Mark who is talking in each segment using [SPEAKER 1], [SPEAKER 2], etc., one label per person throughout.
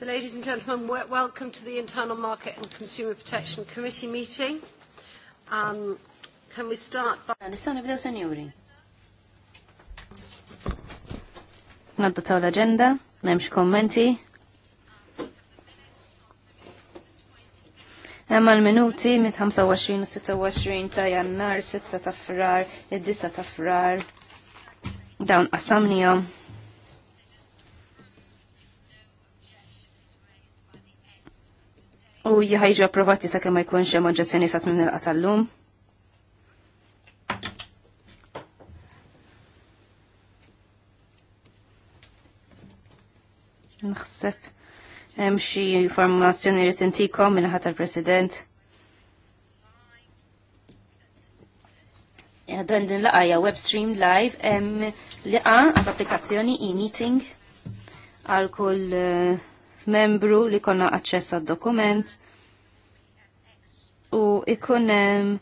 [SPEAKER 1] So, ladies and gentlemen, welcome to the Internal Market and Consumer Protection Committee meeting. Um, can we start by... Nistan Vidal Signori.
[SPEAKER 2] Naddu taw l-agenda, Nemx kommenti. Emma l-minuti mit 25 u 26 ta' jannar, 6 ta' frar, 10 ta' frar. Dawn jom. U jħajġu approvati sa' kemma ma jkunx hemm oġġezzjoni sa' tmim nilqa' tal-lum. Naħseb hemm xi informazzjoni li tintikom minn ħadd president Dan din laqa hija web stream live hemm liqa għall applikazzjoni e-meeting għal kull uh, membru li konna aċċess għad dokument u ikunem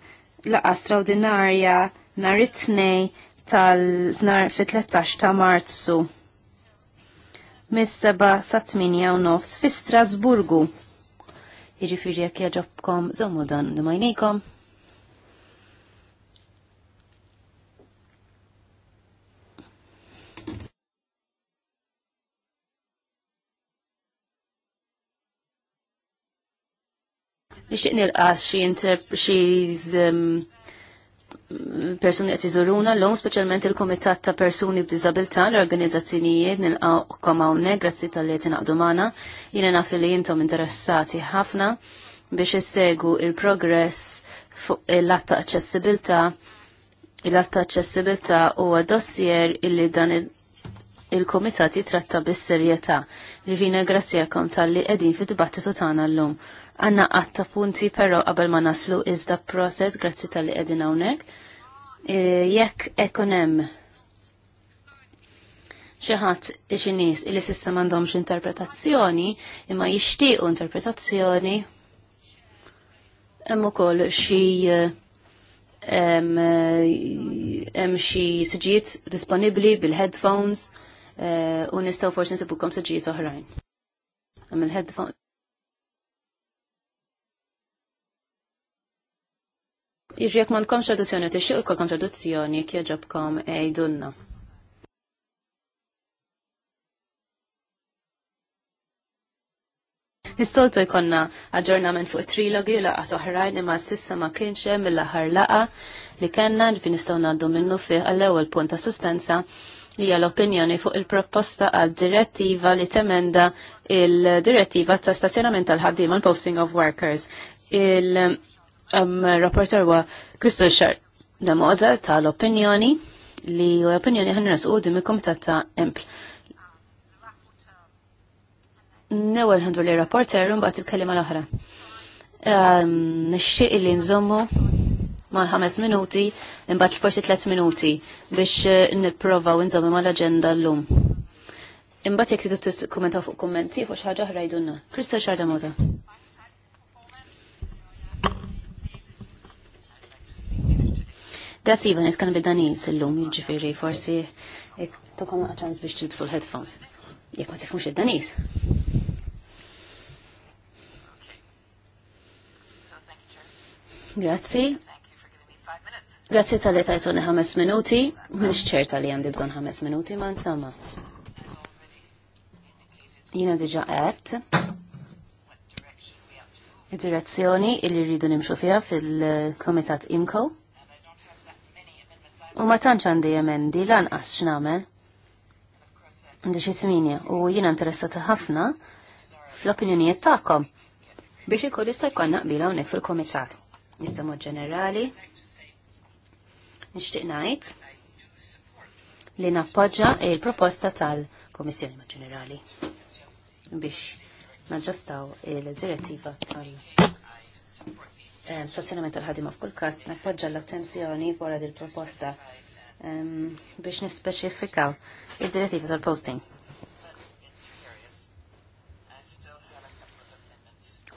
[SPEAKER 2] laqa straordinarja nar it-tnej tal-nar fit-13 ta' marzu mis-seba sa' 8 u nofs fi Strasburgu. Jiġifieri jekk jaġobkom, żommu dan li Nixtieq nilqa' xi um, persuni qed iżuruna l-lum, speċjalment il-Kumitat ta' Persuni b'Diżabilità l-organizzazzjonijiet kom hawnhekk grazzi tal-li inaqdu magħna. Jiena naf li intom interessati ħafna biex issegu il-progress fuq il-att ta' aċċessibilità. Il-att ta' aċċessibilità huwa dossier illi dan il-Kumitat jitratta bis-serjetà. Rivina għakom tal-li qegħdin fid-dibattitu tagħna llum. Għanna għatta punti, pero qabel ma naslu iżda proset, grazzi tal-li għedin għonek. E, jekk ekonem xeħat iġinis illi sissa mandomx interpretazzjoni, imma jishtiqu interpretazzjoni, emmu kol xie hemm xi e, e, siġiet disponibbli bil-headphones u nistgħu forsi nsibulkom siġijiet oħrajn. Emm il-headphones. Jiġri jekk m'għandkom traduzzjoni u tixtieq ikolkom traduzzjoni jekk jaġobkom ejdunna. Nistoltu jkonna aġġornament fuq trilogi u laqat oħrajn imma sissa ma kienx hemm mill-aħħar laqa li kellna li nistgħu ngħaddu minnu fiħ għall-ewwel punt ta' li hija l-opinjoni fuq il-proposta għal direttiva li temenda il-direttiva ta' stazzjonament tal ħaddim għal posting of workers. Rapporter wa Kristal Xar Damoza tal-opinjoni li u opinjoni ħan nasqu di il-komitat ta' Empl. Newel ħandu li rapporter un il kellima l-oħra. Nixxieq li nżommu ma' ħames minuti imbagħad forsi tliet minuti biex nipprovaw nżommu mal-aġenda llum. Imbagħad jekk tidu tikkumentaw fuq kummenti fuq xi ħaġa ħrajdunna. Krista Xarda Moza. Grazie, Ivan, itkan bid-danis l-lum, ġifiri, forsi tokom għacħans biex tilbsu l-headphones. Jek ma tifmux id-danis.
[SPEAKER 3] Grazie.
[SPEAKER 1] Grazie tal-li tajtuni ħames minuti.
[SPEAKER 2] Mhix ċerta li għandi bżonn ħames minuti, ma insomma. Jiena diġa qed. Id-direzzjoni il-li rridu nimxu fiha fil-Komitat IMCO. U ma tantx għandi emendi lanqas x'namel. Għandi xi tminja u jiena interessata ħafna fl-opinjonijiet tagħkom biex ikun jista' jkun naqbil hawnhekk fil-kumitat. Jista' mod ġenerali. Nixtieq ngħid li nappoġġa il-proposta tal-Kummissjoni Mod Ġenerali biex naġġastaw il-direttiva tal stazzjonament tal-ħadima f'kull każ nappoġġa l-attenzjoni wara din proposta biex nispeċifikaw id-direttiva tal-posting.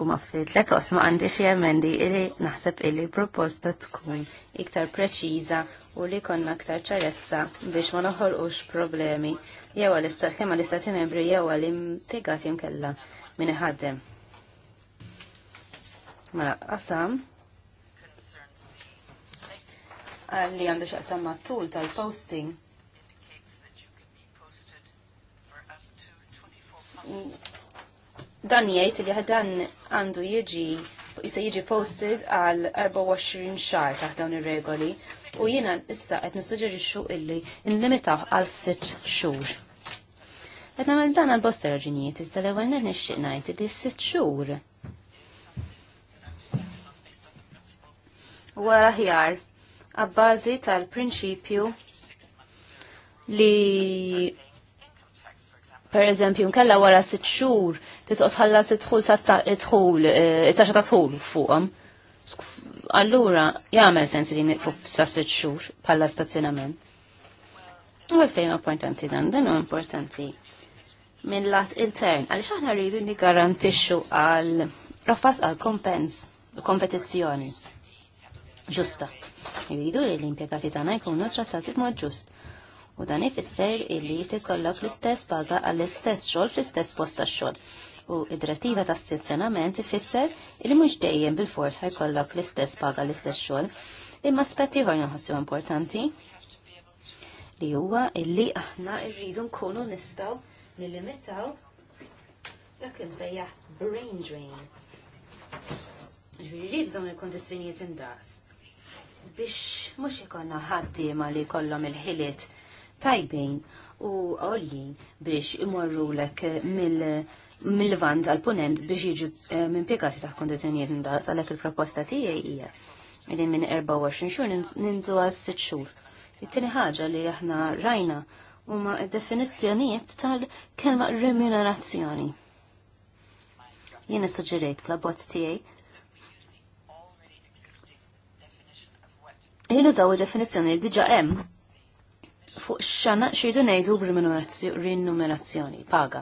[SPEAKER 2] U ma fi tlet osma għandi xi emendi li naħseb illi proposta tkun iktar preċiża u li konna aktar ċarezza biex ma noħolqux problemi jew għal kemm għall-istati membri jew għal impjegati mkella minn iħaddem Mela, qasam li għandu xaqsam ma' tul tal-posting. Dan jgħid li dan għandu jiġi jista' jiġi posted għal 24 xar taħt dawn ir-regoli u jiena issa qed nissuġġerixxu illi nlimitaw għal 6 xhur. Qed nagħmel dan għal bosta raġunijiet iżda l-ewwel nixtieq ngħid li 6 xhur wara ħjar għabbażi tal-prinċipju li per eżempju nkella wara sitt xhur titqgħod ħallas id-dħul tad eh, it-taxxa ta' dħul fuqhom. Allura jagħmel sens li nieqfu sa sitt xhur bħala stazzjonament. U għalfejn importanti dan, dan hu importanti minn lat intern għaliex aħna rridu nigarantixxu għal rafas għal kompens u kompetizzjoni ġusta. Jridu li l-impjegati tagħna jkunu trattati b'mod ġust. U dan ifisser illi tikollok l-istess paga għall-istess xogħol fl-istess post tax-xogħol. U id-direttiva ta' stazzjonament ifisser illi mhux dejjem bil-fors ħajkollok l-istess paga l-istess xogħol. Imma aspetti ieħor nħossu importanti li huwa illi aħna rridu nkunu nistgħu nilimitaw dak li msejjaħ brain drain. Ġifieri dawn il-kondizzjonijiet indaqs biex mhux ikonna ħaddiema li kollom il-ħiliet tajbin u għoljin biex imorru lek mill-vand għal punent biex jiġu eh, minn ta' kondizjonijiet ndaqs għalhekk il-proposta tiegħi hija li minn 24 xhur ninżu għal 6 xhur. It-tieni ħaġa li aħna rajna huma definizzjonijiet tal-kelma remunerazzjoni. Jien suġġerejt fl-abbozz tiegħi li il id-definizzjoni li diġa hemm fuq xana xirdu nejdu b'rinumerazzjoni, paga.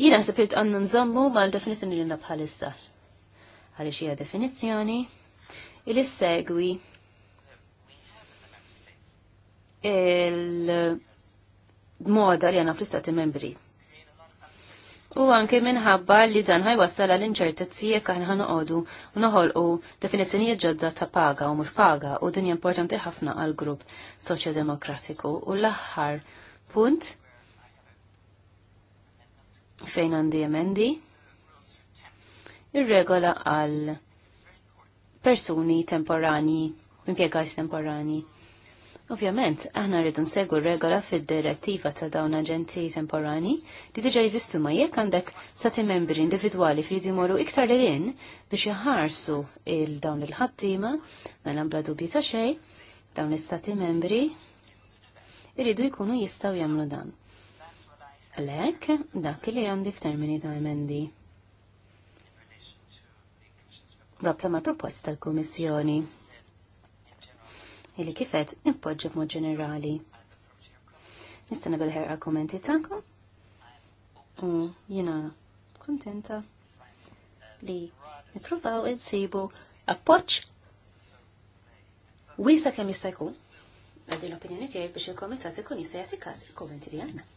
[SPEAKER 2] Jina sepirt għannu nżommu ma l-definizjoni li nabħalissa. Għalli xija definizjoni il segwi il-moda li għanna fl-istati membri u anke minħabba li dan ħajwassal l inċertezzi jekk aħna ħanoqogħdu u noħolqu definizzjonijiet ġodda ta' paga u mhux paga u din importanti ħafna għal grupp soċjodemokratiku u l-aħħar punt fejn għandi emendi ir-regola għal persuni temporani, impjegati temporani. Ovvjament, aħna rridu nsegu regola fid-direttiva ta' dawn aġenti temporani li diġa jeżistu ma jekk għandek stati membri individwali fridu jmorru iktar li lin biex jaħarsu il-dawn il-ħattima, mela bla dubju ta' xej, dawn l-istati membri irridu jkunu jistaw jagħmlu dan. Lek, dak li għandi f'termini ta' emendi. Rabta ma' proposta tal-Kummissjoni illi kifet impoġġi b'mod ġenerali. Nistana bil-ħerqa kommenti tankom u jina kontenta li nipruvaw insibu appoċ wisa kemm jista' jkun għaddi l-opinjoni tiegħi biex il-komitat ikun jista' jagħti każ il-kommenti li għandna.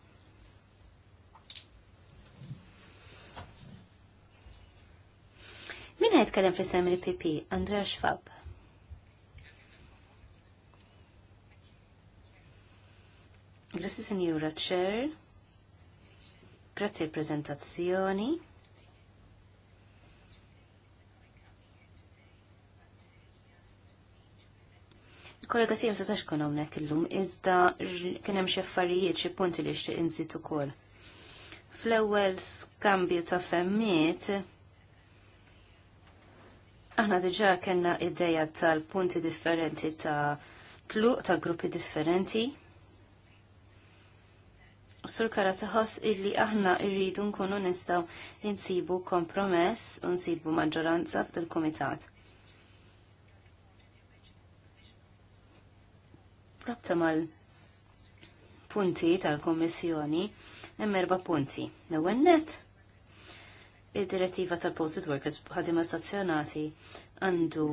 [SPEAKER 2] Min għajt ħajtkellem fis semmi il-PP Andrea Schwab. Grazie Signora Chair. Grazzi l il kollega tijem se taxkon hawnhekk illum, iżda kienem xi affarijiet xi punti li xtieq inżit ukoll. kol. Fl-ewel skambju ta' femmiet, aħna diġa kena ideja tal-punti differenti ta' tluq ta' gruppi differenti, Sur kara taħoss illi aħna irridu nkunu nistaw insibu kompromess u nsibu maġġoranza fil-komitat. Rabta mal punti tal-Kommissjoni hemm erba' punti. L-ewwel net id-direttiva tal-posted workers ħadima stazzjonati għandu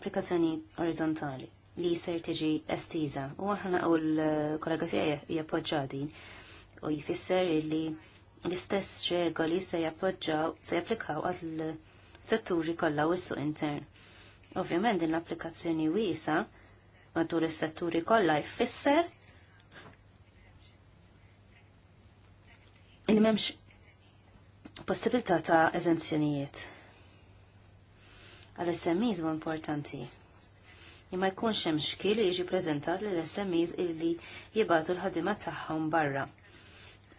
[SPEAKER 2] applikazzjoni orizzontali li jisir tiġi estiza u għahna u l-kollega tiegħi jappoġġa din u jfisser li l-istess regoli se jappoġġa, se japplikaw għal setturi kollha u s su intern. Ovvjament din l-applikazzjoni wiesa matul is-setturi kollha jfisser il memx possibilità ta' eżenzjonijiet. Għal-SMEs u importanti li ma jkunx hemm xkil li jiġi preżentat lil SMEs illi jibgħatu l-ħadima tagħhom barra.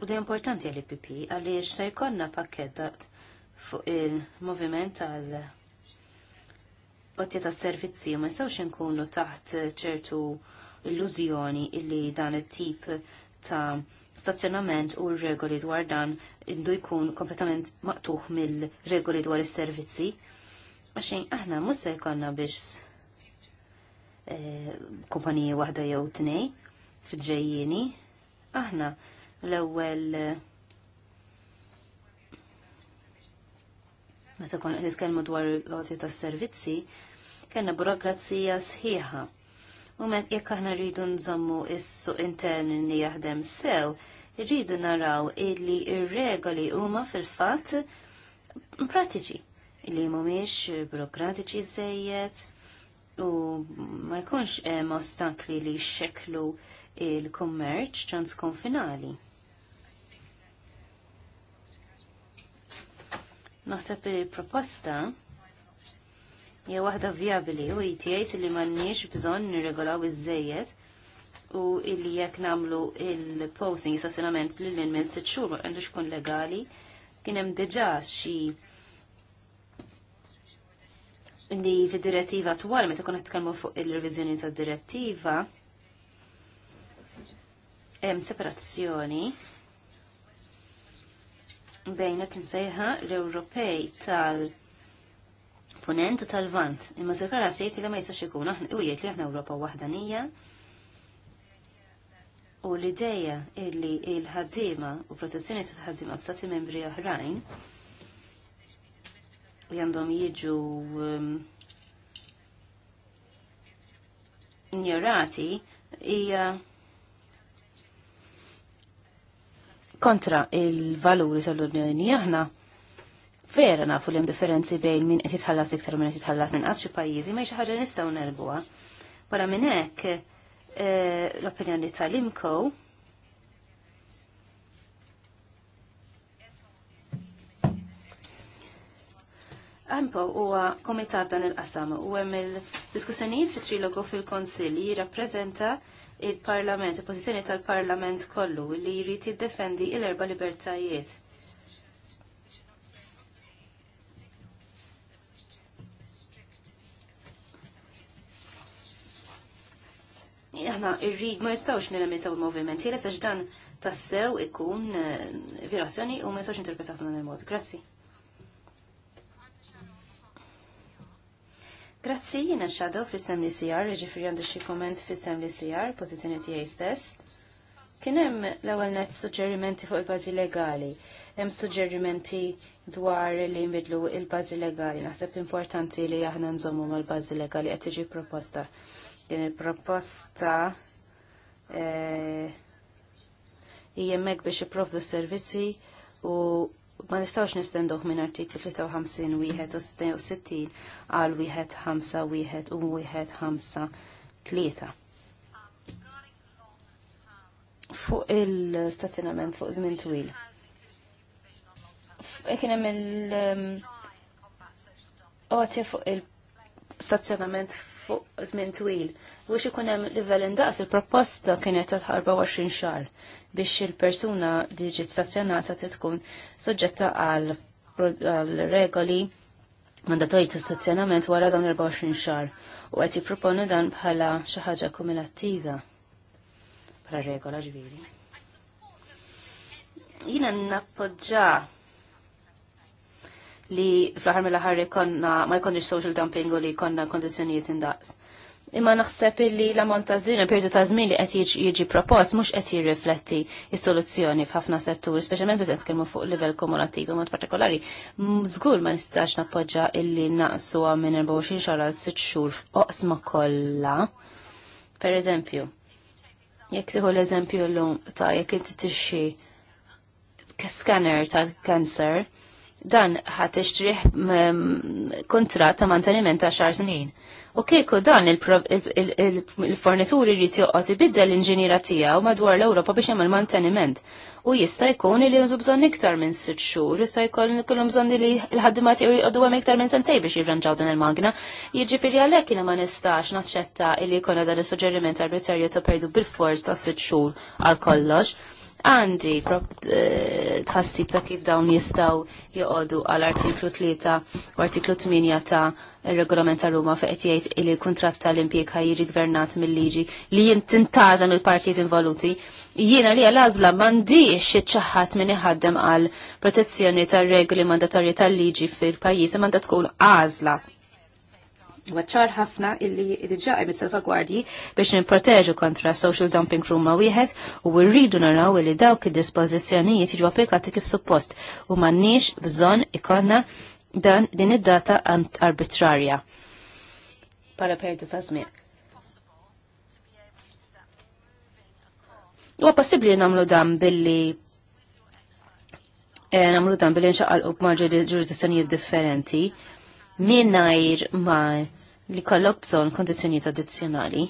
[SPEAKER 2] U dej importanti għal IPP għaliex se jkollna pakket fuq il-moviment tal qotti tas servizzi u ma jistgħux inkunu taħt ċertu illużjoni illi dan it-tip ta' stazzjonament u regoli dwar dan indu jkun kompletament maqtuħ mill-regoli dwar is-servizzi. Għaxin aħna musa jkollna biex Eh, kumpanija waħda jew tnej fil-ġejjieni. Aħna l-ewwel meta kon nitkellmu dwar l-għotju tas-servizzi, kellna burokrazija sħiħa. U meta jekk aħna rridu nżommu is-suq intern li jaħdem sew, irridu naraw illi ir-regoli huma fil-fatt pratiċi li mhumiex burokratiċi żejjed u ma jkunx hemm eh, ostakli li xeklu il-kummerċ finali. Naħseb il-proposta hija waħda vjabili u jitjgħid li m'għandniex bżonn nirregolaw iż u illi jekk nagħmlu il-posting stazzjonament lil minn sitt xhur għandu xkun legali kien hemm diġà xi li fid-direttiva twal meta kont tkallmu fuq il revizjoni tad-direttiva hemm separazzjoni bejn kien sejħa l-Ewropej tal-Punent u tal-Vant. Imma Zukara sejti li ma jistax ikun aħna u li aħna Ewropa waħdanija. U l-ideja illi il-ħaddiema u protezzjoni tal ħaddima f'stati membri oħrajn jandom jiġu um, ignorati hija kontra il-valuri tal-Unjoni aħna vera nafu li hemm differenzi bejn min qed jitħallas iktar minn qed jitħallas inqas xi pajjiżi ma xi ħaġa nistgħu nerbuha. Wara minn hekk eh, l-opinjoni tal-IMCO Ampo huwa komitat dan il-qasam u hemm il-diskussjonijiet fi trilogu fil-Konsill jirrappreżenta il-Parlament, il-pożizzjoni tal-Parlament kollu li jrid jiddefendi l-erba' libertajiet. Aħna irrid ma jistgħux nilimitaw il-moviment, jiela dan tassew ikun eh, virazzjoni u ma jistgħux interpretat il-mod. Grazzi. Grazzi, jina xadu fil-sem li sijar, ġifri għandu xie komment fil-sem li sijar, pozizjoni tijaj stess. Kienem l-ewel net suġġerimenti fuq il-bazi legali. Hemm suġġerimenti dwar li nbidlu il-bazi legali. Naħseb importanti li aħna nżommu mal-bazi legali qed tiġi proposta. Din il-proposta eh, hija e, hemmhekk biex s servizzi u ma nistawx nistendoħ minn artiklu 53 wieħed u 66 għal wieħed 5 wieħed u wieħed 5 Fuq il-stazzjonament fuq żmien twil. E kien hemm il- um, Għatja fuq il-stazzjonament fuq żmien twil u ikun hemm livell indaqs il-proposta kienet ta' 24 xahar biex il-persuna diġi stazzjonata tkun soġġetta għal regoli mandatorji ta' stazzjonament wara dawn 24 xahar u qed jipproponu dan bħala xi ħaġa kumulattiva bħala regola ġbiri. Jiena nappoġġa li fl-ħar ħarri konna ma jkonniex social dumping u li jkollna kondizzjonijiet indaqs imma naħseb illi l-ammont ta' żmien, il-perjodu ta' żmien li qed jiġi propost mhux qed jirrifletti s soluzzjoni f'ħafna setturi, speċjalment meta nitkellmu fuq livell kumulattiv mod partikolari. Żgur ma nistax nappoġġa illi naqsuha minn 24 xahar għal 6 xhur f'oqsma kollha. Per eżempju, jekk tieħu l-eżempju llum ta' jekk inti tixxi scanner tal cancer dan ħat tixtrih kontrat ta' manteniment ta' xar snin. U kieku dan il-fornituri jrid joqgħod ibiddel l-inġiniera tiegħu madwar l-Ewropa biex jagħmel manteniment. U jista' jkun li jżu bżonn iktar minn sitt xhur, jista' jkun kellhom bżonn li l u jgħodu għam iktar minn sentej biex jirranġaw din il-magna. Jiġifieri għalhekk li ma nistax naċċetta li jkollna dan is-suġġeriment arbitrarju ta' perdu bil-fors ta' sitt xhur għal kollox. Għandi eh, tħassib ta' kif dawn jistgħu joqogħdu għal artiklu 3 u artiklu 8 ta' il-regolament ta' Ruma fejn qed jgħid li l-kuntratt tal-impjeg jiġi gvernat mill-liġi li jintintażan il partijiet involuti. Jiena li għal-għażla m'għandix iċċaħħat minn iħaddem għal protezzjoni tar-regoli mandatorji tal-liġi fil-pajjiż m'għandha tkun għażla ċar ħafna illi diġa mis salvagwardji biex nipproteġu kontra social dumping ruma wieħed u rridu naraw illi dawk id-dispożizzjonijiet jiġu applikati kif suppost u m'għandniex bżonn ikonna dan din id-data arbitrarja pala perdu ta' żmien. Huwa possibbli nagħmlu dan billi eh, nagħmlu dan billi u ma' ġurisdizzjonijiet differenti mingħajr ma' li kollok bżonn kondizzjonijiet addizzjonali.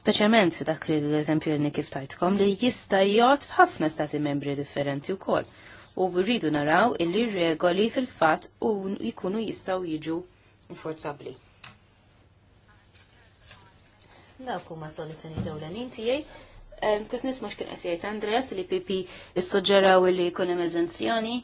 [SPEAKER 2] Speċjalment f'dak l-eżempju li kif tajtkom li jista' jgħod f'ħafna stati membri differenti wkoll u rridu naraw illi regoli fil-fatt u jkunu jistaw jiġu inforzabli. Dawk huma soluzzjoni dawlanin tiegħi. Kif nisma' x'kien qed jgħid Andreas li pipi issuġġeraw li jkun hemm eżenzjoni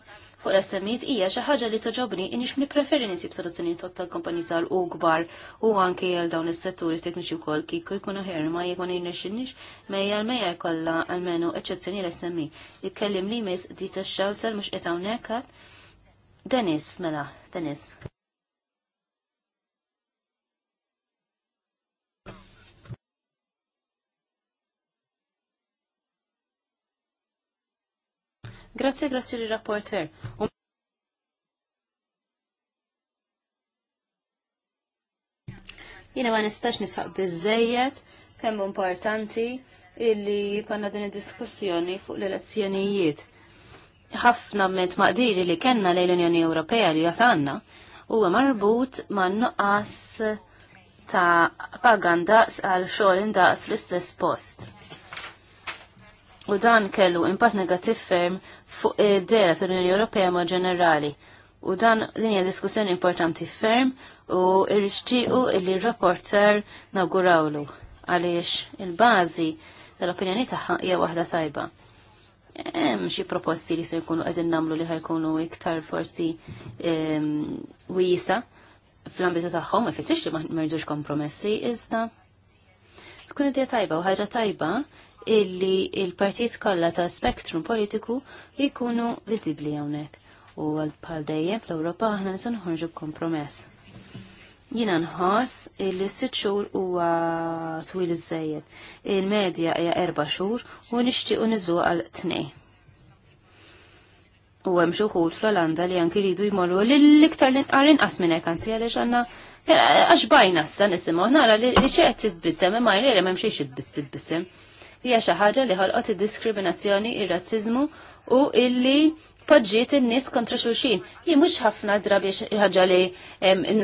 [SPEAKER 2] fuq l-SMEs hija xi ħaġa li toġobni inix nippreferi nisib soluzzjoni tot tal-kumpaniji tal u kbar u anke għal dawn is-setturi tekniċi wkoll kieku jkunu ħerma jekk ma jirnexxinniex mejja l-mejja jkollha għalmenu eċċezzjoni l-SMI. E. Ikkellim li miss di tax-xawsel mhux qed hawnhekk Denis, mela, Denis.
[SPEAKER 3] Grazzi, grazie li rapporter.
[SPEAKER 2] Jina ma nistax nisħaq bizzejiet kemm importanti illi konna din id-diskussjoni fuq l-elezzjonijiet. Ħafna ment maqdiri li kenna lejn l-Unjoni Ewropea li għatanna u marbut ma' nuqqas ta' paganda għal xogħol indaqs fl-istess post u dan kellu impatt negattiv ferm fuq id-dela tal-Unjoni Ewropea ma' ġenerali. U dan linja diskussjoni importanti ferm u irriċtiqu illi rapporter nawgurawlu għaliex il-bazi tal-opinjoni tagħha hija waħda tajba. Hemm xi proposti li se jkunu qegħdin nagħmlu li ħajkunu iktar forsi wiesa fl-ambitu tagħhom ma jfissirx li ma merdux kompromessi iżda tkun idea tajba u ħaġa tajba illi il-partit kollha ta' spektrum politiku jikunu viżibbli hawnhekk. U għal dejjem fl-Ewropa aħna nisu nħorġu b'kompromess. Jina nħoss illi sitt xhur huwa twil iż Il-medja hija erba' xhur u nixtiequ niżu għal tnej. U hemm xi wħud fl-Olanda li anki jridu jmorru l-iktar l-inqar inqas minn hekk anzi għaliex għandna eh, għax bajna issa nisimgħu nara li ċert titbissem imma jrejra hemm xi titbiss tbissem hija xi ħaġa li ħolqot id-diskriminazzjoni, ir-razziżmu u illi poġġiet in-nies kontra xulxin. Jien mhux ħafna drabi ħaġa li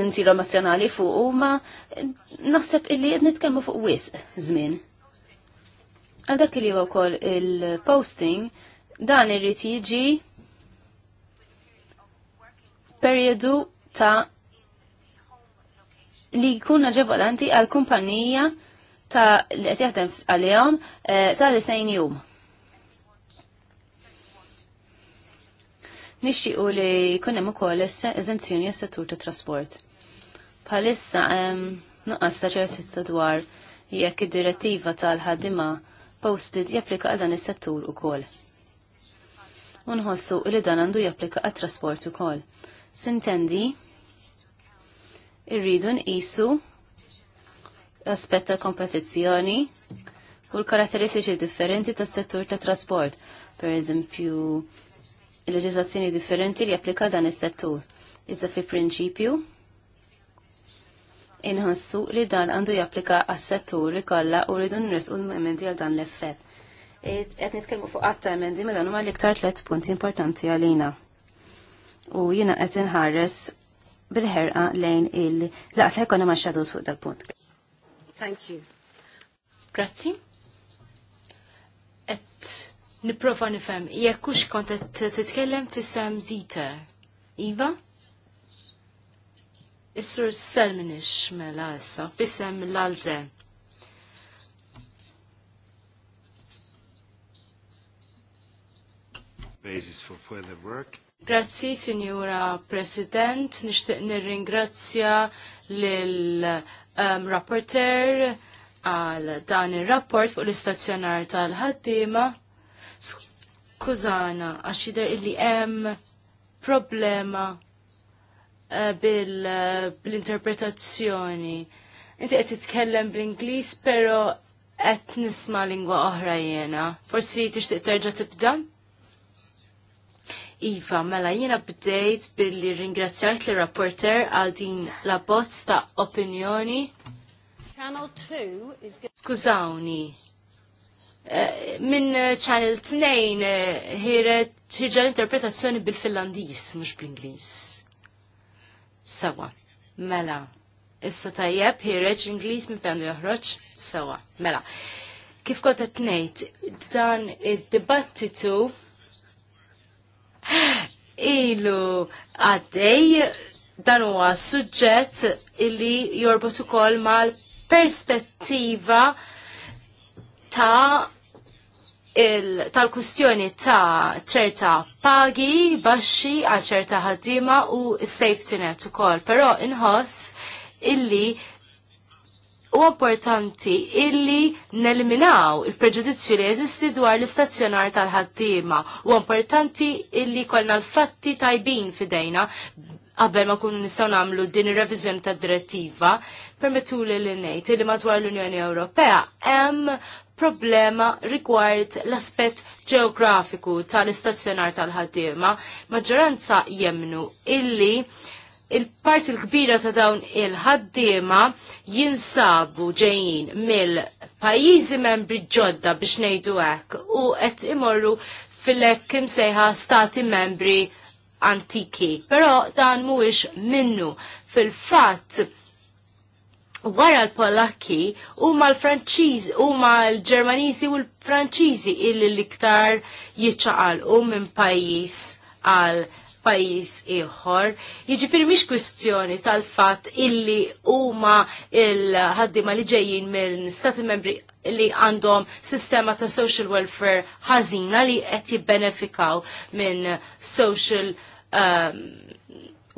[SPEAKER 2] nsiru emozjonali fuq huma naħseb illi qed nitkellmu fuq wisq żmien. Għal dak li huwa wkoll il-posting dan irid jiġi periodu ta' li jkun aġevolanti għal kumpanija ta' li qed jaħdem għalihom eh, ta' li sejn jum. Nixtiequ li jkun hemm ukoll eżenzjoni għas-settur tat trasport. Bħalissa nuqqas ta' ċertizza dwar jekk id-direttiva tal-ħadima posted japplika għal dan is-settur ukoll unħossu li dan għandu japplika għat trasport ukoll. Sintendi, irridu nqisu aspett ta' kompetizzjoni u l-karatteristiċi differenti tas settur ta' trasport, per eżempju il-leġizazzjoni differenti li applika dan is-settur. Iżda fi prinċipju inħassu li dan għandu japplika għas-settur li kollha u rridu nresqu l-emendi għal dan l-effett. Qed nitkellmu fuq għatta emendi dan mela huma l-iktar tliet punti importanti għalina. U jiena qed inħares bil-ħerqa lejn il-laqta jkollna ma' xadus fuq dal-punt.
[SPEAKER 1] Thank you.
[SPEAKER 3] Grazzi. Et niprofa nifem, jekkux kont qed titkellem fissam zita. Dieter. Iva? Issur sur Selminix mela issa, fis l-Alde.
[SPEAKER 4] Basis
[SPEAKER 1] for further work.
[SPEAKER 3] Grazzi, Signora President. Nishtiq nirringrazzja lil um, rapporter għal dan ir-rapport fuq l-istazzjonar tal-ħaddiema. Skużana, għax jidher illi hemm problema uh, bil-interpretazzjoni. Uh, Inti qed titkellem bl-Ingliż, però qed nisma' lingwa oħra jiena. Forsi tixtieq terġa' tibda? Iva, mela jiena bdejt billi ringrazzjajt li rapporter għal din la bozz ta' opinjoni.
[SPEAKER 1] Is... Skużawni,
[SPEAKER 3] Min eh, minn Channel 2 eh, ħiret tħirġa l-interpretazzjoni bil-Finlandis, mhux bl-Ingliż. Sawa, mela, issa tajjeb ħireġ l-Ingliż minn fejn joħroġ, sawa, mela. Kif kont qed ngħid, dan id-dibattitu ilu għaddej dan huwa suġġett illi jorbotu ukoll mal-perspettiva ta' tal-kustjoni ta' ċerta pagi, baxxi għal ċerta ħaddima u safety net ukoll, però inħoss illi u importanti illi neliminaw il-preġudizzju li jeżisti dwar l-istazzjonar tal-ħaddiema u importanti illi kollna l-fatti tajbin fidejna qabel ma kun nistgħu nagħmlu din ir-reviżjoni tad-direttiva, permettu li li ngħid li madwar l-Unjoni Ewropea hemm problema rigward l-aspett ġeografiku tal-istazzjonar tal-ħaddiema. Maġġoranza jemnu illi il-parti l-kbira ta' dawn il-ħaddiema jinsabu ġejjin mill-pajjiżi membri ġodda biex ngħidu hekk u qed imorru fil-hekk kim sejħa stati membri antiki. Però dan mhuwiex minnu fil-fatt wara l-Polakki huma l franċiżi huma l-Ġermaniżi u l-Franċiżi illi l-iktar jiċċaqalqu minn pajjiż għal, -għal f'pajjiż ieħor. Jiġifieri mhix kwestjoni tal-fatt illi huma il-ħaddiema li ġejjin minn stati membri li għandhom sistema ta' social welfare ħażina li qed jibbenefikaw minn social um,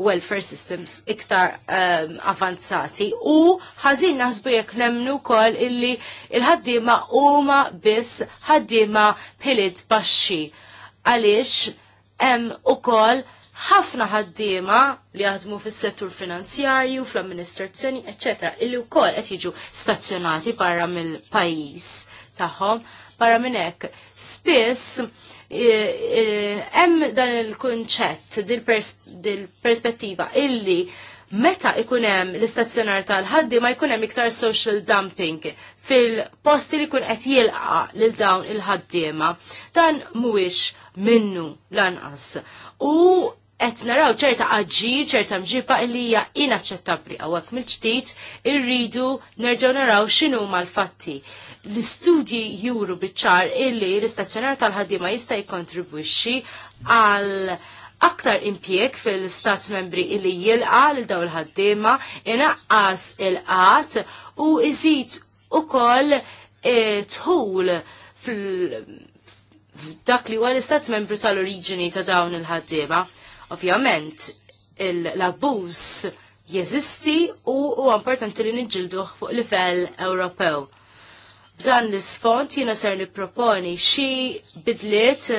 [SPEAKER 3] welfare systems iktar um, avanzati u ħazin naħsbu jekk nemnu wkoll illi il-ħaddiema huma biss ħaddiema pilit baxxi għaliex hemm ukoll ħafna ħaddiema li jaħdmu fis-settur finanzjarju, fl-amministrazzjoni, eċetera, illi wkoll qed jiġu stazzjonati barra mill-pajjiż tagħhom, barra minn hekk. Spiss hemm dan il-kunċett dil-perspettiva illi meta ikun hemm l-istazzjonar tal-ħaddi ma jkun hemm iktar social dumping fil-posti li jkun qed jilqa lil dawn il-ħaddiema. Dan mhuwiex minnu lanqas. U qed naraw ċerta aġġir, ċerta mġiba illi hija inaċċettabbli għawek mill-ġdid irridu nerġgħu naraw x'inhu mal-fatti. L-istudji juru biċ-ċar illi l-istazzjonar tal-ħaddiema jista' jikkontribwixxi għal aktar impjek fil-stat membri illi jilqa l daw il-ħaddiema, inaqqas il-qat u iżid ukoll eh, tħul fil dak li huwa l-istat membru tal-oriġini ta' dawn il-ħaddiema Ovvjament, l-abbuż jeżisti u huwa importanti li niġġilduh fuq livell Ewropew. B'dan l-isfond jiena ser nipproponi xi bidliet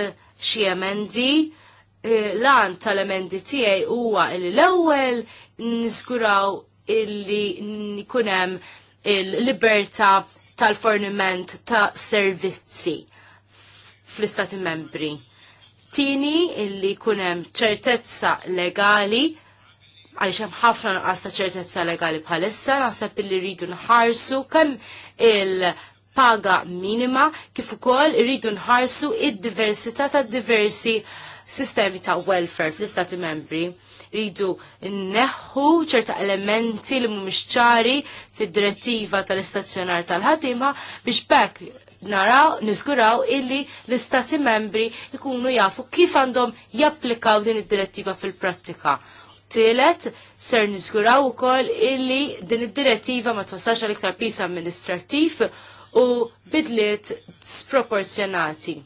[SPEAKER 3] xi emendi e, lan tal-emendi tiegħi huwa li l-ewwel nizguraw illi nikunem hemm il-libertà tal-forniment ta' servizzi fl-istati membri Tini, illi kunem ċertezza legali, għalix hemm ħafna nuqqas ta' ċertezza legali bħalissa, naħseb illi rridu nħarsu kemm il-paga minima kif ukoll rridu nħarsu id-diversità ta' diversi sistemi ta' welfare fl-istati membri rridu neħħu ċerta elementi li mhumiex ċari fid-direttiva tal-istazzjonar tal ħaddiema biex bekk naraw, nizguraw illi l-istati membri ikunu jafu kif għandhom japplikaw din id-direttiva fil-prattika. Tielet, ser nizguraw u koll illi din id-direttiva ma twassax għal-iktar pis amministrativ u bidliet sproporzjonati.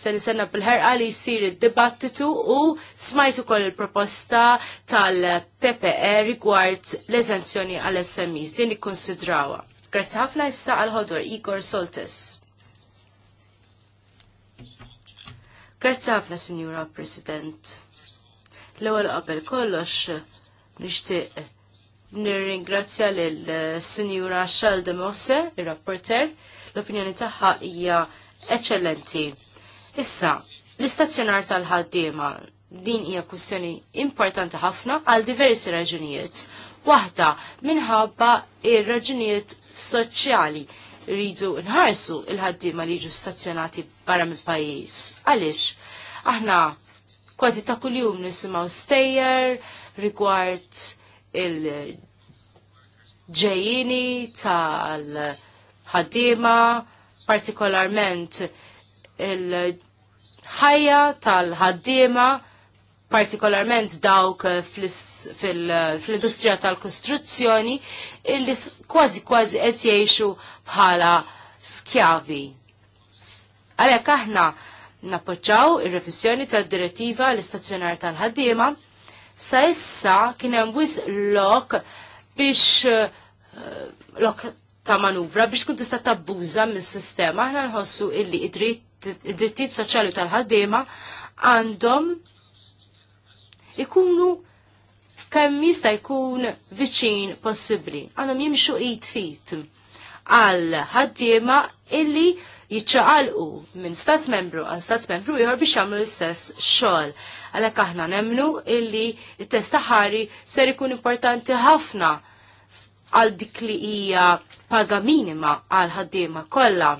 [SPEAKER 3] Se nistenna bil-ħerqa li jisir id-dibattitu u smajtu koll il-proposta tal-PPE rigward l-eżenzjoni għal-SMEs din ikkonsidrawa. Grazzi ħafna issa għal-ħodur Igor Soltis. Grazzi ħafna, Signora President. L-ewwel qabel kollox nixtieq nirringrazzja lil eh, Sinjura Xalde Mosse, ir-rapporter, l-opinjoni tagħha hija eċċellenti. Issa, l-istazzjonar tal-ħaddiema din hija kwistjoni importanti ħafna għal diversi raġunijiet. Waħda minħabba ir-raġunijiet soċjali rridu nħarsu il-ħaddiema li jiġu stazzjonati barra mill-pajis. Għalix, aħna kważi ta' kuljum nisimaw stejjer rigward il-ġejjini tal-ħaddima, partikolarment il-ħajja tal-ħaddima, partikolarment dawk fil-industrija tal-kostruzzjoni, illi kważi kważi qed jgħixu bħala skjavi. Għalhekk aħna nappoġġaw ir revizjoni tad-direttiva l-istazzjonar tal-ħaddiema sa issa kien hemm wis lok biex eh, lok ta' manuvra biex tkun tista' tabbuża mis-sistema aħna nħossu illi id-drittijiet soċjali tal-ħaddiema għandhom ikunu kemm jista' jkun viċin possibbli. Għandhom jimxu id fit għal ħaddiema illi jiċċaqalqu minn stat membru għal stat membru ieħor biex jagħmlu l-istess xogħol. Għalhekk aħna nemnu illi t-test ħari ser ikun importanti ħafna għal dik li hija paga minima għal ħaddiema kollha.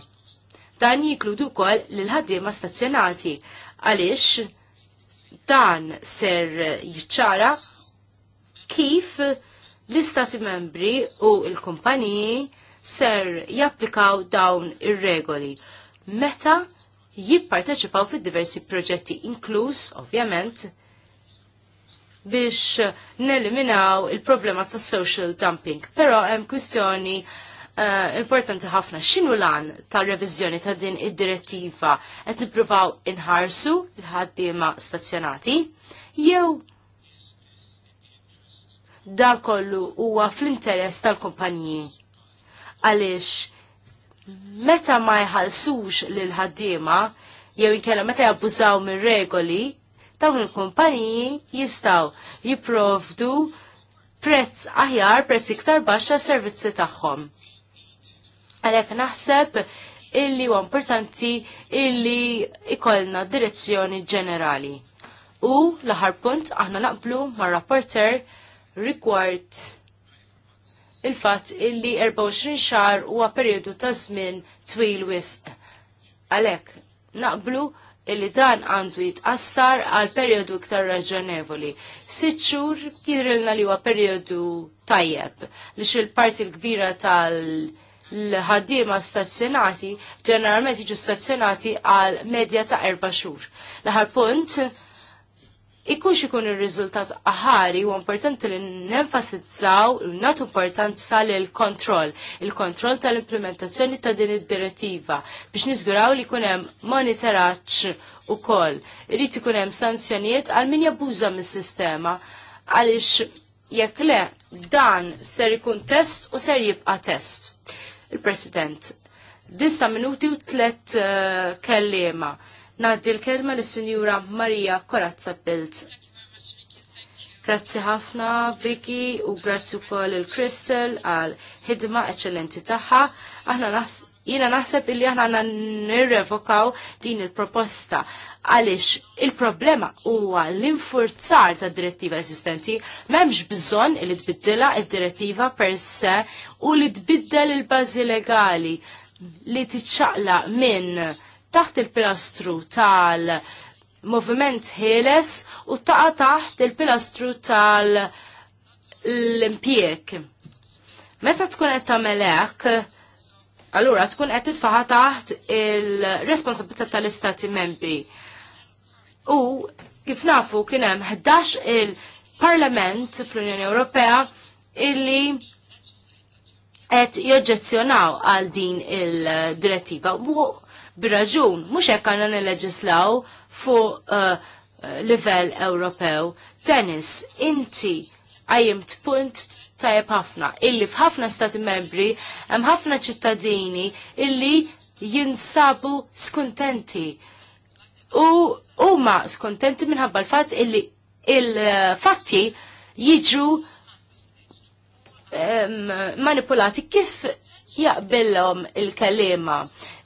[SPEAKER 3] Dan jinkludu wkoll l ħaddiema stazzjonati għaliex dan ser jiċċara kif l-istati membri u l-kumpaniji ser japplikaw dawn ir-regoli. Meta jipparteċipaw fid diversi proġetti inkluż, ovvjament, biex neliminaw il-problema ta' social dumping. Però hemm kwistjoni uh, importanti ħafna. X'inhu lan ta' reviżjoni ta' din id-direttiva qed nippruvaw inħarsu il-ħaddiema stazzjonati jew da kollu huwa fl-interess tal-kumpanji għaliex meta ma jħalsux l ħaddiema jew inkella meta jabbużaw mir-regoli, dawn il-kumpaniji jistaw jipprovdu prezz aħjar, prezz iktar għas servizzi tagħhom. Għalhekk naħseb illi huwa importanti illi ikollna direzzjoni ġenerali. U l aħħar punt aħna naqblu mar-rapporter rigward il-fatt illi 24 xar huwa perjodu ta' żmien twil wisq. Għalhekk naqblu illi dan għandu jitqassar għal perjodu iktar raġonevoli. Sitt xhur jidrilna li huwa perjodu tajjeb li il-parti l-kbira tal- l-ħaddiema stazzjonati ġeneralment jiġu stazzjonati għal medja ta' erba' xhur. L-aħħar punt ikunx ikun ir-riżultat aħari u importanti li nenfasizzaw u natu importanza l kontroll il-kontroll tal-implementazzjoni ta' din id-direttiva biex niżguraw li jkun hemm u ukoll. Irid ikun hemm sanzjonijiet għal min jabbuża mis-sistema għaliex jekk le dan ser ikun test u ser jibqa' test. Il-President, dissa' minuti u tlet uh, eh, kellima. Naddi l-kelma l-Sinjura Marija Korazza Bilt. Grazzi ħafna Vicky u grazzi wkoll il-Crystal għal ħidma eċċellenti tagħha. Aħna nas jina naħseb illi aħna għanna nirrevokaw din il-proposta għalix il-problema huwa l-infurzar ta' direttiva esistenti memx bżon li tbiddila id-direttiva per se u li tbiddel il-bazi legali li tiċċaqla minn taħt il-pilastru tal moviment Heles u taqa taħt il-pilastru tal l Meta tkun qed tagħmel hekk, allura tkun qed titfaħa taħt il-responsabilità tal-istati membri. U kif nafu kien hemm 11 il-Parlament fl-Unjoni Ewropea illi qed joġġezzjonaw għal din il-direttiva bir-raġun, mhux hekk għandna nilleġislaw fuq uh, livell Ewropew. Tennis, inti t punt tajjeb ħafna, illi f'ħafna stati membri hemm ħafna ċittadini illi jinsabu skontenti. U huma skontenti minħabba l-fatt illi il-fatti jiġu um, manipulati kif jaqbillhom il-kalima.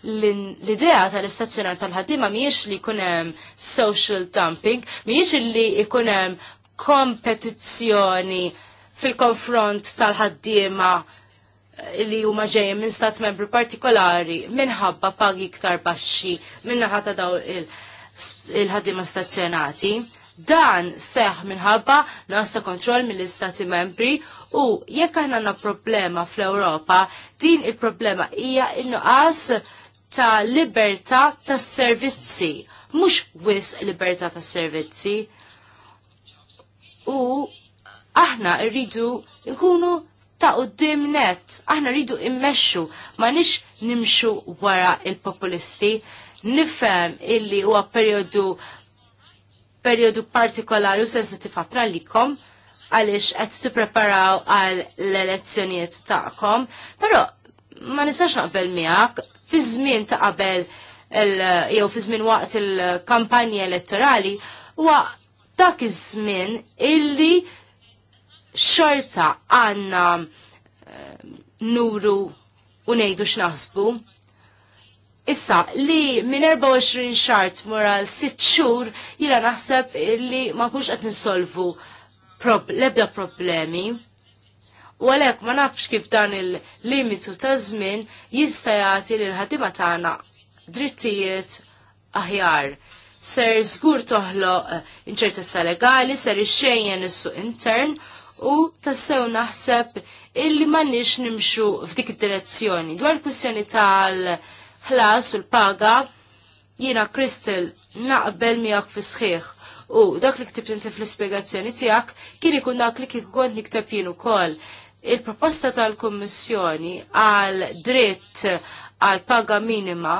[SPEAKER 3] L-idea tal-istazzjonar tal-ħaddima mhijiex li jkun hemm social dumping, mhijiex li jkun hemm kompetizzjoni fil-konfront tal-ħaddiema li huma ġejjin minn stat membri partikolari minħabba pagi iktar baxxi minn ta' daw il-ħaddiema stazzjonati. Dan seħ minħabba nasa kontroll mill-Istati membri u jekk aħna għandna problema fl-Ewropa, din il-problema hija n-nuqqas ta' libertà tas servizzi, mhux wis libertà tas servizzi. U aħna rridu nkunu ta' qudiem net, aħna rridu immexxu, ma nix nimxu wara il-populisti, nifhem illi huwa perjodu periodu partikolari u sensitif ħafna għalix għaliex qed tippreparaw għal l-elezzjonijiet tagħkom, però ma nistax naqbel miegħek fi żmien ta' qabel jew fi żmien waqt il-kampanji elettorali huwa dak iż-żmien illi xorta għandna eh, nuru u ngħidu x'naħsbu Issa, li minn 24 xart mura l 6 xhur jira naħseb li ma kux qed insolvu prob lebda problemi. U għalhekk ma nafx kif dan il-limitu ta' żmien jista' jagħti l ħaddiba tagħna drittijiet aħjar. Ser żgur toħloq eh, inċertezza legali, ser ixxejjen is-suq intern u tassew naħseb illi nix nimxu f'dik id-direzzjoni. Dwar kwistjoni tal- ħlas u l-paga jiena Kristel naqbel miegħek fi sħiħ u dak li ktib inti fl-ispjegazzjoni tiegħek kien ikun dak li kieku kont nikteb jien ukoll. Il-proposta tal-Kummissjoni għal dritt għal paga minima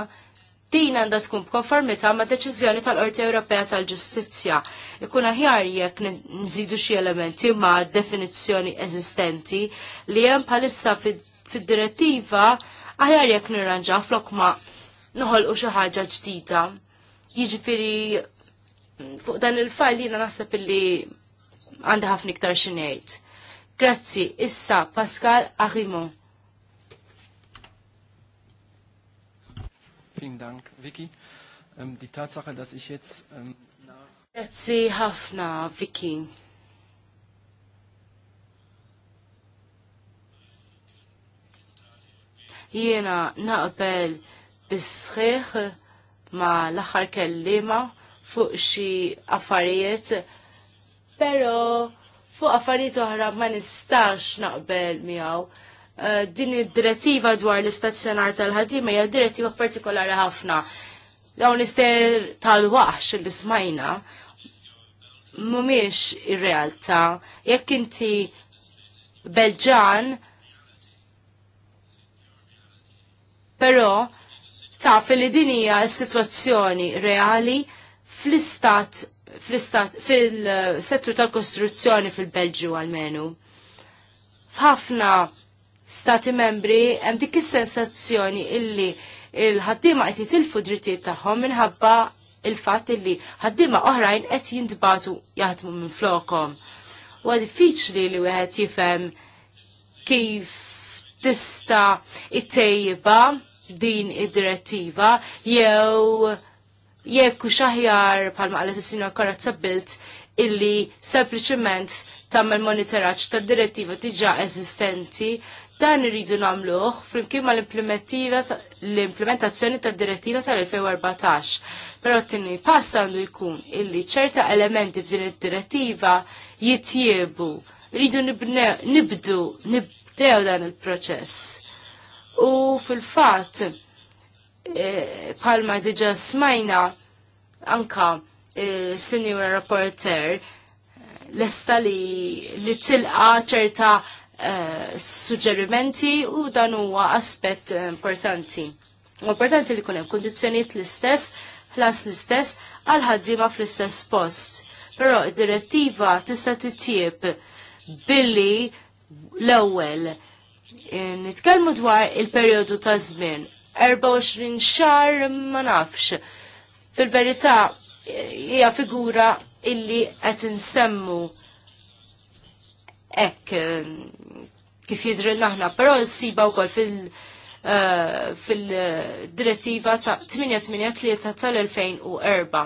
[SPEAKER 3] din għandha tkun b'konformità ma' deċiżjoni tal-Qorti Ewropea tal-Ġustizzja. Ikun aħjar jekk nżidu xi elementi ma' definizzjoni eżistenti li hemm bħalissa fid-direttiva fid direttiva aħjar jekk nirranġa flok ma noħolqu xi ħaġa ġdita. Jiġifieri fuq dan il-fajl jina naħseb illi għandi ħafna iktar xi ngħid. Grazzi, issa Pascal Arimo.
[SPEAKER 4] Vielen Dank, Vicky. Ähm, die Tatsache, dass ich jetzt ähm,
[SPEAKER 3] Grazzi ħafna, Vicky. Jiena naqbel bisħiħ ma l-aħħar kellima fuq xi affarijiet, però fuq affarijiet oħra ma nistax naqbel miegħu. Eh, din id-direttiva dwar l-istazzjonar tal-ħadima hija direttiva partikolari ħafna. Dawn l-ister tal-waħx li smajna mhumiex ir-realtà. Jekk inti Belġan Però taf li din hija s-sitwazzjoni reali fl-istat fl-istat fil-settru tal-kostruzzjoni fil-Belġju għalmenu. F'ħafna stati membri hemm dik is-sensazzjoni illi il-ħaddiema qed jitilfu drittijiet tagħhom minħabba il-fatt illi ħaddiema oħrajn qed jintbatu jaħdmu minn flokom. Huwa diffiċli li wieħed jifhem kif tista t-tejba din id-direttiva jew jekk u xaħjar palma għalet is-sinu t bilt illi sempliciment tagħmel monitoraċ tad-direttiva diġà eżistenti dan rridu namluħ flimkien ma l-implementazzjoni tad direttiva tal-2014. Però t-tini passandu għandu jkun illi ċerta elementi f'din id-direttiva jitjiebu. Rridu nibdu, Tew dan il-proċess. U fil-fat, eh, palma diġa smajna anka eh, senior reporter eh, l-esta li, li tilqa ċerta suġġerimenti u dan huwa aspett importanti. Importanti li kunem kondizjoniet l-istess, ħlas l-istess, għal-ħaddima fl-istess post. Pero id-direttiva tista' titjieb billi L-ewwel eh, nitkellmu dwar il-perjodu ta' żmien 24 xar ma nafx. Fil-verità eh, hija figura illi qed insemmu hekk eh, kif jidrilna naħna, però nsiba wkoll fil- Uh, fil-direttiva ta' 883 tal-2004.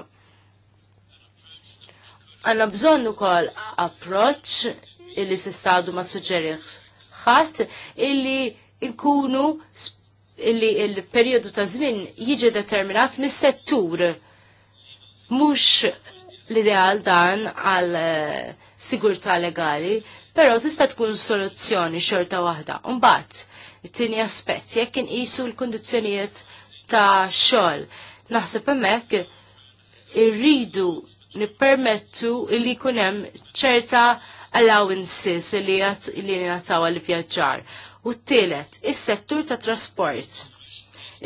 [SPEAKER 3] Għanna bżonn ukoll approċ illi s-istadu ma suġġeriħ ħadd illi nkunu illi il-periodu ta' żmien jiġi determinat mis-settur. Mhux l-ideal dan għal eh, sigurtà legali, però tista' tkun soluzzjoni xorta waħda. Mbagħad, it-tieni aspett, jekk inqisu l-kundizzjonijiet ta' xogħol. Naħseb hemmhekk irridu nippermettu li jkun hemm ċerta allowances li jataw għal-vjaġġar. U t telet is-settur ta' trasport.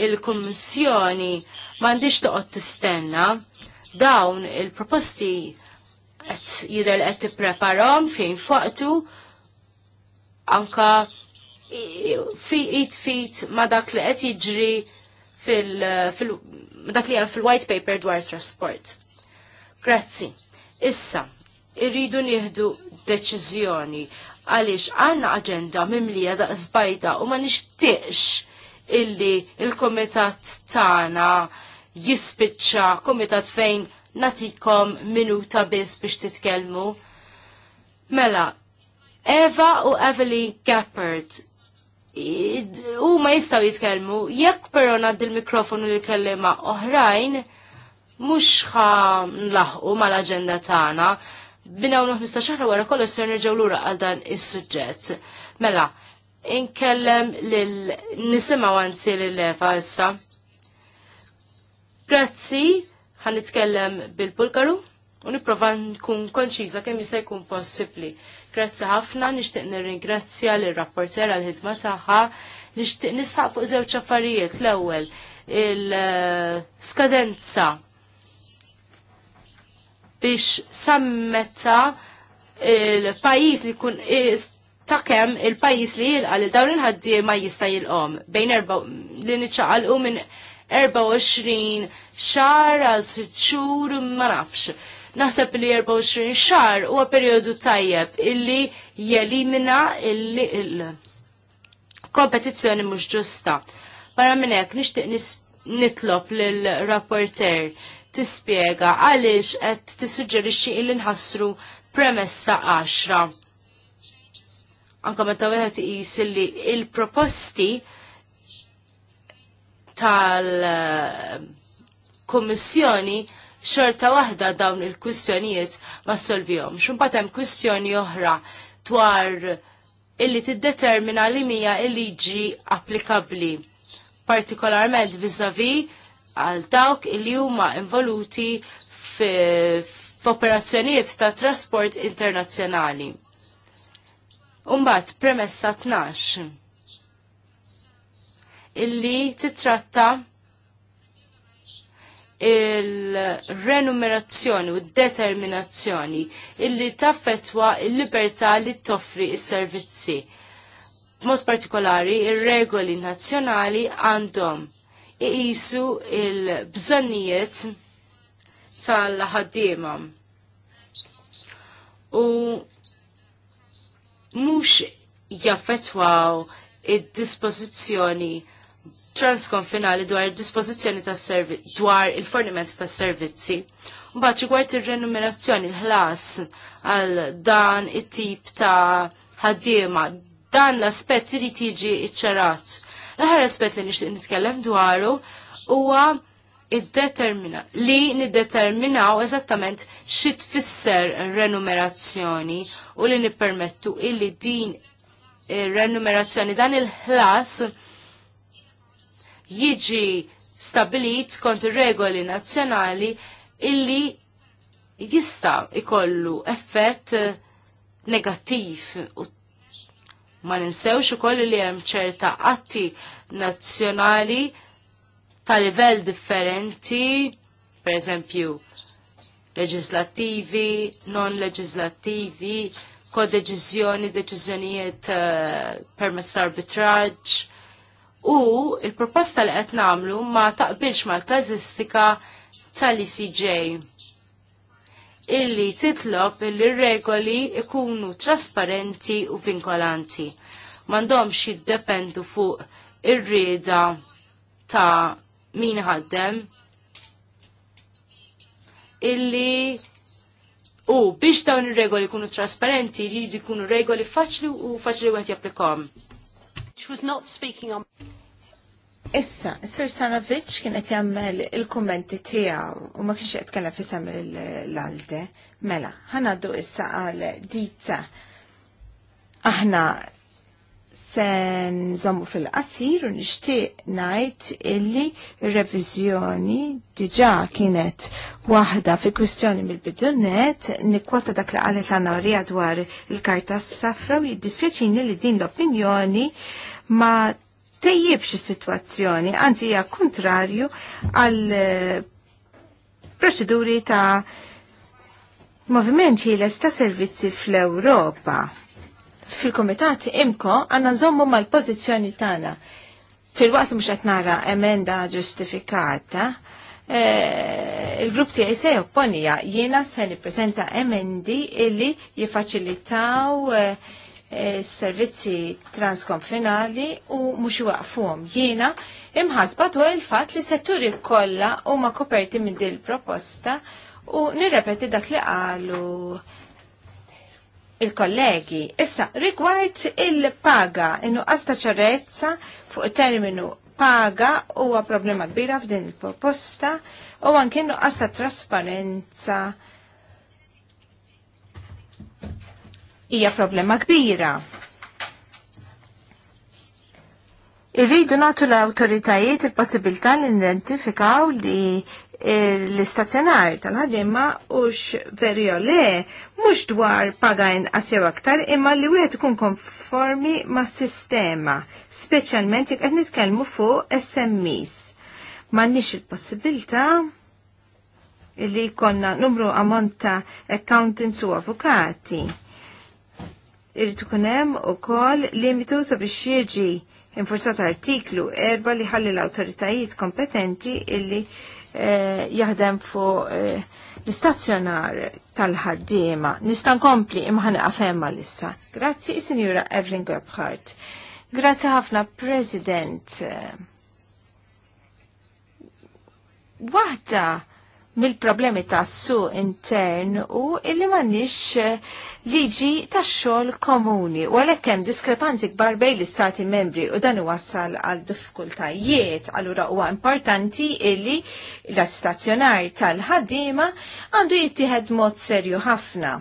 [SPEAKER 3] Il-Kummissjoni m'għandix toqgħod tistenna dawn il-proposti qed jidher qed tippreparahom fejn fuqtu anka fit fit ma dak li qed jiġri fil, fil dak li hemm fil-white paper dwar trasport. Grazzi. Issa, irridu nieħdu deċiżjoni għaliex għandna aġenda mimlija da' zbajta u ma nixtieqx illi il-komitat tagħna jispiċċa komitat fejn natikom minuta biss biex titkellmu. Mela, Eva u Evelyn Gappert u ma jistaw jitkelmu, jekk pero nad il-mikrofonu li kellima oħrajn, mux laħqu mal-agenda tagħna, binawnu 15 xahra wara kollox kollu s lura għal dan is-suġġett. Mela, inkellem lil nisimgħu anzi l-lefa issa. Grazzi, għan nitkellem bil-Bulgaru u nipprova kun konċiza kemm jista' jkun possibbli. Grazzi ħafna, nixtieq nirringrazzja lir rapporter għal ħidma tagħha, nixtieq nisaq fuq żewġ affarijiet l-ewwel il-skadenza biex sammetta il-pajis li kun takem il-pajis li jilqal li dawn il-ħaddi ma jista jilqom bejn erba li niċċaqalqu minn 24 xar għal sitxur ma nafx. Naħseb li 24 xar huwa periodu tajjeb illi jelimina illi il-kompetizzjoni mhux ġusta. Barra minn hekk nixtieq nitlob lill-rapporter tispjega għaliex qed tissuġġerixxi li nħassru premessa 10. Anka meta wieħed iqis li il-proposti tal-Kummissjoni xorta waħda dawn il-kwistjonijiet ma solvihom. Xumbat hemm kwistjoni oħra dwar illi tiddetermina li mija il-liġi applikabli, partikolarment vizavi għal dawk li huma involuti f'operazzjonijiet ta' trasport internazzjonali. Umbat premessa 12 illi titratta il-renumerazzjoni u determinazzjoni illi taffetwa il-libertà li toffri il servizzi Mod partikolari, ir-regoli nazzjonali għandhom iqisu il-bżonnijiet tal-ħaddiema. U mhux jaffetwaw id-dispożizzjoni transkonfinali dwar il-dispożizzjoni tas servizzi dwar il-forniment tas servizzi. Mbagħad rigward ir-renumerazzjoni l-ħlas għal dan it-tip ta' ħaddiema dan l-aspett irid jiġi iċċarat L-aħħar aspett li nixtieq nitkellem dwaru huwa id-determina li niddeterminaw eżattament xi tfisser renumerazzjoni u li nippermettu illi din eh, renumerazzjoni dan il-ħlas jiġi stabilit skont regoli nazzjonali illi jista' ikollu effett eh, negattiv u ma ninsewx ukoll li hemm ċerta atti nazzjonali ta' livell differenti, per eżempju, leġislattivi, non legislativi, kodeċizjoni, deċizjonijiet eh, permess arbitraġ. arbitraġġ. U il-proposta li qed nagħmlu ma taqbilx mal-każistika tal-ICJ illi titlob illi regoli ikunu trasparenti u vinkolanti. xid jiddependu fuq ir-rieda ta' min ħaddem illi u biex dawn ir-regoli kunu trasparenti li jridu jkunu regoli faċli u faċli wieħed japplikom.
[SPEAKER 4] Issa, Sir Sanovic kien qed jagħmel il-kummenti tiegħu u ma kienx qed fi fisem l-alde. Mela, ħanaddu issa għal dita aħna se nżommu fil-qasir u nixtieq ngħid illi r diġa diġà kienet waħda fi kwistjoni mill-bidunet nikkwota dak li qalet għanna dwar il-karta s-safra u jiddispjaċini li din l-opinjoni ma tejjibx is-sitwazzjoni, anzi hija kontrarju għal eh, proċeduri ta' moviment ħieles esta servizzi fl-Ewropa fil-komitat imko għanna nżommu mal-pozizjoni tagħna. Fil-waqt mhux qed nara emenda ġustifikata, e, il-grupp tiegħi se opponija. jiena se nippreżenta emendi illi jiffaċilitaw e, e, servizzi transkonfinali u mhux waqfum Jiena imħasba dwar il-fatt li setturi kollha huma koperti minn din il proposta u nirrepeti dak li qalu il-kollegi. Issa, rigward il-paga, innu għasta ċarezza fuq terminu paga huwa problema kbira f'din il-proposta u anke nuqqas ta' trasparenza hija problema kbira. Irridu natu l-autoritajiet il-possibilità li identifikaw li eh, l-istazzjonar tal-ħadimma ux verjo le, mux dwar pagajn asjew aktar, imma li wieħed ikun konformi ma' sistema, specialment jek qed nitkellmu fuq SMEs. M'għandniex il-possibilità li konna numru għamonta accountants u avukati. irritu ikun hemm ukoll limitu sabiex jieġi infurzat artiklu erba li ħalli l-autoritajiet kompetenti illi eh, jaħdem fu eh, l-istazzjonar tal-ħaddiema. Nistan kompli imħan għafemma l-issa. Grazzi, Signora Evelyn Gebhardt. Grazzi ħafna, President. Waħda mill-problemi ta' su intern u illi m'għandniex eh, liġi ta' xogħol komuni u għalhekk hemm diskrepanzi kbar bejn l-istati membri u dan iwassal għal diffikultajiet allura huwa importanti illi l-istazzjonar tal ħaddima għandu jittieħed mod serju ħafna.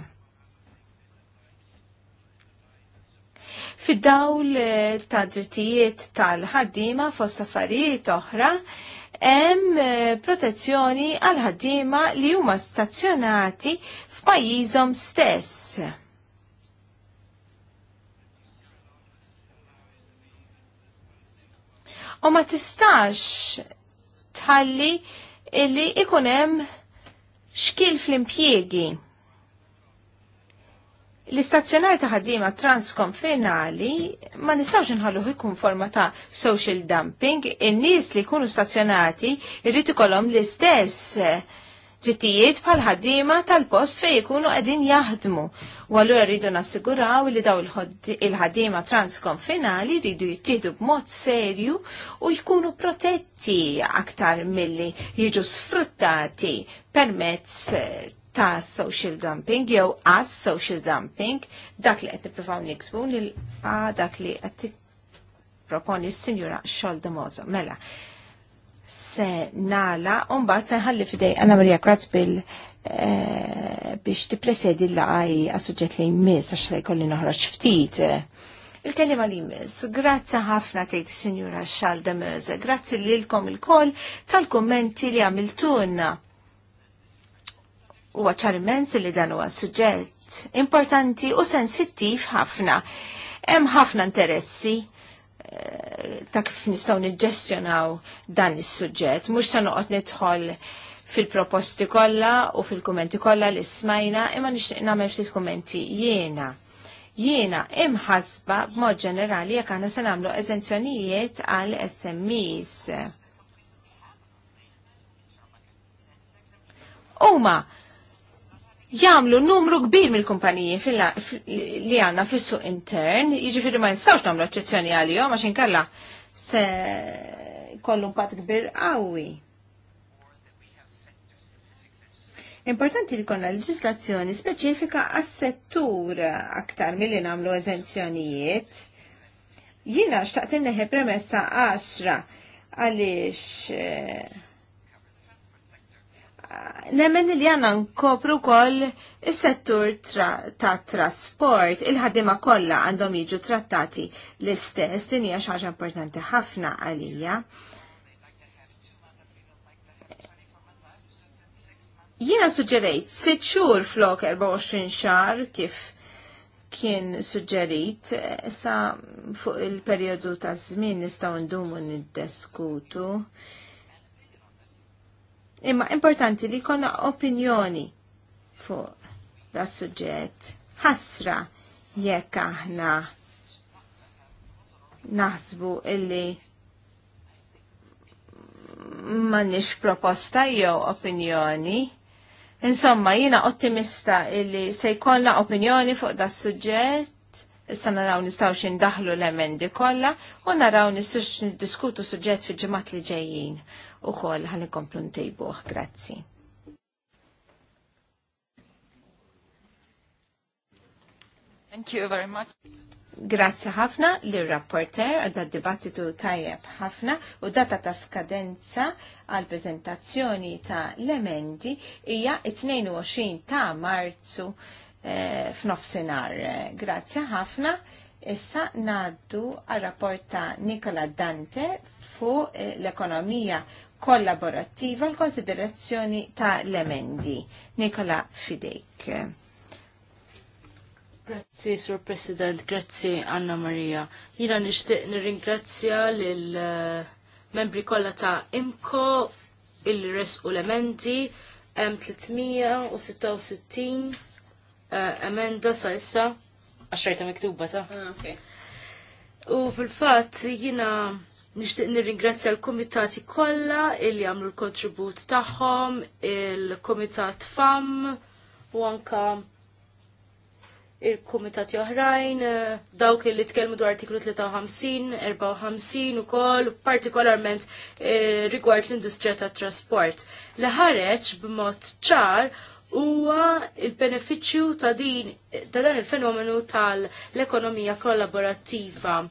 [SPEAKER 4] Fid-dawl eh, ta' drittijiet tal ħaddima fost affarijiet oħra, hemm eh, protezzjoni għal ħaddiema li huma stazzjonati f'pajjiżhom stess. U ma tistax tħalli illi hemm xkil fl-impjiegi. L-istazzjonar ta' ħaddiema finali ma nistawx nħalluħ ikun forma ta' social dumping, in-nies li jkunu stazzjonati jrid ikollhom l-istess eh, drittijiet bħal ħaddiema tal-post fejn ikunu qegħdin jaħdmu. U allura rridu nassiguraw li daw il-ħaddiema finali rridu jittieħdu b'mod serju u jkunu protetti aktar milli jiġu sfruttati permezz eh, ta' social dumping jew as social dumping dak li qed nippruvaw niksbu nil-a dak li qed proponi s-sinjura xol mozo. Mela, se nala mbagħad se nħalli fidej Anna Maria Kratz bil eh, biex tippresedi l la għaj suġġett li jmiss għax li jkolli noħroġ ftit. Il-kelima li jmiss, grazzi ħafna tgħid sinjura Xalda Mözа, grazzi lilkom il-koll tal-kummenti li għamiltunna huwa ċarmens li dan huwa suġġett importanti u sensittiv ħafna. Hemm ħafna interessi eh, ta' kif nistgħu niġġestjonaw dan is-suġġett, mhux se noqgħod nidħol fil-proposti kollha u fil-kumenti kollha li smajna imma nixtieq nagħmel ftit kumenti jiena. Jiena imħasba b'mod ġenerali jekk aħna se nagħmlu eżenzjonijiet għal SMEs. Huma jamlu numru kbir mill-kumpaniji li għanna fissu intern, jiġifieri ma jistawx nagħmlu eċċezzjoni għalihom għax inkella se kollu impatt kbir qawwi. Importanti li konna leġislazzjoni speċifika għas-settur aktar milli nagħmlu eżenzjonijiet. Jiena xtaqt inneħi premessa għaxra għaliex eh, Nemmen li għanna nkopru kol il-settur tra, ta' trasport, il-ħaddima kolla għandhom jiġu trattati l-istess, din hija xaġa importanti ħafna għalija. Jiena suġġerejt sitt xhur flok 24 xar kif kien suġġerit sa fuq il-perjodu ta' żmien nistgħu ndumu niddiskutu. Imma importanti li jkollna opinjoni fuq da suġġett. Ħasra jekk aħna naħsbu illi M'għandniex proposta jew opinjoni. Insomma, jiena ottimista illi se jkollna opinjoni fuq da suġġett, issa naraw nistgħu xi ndaħlu l-emendi kollha u naraw nistgħu diskutu suġġett fi ġimgħat li ġejjin u kol għan ikomplu ntejbuħ. Grazzi. Thank you very much. Grazzi ħafna li rapporter għadda dibattitu tajjeb ħafna u data ta' skadenza għal prezentazzjoni ta' l-emendi hija 22 ta' marzu e, f'nofsinhar. Grazzi ħafna. Issa naddu għal rapport ta' Nikola Dante fu eh, l-ekonomija kollaborattiva l-konsiderazzjoni ta' l-emendi. Nikola Fidejk.
[SPEAKER 3] Grazzi, Sur President, grazie, Anna Maria. Jina nishtiq nirringrazzja l-membri eh, kollha ta' IMCO, il-res u l-emendi, eh, M366 emenda sa' issa, għaxrajta miktuba ta' ah, U fil-fat jina Nishtiq nirringrazzja l-komitati kollha illi għamlu l-kontribut tagħhom, il-komitat FAM u anka il komitat oħrajn, eh, dawk li tkellmu dwar artiklu 53, 54 u koll, partikolarment eh, rigward l-industrija tat trasport. Li ħareġ b'mod ċar huwa il-benefiċċju ta' din ta' dan il-fenomenu tal-ekonomija kollaborattiva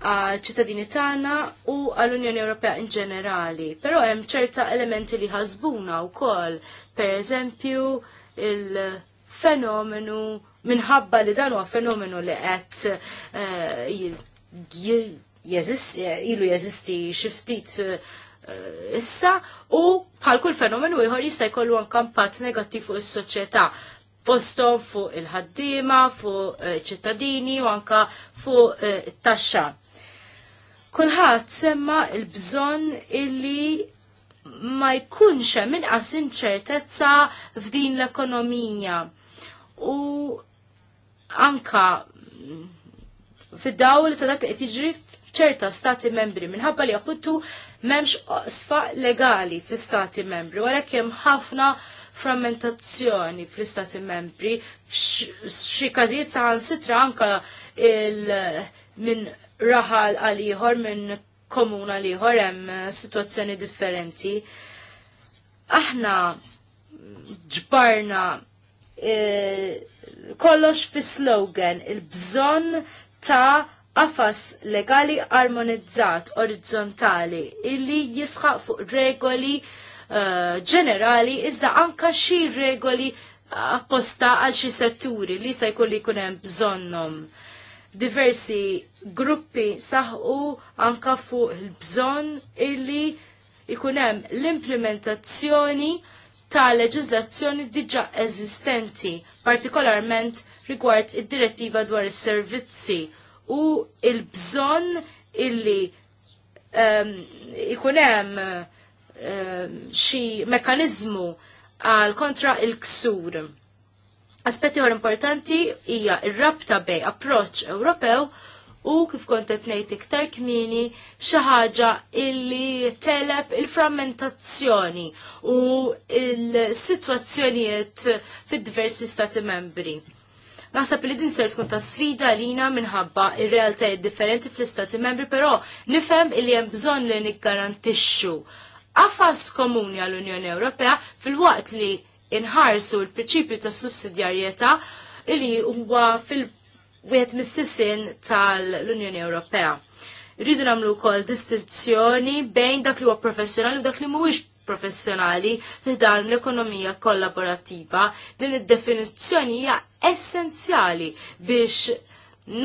[SPEAKER 3] ċittadini tagħna u għall-Unjoni Ewropea in ġenerali. Però hemm ċerta elementi li ħasbuna wkoll, pereżempju il-fenomenu minħabba li dan huwa fenomenu li qed eh, ilu jeżisti xi ftit eh, issa u bħal kull fenomenu ieħor jista' jkollu anke impatt negattiv fuq is-soċjetà posto fuq il-ħaddima, fuq eh, ċittadini u anka fuq it taxxa. Kulħadd semma l-bżonn illi ma jkunx hemm inqas inċertezza f'din l-ekonomija. U anka fid-dawl ta' dak li qed jiġri f'ċerta stati membri minħabba li appuntu m'hemmx oqsfa legali fl-istati membri, għalhekk hemm ħafna frammentazzjoni fl istati membri, f'xi każijiet saħansitra sitra anka il minn raħal għal ieħor minn komuna li hemm eh, situazzjoni differenti. Aħna ġbarna eh, kollox fi slogan il-bżon ta' qafas legali armonizzat, orizzontali, illi jisħaq fuq regoli eh, ġenerali, iżda anka xi regoli apposta għal xi setturi li se jkolli jkun hemm bżonnhom diversi gruppi saħqu anka fuq il-bżon illi ikunem l-implementazzjoni ta' leġizlazzjoni diġa eżistenti, partikolarment rigward id-direttiva dwar is-servizzi u il-bżon illi um, ehm, ikunem um, ehm, xi mekanizmu għal kontra il-ksur. Aspetti għor importanti hija il rabta bej approċ Ewropew u kif kontet ngħid iktar kmini xi ħaġa illi teleb il-frammentazzjoni u il-sitwazzjonijiet fid-diversi stati membri. Naħseb li din ser tkun ta' sfida lina minħabba r realtajiet differenti fl-istati membri, però nifhem illi hemm bżonn li niggarantixxu affas komuni għall-Unjoni Ewropea fil-waqt li inħarsu l-prinċipju ta' sussidjarjetà illi huwa fil- wieħed mis-sisin tal-Unjoni Ewropea. Rridu nagħmlu wkoll distinzjoni bejn dak li huwa professjonali u dak li mhuwiex professjonali fi dan l-ekonomija kollaborattiva. Din id-definizzjoni hija essenzjali biex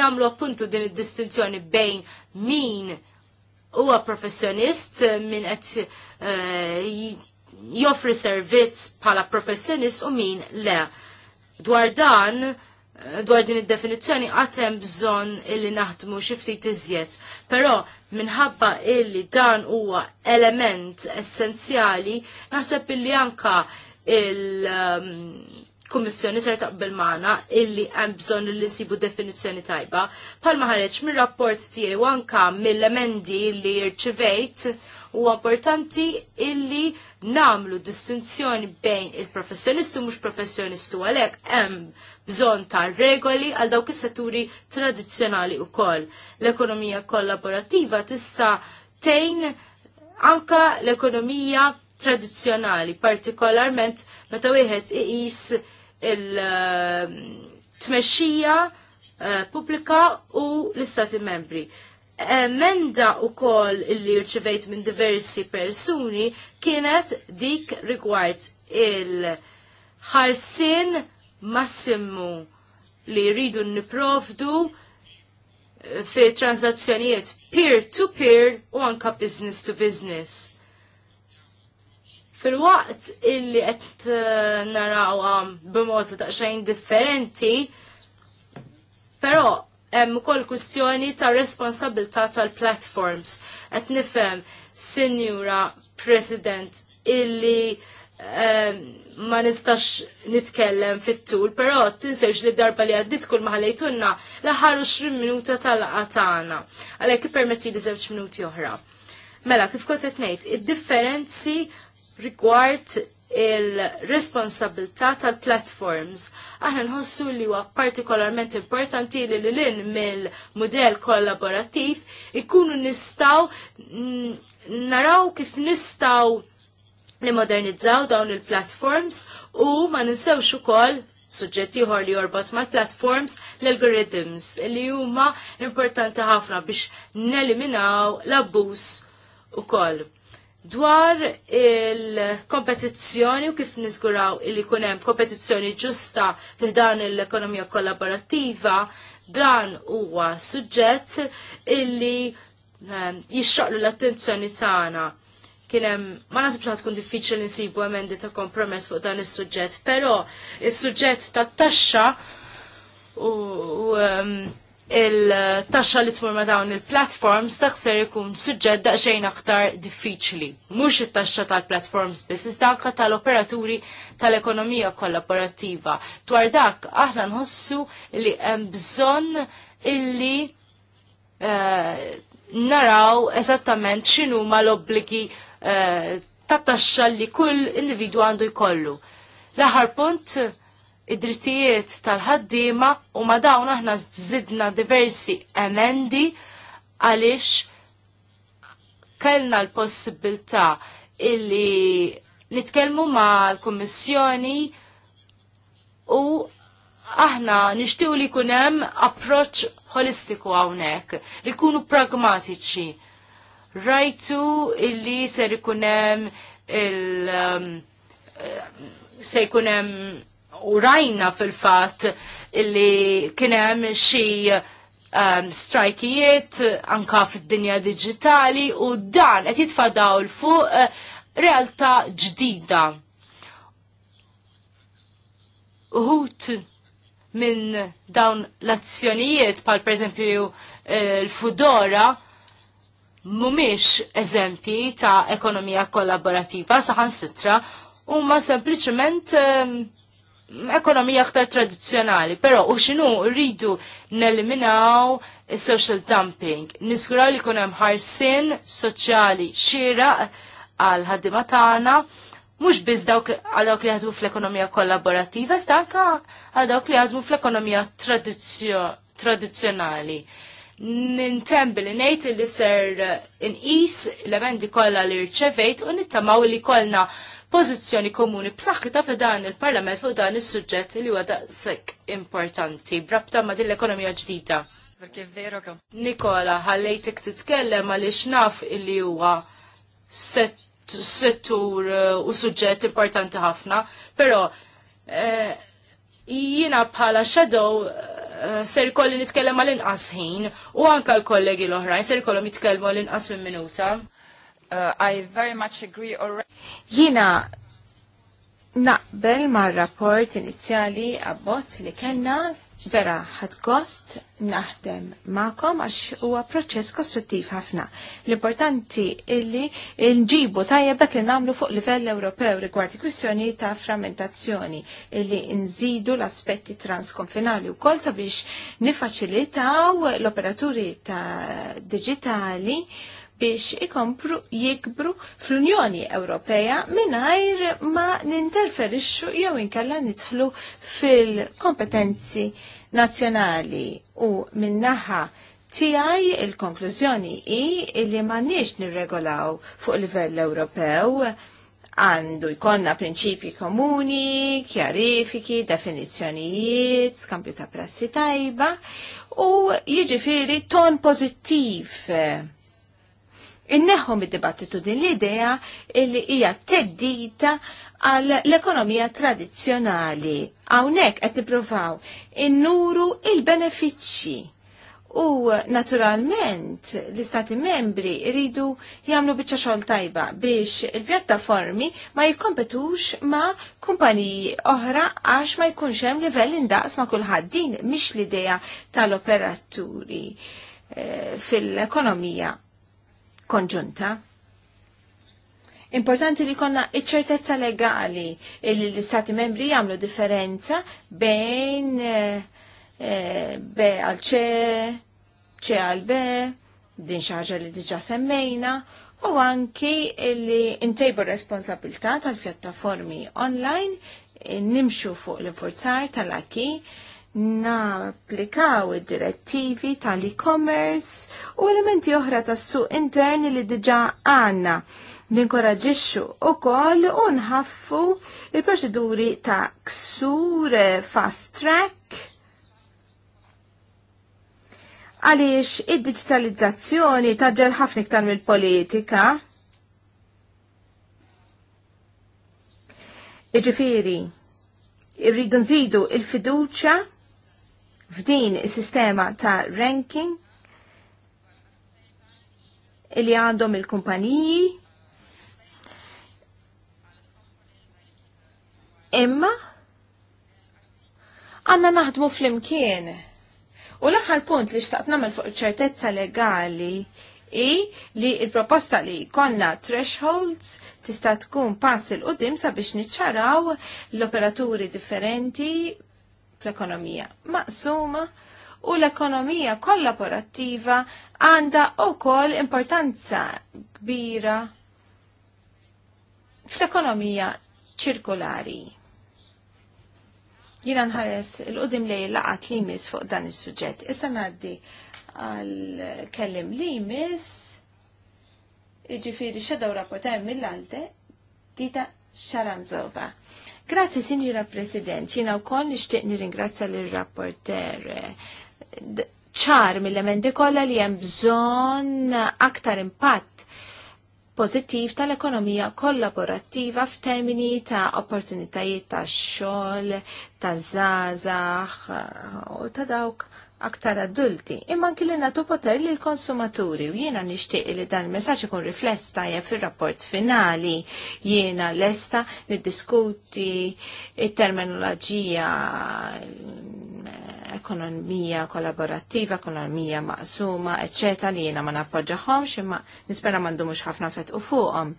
[SPEAKER 3] nagħmlu appuntu din id-distinzjoni bejn min huwa professjonist min qed eh, joffri servizz bħala professjonist u min le. Dwar dan Eh, dwar din id-definizzjoni għatem bżon illi naħdmu ftit iżjed. Pero minħabba illi dan huwa element essenzjali, naħseb illi anka il-Kummissjoni ehm, ser taqbel magħna illi hemm bżonn illi nsibu definizzjoni tajba. Palma ħareġ mir-rapport tiegħi anka mill-emendi li rċivejt u importanti illi namlu distinzjoni bejn il-professjonistu mux professjonistu għalek hemm bżon ta' regoli għal dawk is-setturi tradizzjonali u koll. L-ekonomija kollaborativa tista' tejn anka l-ekonomija tradizzjonali, partikolarment meta wieħed iqis il-tmexxija eh, pubblika u l-istati membri emenda u kol illi rċivejt minn diversi persuni kienet dik rigward il-ħarsin massimu li rridu niprofdu eh, fi transazzjonijiet peer-to-peer u anka business-to-business. Fil-waqt illi qed eh, naraw b'mod ta' xejn differenti, però hemm ukoll kwistjoni ta' responsabilità tal-platforms. Qed nifhem, Sinjura President, illi ehm, ma nistax nitkellem fit-tul, però tinsewx li darba li għaddit kull maħalejtunna l-ħar 20 minuta tal-qatana. Għalek permetti li zewċ minuti oħra. Mela, kif kont qed ngħid, id-differenzi rigward il-responsabilità tal-platforms. Aħna nħossu li huwa partikolarment importanti li l-lin mill-modell kollaborattiv ikunu nistaw naraw kif nistaw li modernizzaw dawn il-platforms u ma ninsewx ukoll suġġetti ieħor li jorbot mal-platforms l-algorithms li huma importanti ħafna biex neliminaw l-abbuż ukoll dwar il-kompetizzjoni u kif niżguraw il kunem kompetizzjoni ġusta fil dan l-ekonomija kollaborattiva, dan huwa suġġett illi um, ehm, jixraqlu l-attenzjoni tagħna. Kienem, ma nasib xaħat tkun diffiċli nsibu emendi ta' kompromess fuq dan is-suġġett, però il suġġett ta' taxxa u, u um, il-taxxa li tmur ma' dawn il-platforms taħser ikun suġġett daqsxejn aktar diffiċli. Mhux it-taxxa tal-platforms biss, iżda anke tal-operaturi tal-ekonomija kollaborattiva. Dwar dak aħna nħossu li hemm bżonn illi eh, naraw eżattament x'inhu l-obbligi eh, ta' taxxa li kull individwu għandu jkollu. L-aħħar punt id-drittijiet tal-ħaddiema u ma dawn aħna zidna diversi emendi għaliex kellna l-possibilità illi nitkellmu ma' l-Kummissjoni u aħna nixtiew li jkun hemm approċċ holistiku hawnhekk li jkunu pragmatiċi. Rajtu illi ser ikun hemm il um, eh, se jkun hemm u rajna fil-fat li kienem xi um, strajkijiet anka fid-dinja digitali u dan qed jitfadaw l fuq uh, realtà ġdida. Uħut minn dawn l-azzjonijiet pal per eżempju uh, l-Fudora mumiex eżempji ta' ekonomija kollaborativa saħan sitra u ma sempliciment um, ekonomija aktar tradizjonali, pero u xinu rridu neliminaw social dumping. Niskuraw li kunem ħarsin soċjali xira għal ħaddima tagħna, mhux biss dawk għal dawk li jaħdmu fl-ekonomija kollaborattiva, stanka għal dawk li jaħdmu fl-ekonomija tradizjonali. Nintembi li ngħid li ser inqis l-emendi kollha li rċevejt u nittamaw li kollna pożizzjoni komuni b'saħħitha f'dan il-Parlament fuq dan is-suġġett li huwa daqshekk importanti brabta ma' din l-ekonomija ġdida. Nikola, ħallejtek titkellem għaliex naf illi huwa settur uh, u suġġett importanti ħafna, però eh, jina bħala shadow eh, ser kolli nitkellem għal inqas ħin u anka l-kollegi l-oħrajn ser kollhom jitkellmu għal inqas minn minuta. Uh, I very much agree already.
[SPEAKER 4] Jina naqbel ma' rapport inizjali abbozz li kellna vera ħad gost naħdem ma'kom għax huwa proċess kostruttiv ħafna. L-importanti illi nġibu tajjeb dak li nagħmlu fuq livell Ewropew rigward kwistjoni ta' frammentazzjoni illi nżidu l-aspetti transkonfinali wkoll sabiex nifaċilitaw l-operaturi ta' digitali biex ikompru jikbru fl-Unjoni Ewropea mingħajr ma ninterferixxu jew inkella nidħlu fil-kompetenzi nazzjonali u minnaħa tiegħi il-konklużjoni hi li m'għandniex nirregolaw fuq livell Ewropew għandu jkonna prinċipji komuni, kjarifiki, definizjonijiet, skambju ta' prassi tajba u jiġifieri ton pozittiv inneħħom id-dibattitu din l-idea illi hija teddita għal l-ekonomija tradizzjonali. Hawnhekk qed nippruvaw innuru il-benefiċċji. U naturalment l-istati membri rridu jagħmlu biċċa xogħol tajba biex il-pjattaformi ma jikkompetux ma kumpaniji oħra għax ma jkunx hemm livell indaqs ma' kulħadd din mhix l-idea tal-operaturi eh, fil-ekonomija konġunta. Importanti li konna iċċertezza ċertezza legali li l-Istati membri jagħmlu differenza bejn eh, eh, be għal C, C għal din xaġa li diġa semmejna, u anki li intejbu responsabilità tal-pjattaformi online nimxu fuq l-forzar tal-aki naplikaw id-direttivi tal-e-commerce u elementi oħra tas-suq interni li diġa għanna ninkoraġixxu u u nħaffu il-proċeduri ta' ksur fast track għaliex id-digitalizzazzjoni taġġel ħafna iktar mill-politika. Iġifieri, irridu nżidu il-fiduċja f'din is-sistema ta' ranking illi għandhom il-kumpaniji imma għanna naħdmu fl-imkien. U l-aħħar punt li xtaqt namel fuq ċertezza legali i li il-proposta li konna thresholds tista' tkun pass il qudiem sabiex niċċaraw l-operaturi differenti fl-ekonomija maqsuma u l-ekonomija kollaborattiva għanda u koll importanza kbira fl-ekonomija ċirkolari. Jina nħares l-qudim li laqat li mis fuq dan is suġġett Issa naddi għal-kellim li mis iġifiri xedaw rapportajem mill-alte Dita Sharanzova. Grazzi, signora President, jina u koll nishtiq nir-ingrazza l-rapporter ċar mill-emendi kollha li hemm bżonn aktar impatt pożittiv tal-ekonomija kollaborattiva f'termini ta' opportunitajiet ta' xogħol, ta' zazax u ta' dawk aktar adulti, imma anki li nagħtu poter l konsumaturi u jiena nixtieq li dan il-messaġġ ikun rifless tajjeb fir-rapport finali jiena lesta niddiskuti il terminoloġija eh, ekonomija kollaborattiva, ekonomija maqsuma, eccetera, li jiena ma nappoġġahomx imma nispera m'għandhomux ħafna u fuqhom.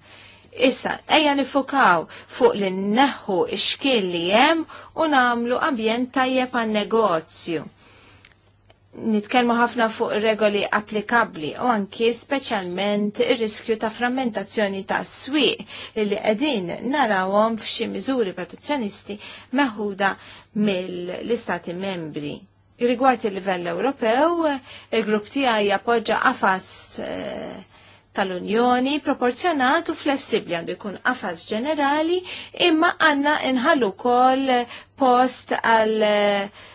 [SPEAKER 4] Issa, eja nifukaw fuq li neħu xkil li jem u namlu ambjent tajjeb għan negozju nitkellmu ħafna fuq regoli applikabli u anki speċjalment ir-riskju ta' frammentazzjoni ta' swiq li qegħdin narawom f'xi miżuri protezzjonisti meħuda mill-istati membri. Rigward il-livell Ewropew, il-grupp tiegħi jappoġġa qafas eh, tal-Unjoni proporzjonat u flessibli għandu jkun qafas ġenerali imma għanna inħallu kol post għal uh,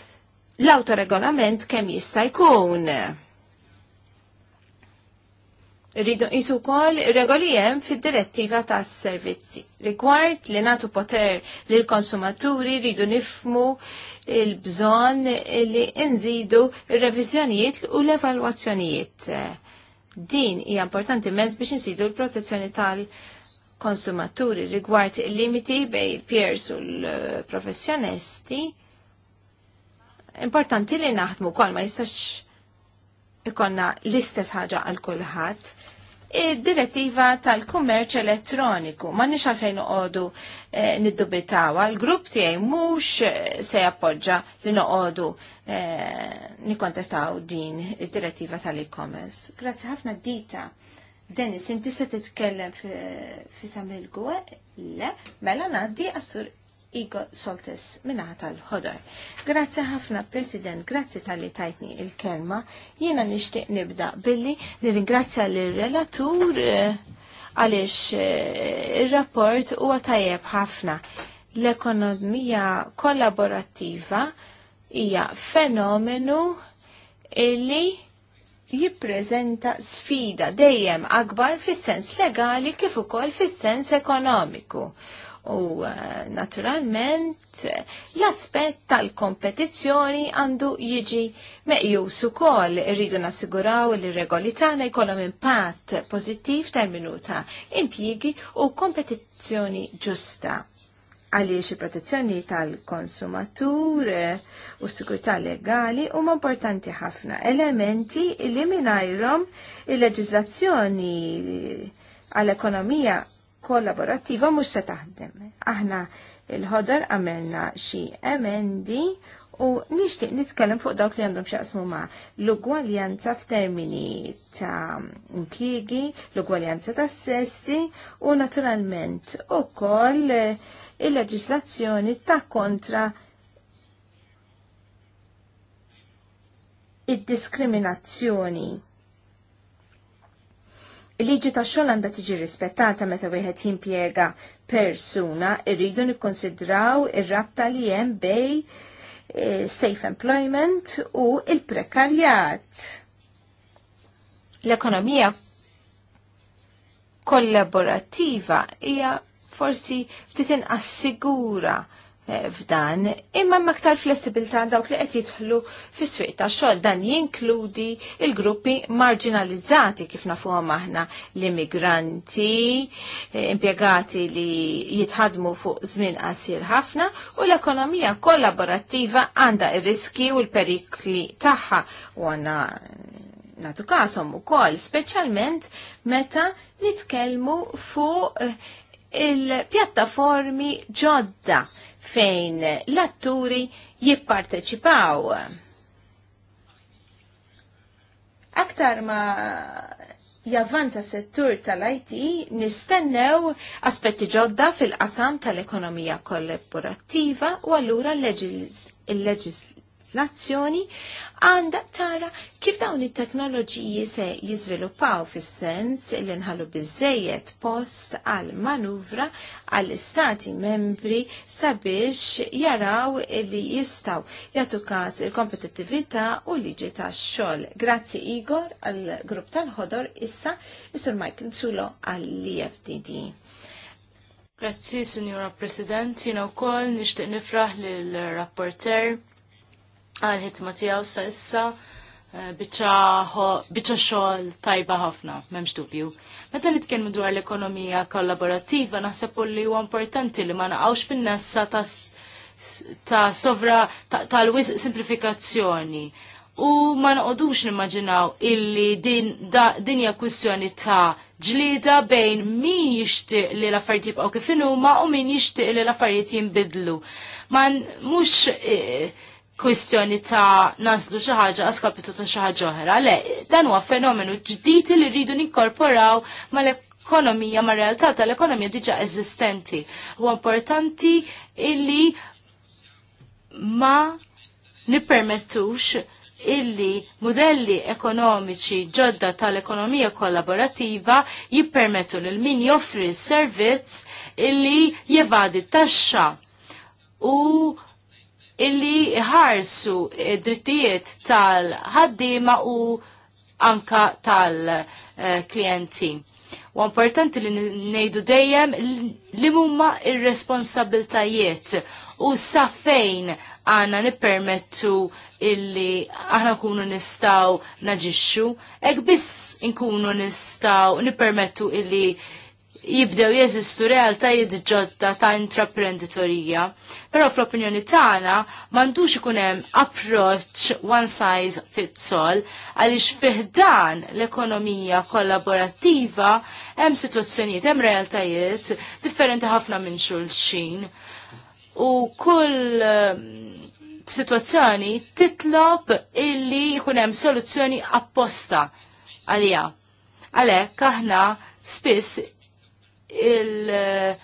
[SPEAKER 4] l-autoregolament kemm jista' jkun. Rridu nqisu wkoll regoli hemm fid-direttiva tas-servizzi. Rigward li nagħtu poter lill konsumaturi rridu nifmu il-bżonn li nżidu ir-reviżjonijiet u l-evalwazzjonijiet. Din hija importanti mezz biex insidu l-protezzjoni tal-konsumaturi rigward il-limiti bej il-peers u l-professjonisti Importanti li naħdmu kol ma jistax ikonna l-istess ħaġa għal kulħadd. Id-direttiva tal-kummerċ elettroniku ma nix għalfejn uqodu eh, niddubitawa, l-grupp tiegħi mhux eh, se jappoġġa li noqogħdu eh, nikontestaw din id-direttiva tal-e-commerce. Grazzi ħafna dita. Dennis, inti se titkellem fi samilgu, le, mela naddi għassur Igo Soltis minnaħa tal-ħodor. Grazzi ħafna, President, grazzi tal-li tajtni il-kelma. Jiena nishtiq nibda billi nirringrazzja l-relatur eh, għalix eh, il-rapport u għatajab ħafna. L-ekonomija kollaborattiva hija fenomenu illi jippreżenta sfida dejjem akbar fis-sens legali kif ukoll fis-sens ekonomiku. U eh, naturalment l-aspett tal-kompetizzjoni għandu jiġi meqjus ukoll rridu nassiguraw li regoli tagħna jkollhom impatt pożittiv terminu ta' impjiegi u kompetizzjoni ġusta għaliex il-protezzjoni tal-konsumatur eh, u s-sigurtà legali huma importanti ħafna elementi li mingħajrhom il-leġiżlazzjoni għall-ekonomija kollaborattiva mhux se taħdem. Aħna il-ħodar għamilna xi emendi u nixtieq nitkellem fuq dawk li għandhom xaqsmu ma' l-ugwaljanza f'termini ta' impjiegi, l-ugwaljanza ta' sessi u naturalment ukoll il-leġislazzjoni ta' kontra id-diskriminazzjoni. Il-liġi ta' xogħol għandha tiġi rispettata meta wieħed jimpjega persuna irridu nikkonsidraw ir-rabta li hemm bej eh, safe employment u il-prekarjat. L-ekonomija kollaborattiva hija forsi ftit inqas sigura Eh, f'dan, imma maktar flessibilta dawk li qed jidħlu fis-swieq ta' xogħol dan jinkludi il-gruppi marginalizzati kif nafuhom aħna l-immigranti, eh, impjegati li jitħadmu fuq żmien qasir ħafna u l-ekonomija kollaborattiva għandha ir-riski u l-perikli tagħha u natu kasom u kol, specialment meta nitkelmu fuq eh, il-pjattaformi ġodda fejn l-atturi jipparteċipaw. Aktar ma javvanza settur tal-IT nistennew aspetti ġodda fil-qasam tal-ekonomija kollaborattiva u allura l-leġis Nazzjoni, għanda tara kif dawn it-teknoloġiji se jiżviluppaw fis-sens li nħallu biżejjed post għal manuvra għall istati membri sabiex jaraw li jistaw jagħtu każ il-kompetittività u liġi tax-xogħol. Grazzi Igor għall grupp tal-ħodor issa isur Michael Zulo għall fdd Grazzi,
[SPEAKER 3] Signora President, jina u koll nishtiq nifraħ l-rapporter għal ħitma tiegħu sa issa eh, bieċa xogħol tajba ħafna, memx dubju. Meta nitkellmu dwar l-ekonomija kollaborattiva naħseb li huwa importanti li ma naqgħux fin-nessa ta' ta' sovra tal-wis simplifikazzjoni. U ma naqodux nimmaġinaw illi din hija kwistjoni ta' ġlida bejn min jixtieq li l-affarijiet jibqgħu kif inhuma u min jixtieq li l-affarijiet jinbidlu. Ma mhux eh, kwistjoni ta' naslu xi ħaġa għaskapitu ta' xi ħaġa oħra. Le, dan huwa fenomenu ġdid li rridu ninkorporaw mal-ekonomija, ma' realtà tal-ekonomija diġa eżistenti. Huwa importanti illi ma nippermettux illi modelli ekonomiċi ġodda tal-ekonomija kollaborativa jippermettu lil min joffri servizz illi jevadi taxxa u illi ħarsu drittijiet tal-ħaddima u anka tal-klienti. U importanti li nejdu dejjem li mumma ir-responsabiltajiet u saffejn għanna nipermettu illi aħna kunu nistaw naġixxu, ek biss nkunu nistaw nippermettu illi jibdew jeżistu realtajiet ġodda ta' intraprenditorija. Però fl-opinjoni tagħna m'għandux ikun hemm approach one size fits all għaliex fih dan l-ekonomija kollaborattiva hemm sitwazzjonijiet hemm realtajiet differenti ħafna minn xulxin. U kull ehm, situazzjoni titlob illi jkun hemm soluzzjoni apposta għalija. Għalhekk aħna spiss il- eh,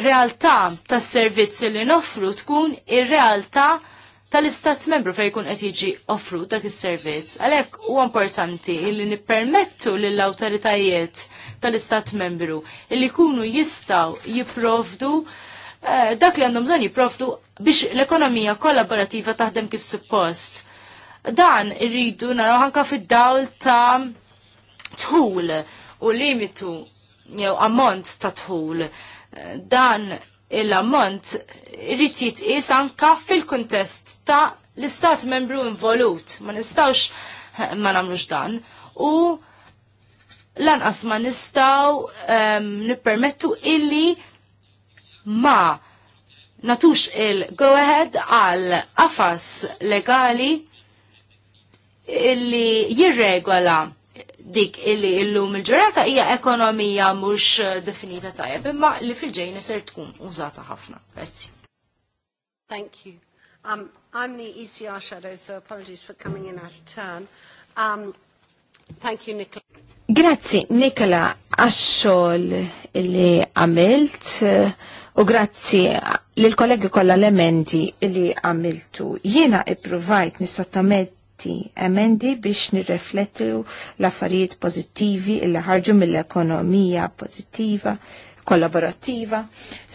[SPEAKER 3] realtà tas servizzi li noffru tkun ir-realtà tal-istat membru fej kun qed jiġi offru dak is-servizz. Għalhekk huwa importanti li nippermettu lill awtoritajiet tal-istat membru li jkunu jistgħu jipprovdu eh, dak li għandhom bżonn jipprovdu biex l-ekonomija kollaborattiva taħdem kif suppost. Dan irridu naraw anke fid-dawl ta' tħul u limitu jew ammont ta' tħul. Dan il-ammont irrid jitqies anka fil-kuntest ta' l-istat membru involut. Ma nistawx ma nagħmlux dan. U lanqas ma nistaw um, nippermettu illi ma natux il-go-ahead għal qafas legali illi jirregola dik illi illum il-ġurata hija ekonomija mhux eh, definita tajjeb imma li fil-ġejn ser tkun użata ħafna. Grazzi.
[SPEAKER 1] Thank you. Um, I'm the ECR shadow, so apologies for coming in out of turn. Um, thank you, Nicola.
[SPEAKER 4] Grazzi, Nikola, għaxxol li għamilt eh, u grazzi l-kollegi kolla l-emendi li għamiltu. Jiena i-provajt nisottomet ċerti emendi biex nirreflettu l-affarijiet pozittivi illi ħarġu mill-ekonomija pozittiva, kollaborattiva,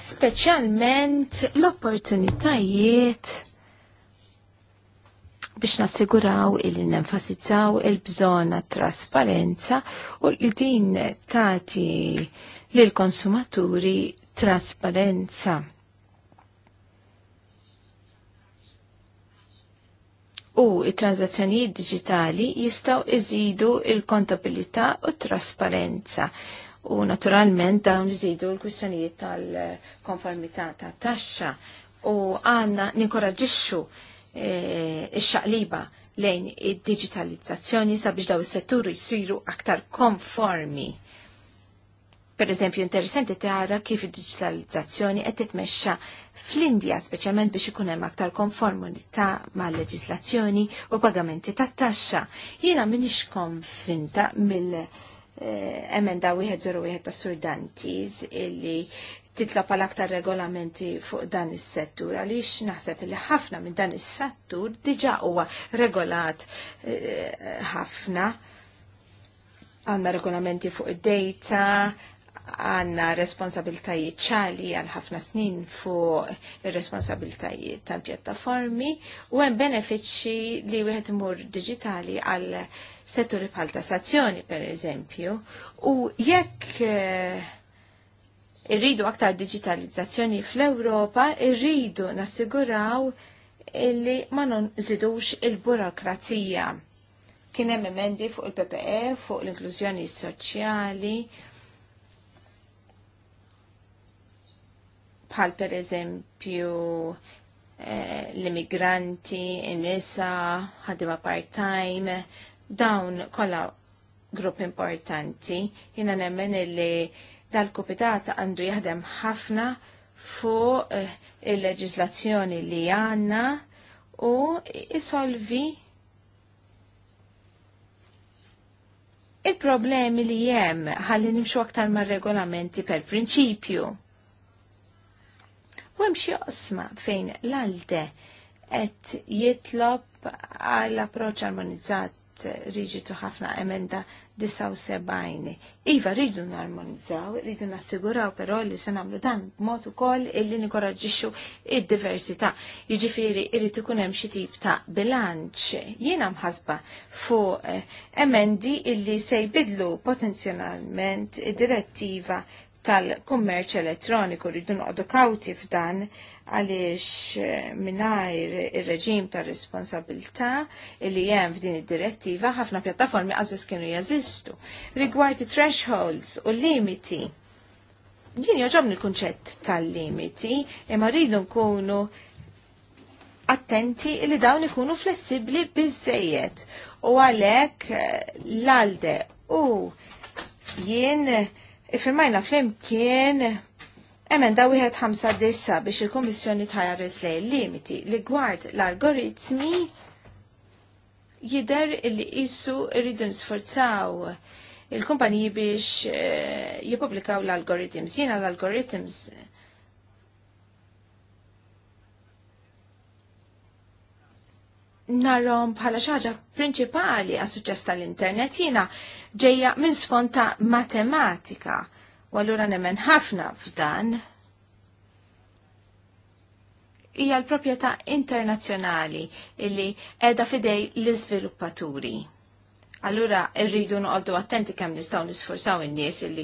[SPEAKER 4] speċjalment l-opportunitajiet biex nassiguraw illi nenfasizzaw il-bżona trasparenza u li din tati l konsumaturi trasparenza u it-transazzjonijiet digitali jistaw iżidu il-kontabilità u trasparenza u naturalment dawn iżidu l-kwistjonijiet tal-konformità ta' taxxa u għanna ninkoraġixxu eh, x xaqliba lejn id-digitalizzazzjoni sabiex daw is-setturi jsiru aktar konformi Per eżempju, interessanti tara kif id-digitalizzazzjoni qed titmexxa fl-Indja, speċjalment biex ikun hemm aktar konformità mal-leġislazzjoni u pagamenti tat-taxxa. Jiena m'iniex konvinta mill- eh, emenda 101 ta' surdantis illi titla pal aktar regolamenti fuq dan is-settur għaliex naħseb li ħafna minn dan is-settur diġà huwa regolat eh, ħafna għandna regolamenti fuq id-data, għanna responsabiltajiet ċali għal ħafna snin fuq ir-responsabiltajiet tal-pjattaformi u għem benefiċi li wieħed imur digitali għal setturi bħal tassazzjoni per eżempju u jekk eh, irridu aktar digitalizzazzjoni fl-Ewropa, irridu nassiguraw illi ma nżidux il-burokrazija. Kien hemm emendi fuq il-PPE, fuq l-inklużjoni soċjali, bħal per eżempju eh, l-immigranti, n-nisa, ħadima part-time, dawn kolla grupp importanti. jina nemmen li dal-kupitat għandu jaħdem ħafna fuq eh, il-leġislazzjoni li għanna u isolvi il-problemi li jem ħalli nimxu aktar ma' regolamenti per prinċipju. U hemm xi qosma fejn l-alde qed jitlob għal approċċ armonizzat riġitu ħafna emenda 79. Iva rridu narmonizzaw, rridu nassiguraw però li se nagħmlu dan b'mod ukoll illi nikoraġġixxu id-diversità. Jiġifieri jrid ikun hemm xi tip ta' bilanċ. Jiena mħasba fuq eh, emendi illi se jbidlu potenzjonalment id-direttiva tal-kummerċ elettroniku rridu noqogħdu kawti f'dan għaliex eh, mingħajr ir-reġim tar responsabilità li hemm f'din id-direttiva ħafna pjattaformi għazbis kienu jeżistu. Rigward thresholds u limiti. Jien joġobni l-kunċett tal-limiti imma rridu nkunu attenti li dawn ikunu flessibli bizzejiet u għalhekk eh, l-alde u jien Ifirmajna flimkien emenda wieħed ħamsa biex il-Kommissjoni tħares lej limiti li gward l-algoritmi jider li jissu rridu nisforzaw il-kumpaniji biex eh, jippublikaw l-algoritms. Jiena l-algoritms narrom bħala xaġa prinċipali għas suċċess tal-internet jiena ġejja minn sfond ta' matematika u allura nemmen ħafna f'dan. Hija l-proprjetà internazzjonali illi qiegħda fidej l-iżviluppaturi. Allura rridu noqogħdu attenti kemm nistgħu nisforsaw in-nies li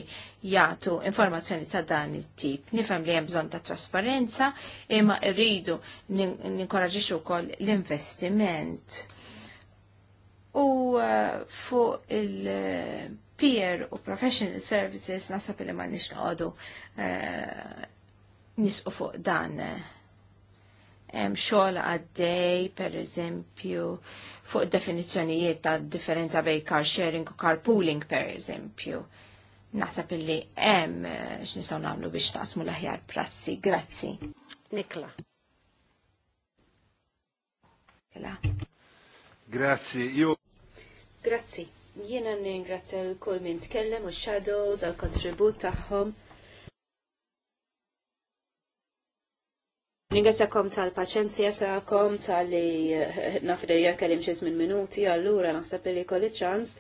[SPEAKER 4] jagħtu informazzjoni ta' dan it-tip. Nifhem li hemm bżonn ta' trasparenza, imma rridu ninkoraġixxu wkoll l-investiment. U uh, fuq il-peer u professional services nasab li ma nix noqogħdu uh, nisqu fuq dan hemm xogħol għaddej, per eżempju, fuq definizzjonijiet ta' differenza bej car sharing u car pooling per eżempju. Naħseb illi hemm eh, x'nistgħu nagħmlu biex taqsmu l-aħjar prassi. Grazzi. Nikla. Grazzi. Jo. Grazzi. Jiena
[SPEAKER 2] ningrazzja l-kull minn tkellem u shadows għal kontribut tagħhom Ningrazzjakom tal-paċenzja ta'kom tal-li eh, nafdejja kellim xis minn minuti, allura naħseb li kolli ċans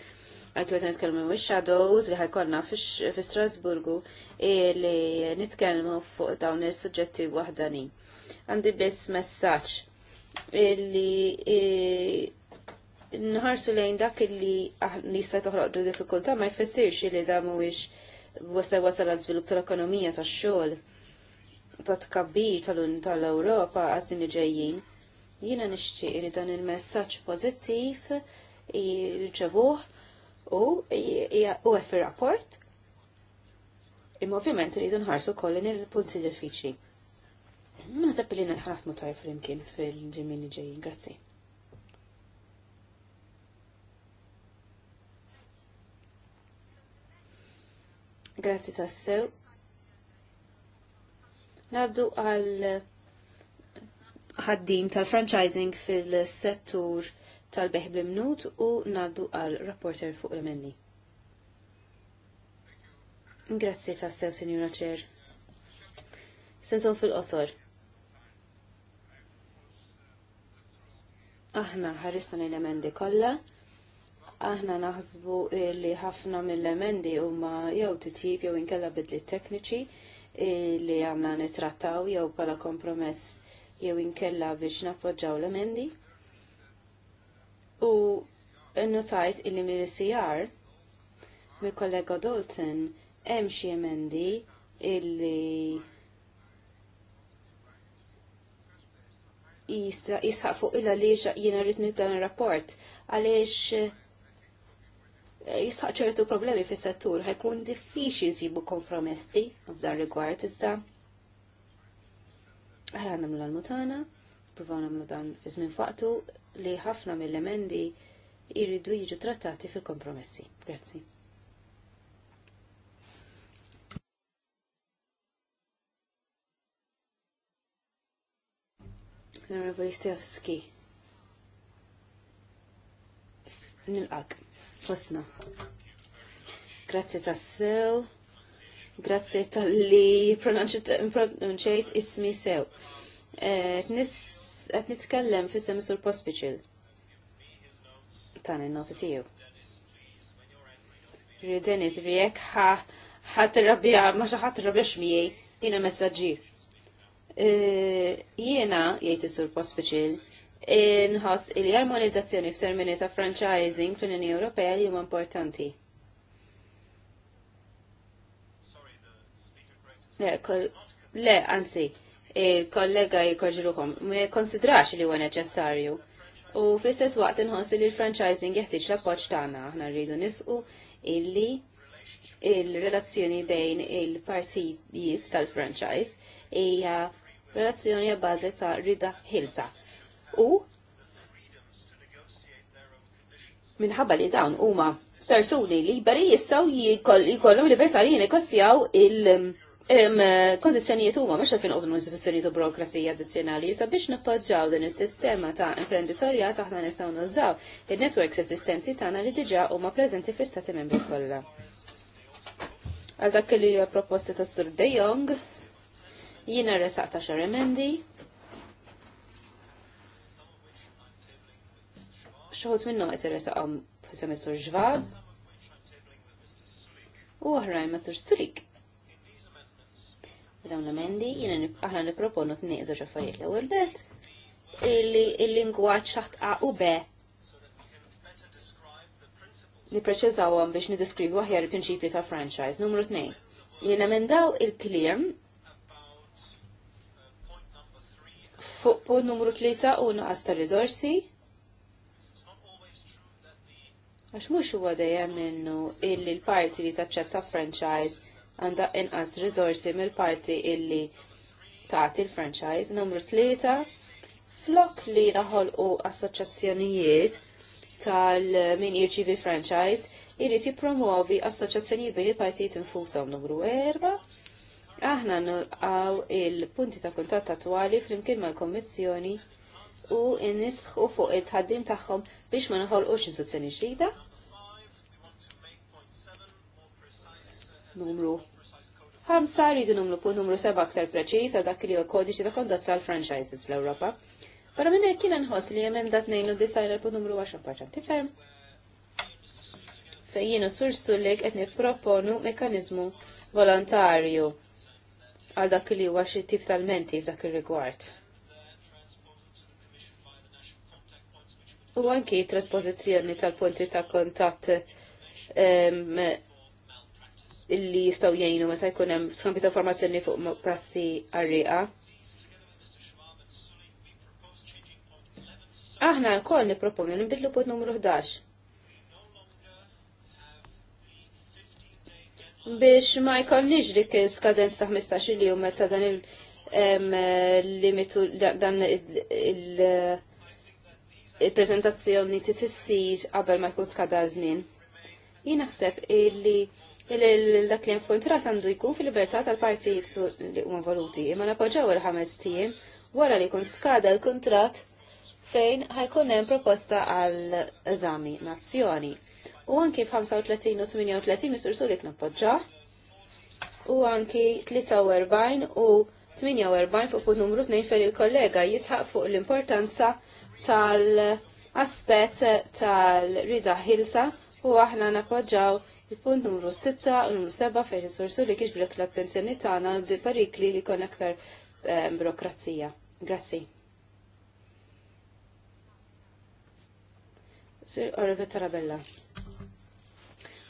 [SPEAKER 2] għajtu għet nitkellmu u shadows li ħajkonna fi Strasburgu li nitkellmu fuq dawn il-sujġetti wahdani. Għandi biss messaċ li eh, nħarsu lejn dak li nista toħloq du diffikulta ma jfessirx li da mhuwiex wasa wasal l żvilupp tal-ekonomija tax-xogħol ta' tkabbir tal-Ewropa għazzin ġejjin, jina nixtieq li dan il-messaġġ pożittiv jirċevuh u u għef rapport imma ovvjament rridu nħarsu kollin il-punti diffiċli. Ma nasab li nħafmu tajf flimkien fil-ġimien ġejjin, grazzi. Grazzi tassew. Naddu għal ħaddim tal-franchising fil-settur tal-beħ bimnut u naddu għal rapporter fuq il menni Grazzi tassew, Signora Ċer. Sensu fil-qosor. Aħna ħarisna l-emendi kollha, aħna naħsbu li ħafna mill-emendi huma jew titjib jew inkella bidli tekniċi li għanna nitrattaw jew pala kompromess jew inkella biex nappoġġaw l-emendi. U notajt illi mill-CR mill-kollega Dalton hemm xi emendi illi jisħaq fuq illa li jiena rrid dan ir-rapport għaliex jisħaq ċertu problemi fis settur ħekun diffiċi jżibu kompromessi f'dan rigward iżda. Aħna nagħmlu l-mutana, provaw nagħmlu dan fi żmien faqtu li ħafna mill-emendi jiridu jiġu trattati fil-kompromessi. Grazzi. Nervojstjavski. Nilqak fosna. Grazzi tas-sew, grazzi ta' li pronunċejt ismi sew. Et eh, nitkellem fissem sur pospiċil. Tani noti tiju. Ridenis, rijek ħa ħat rabbija, ma xaħat rabbija xmijaj, jina messagġi. Eh, Jena, jgħajti sur pospiċil, inħoss il harmonizzazzjoni f'termini ta' franchising fl-Unjoni Ewropea li huma importanti. Le, anzi, kollega jkorġrukom, ma konsidrax li huwa neċessarju. U fl-istess waqt inħoss li l-franchising jeħtieġ l-appoġġ tagħna, aħna rridu nisqu illi il-relazzjoni bejn il-partijiet tal-franchise hija relazzjoni għabbażi ta' rida ħilsa u minħabba li dawn huma persuni liberi jistgħu jkollhom libertà li jinegozjaw il- Kondizjonijiet huma mhux fin qogħdu istituzzjonijiet u burokrasija addizzjonali jisa biex nappoġġjaw din is-sistema ta' imprenditorja aħna nistgħu nużaw il networks esistenti tagħna li diġà huma preżenti fl-istati membri kollha. Għal dak li proposti tas Sur De Jong, jiena resaq ta' xar emendi, xoħut minnu għet il-resa għom f mistur ġvab u oħrajn mistur s sulik. Dawn l-amendi, jina aħna niproponu t-niqżu xaffariet l-ewel bet, il-lingwaċ ċaħtqa u be għom biex nidiskrivu aħjar il prinċipi ta' franchise. Numru 2. Li namendaw il klim fuq punt numru 3 u naqas ta' rizorsi. Għax mhux huwa dejjem minnu illi l-parti li taċċetta franchise għandha inqas rizorsi mill-parti illi tagħti l-franchise. Numru tlieta, flok li naħolqu assoċjazzjonijiet tal-min jirċivi franchise, irrid jippromuovi assoċjazzjonijiet bejn il-partijiet infushom numru erba' Aħna nulqaw il-punti ta' kuntatt attwali flimkien mal-Kommissjoni u nisħu fuq it-ħaddim tagħhom biex ma naħolqux iżozzjoni ġdida. numru 5 rridu numru punt numru 7 aktar preċiż għal dak li huwa kodiċi ta' kondotta tal-franchises fl-Ewropa. Però minn hekk kien inħoss li ngħinu designer punt numru 10 parċanti ferm Fejn jienu sur sullek qed nipproponu mekkaniżmu volontarju għal dak li huwa xi tip tal-menti f'dak ir-rigward. U anki trasposizzjoni tal-punti ta' kontatt illi jistaw jgħinu meta jkun hemm skambi ta' formazzjoni fuq prassi għarriqa. Aħna wkoll nipproponu li nbidlu numru 11. biex ma jkollniex dik skadenz ta' 15 li meta dan il-limitu dan il-prezentazzjoni titissir qabel ma jkun skada żmien. Jien naħseb illi il-dak li infuntrat għandu jkun fil-libertà tal-partijiet li huma voluti, imma napoġġaw il-ħames tiem wara li kun skada l-kontrat fejn ħajkun hemm proposta għal eżami nazzjoni. U anki f'35 u 38 Mr. Sulik nappoġġa, u anki 43 u 48 fuq punt numru 2 fejn il-kollega jisħaq fuq l-importanza tal-aspett tal-rida ħilsa u aħna napoġġaw Il-punt numru 6 u numru 7 fejn risorsu li kiex blek l-attenzjoni tagħna di parikli li kon aktar ehm, burokrazija. Grazzi. Sir Orve Tarabella.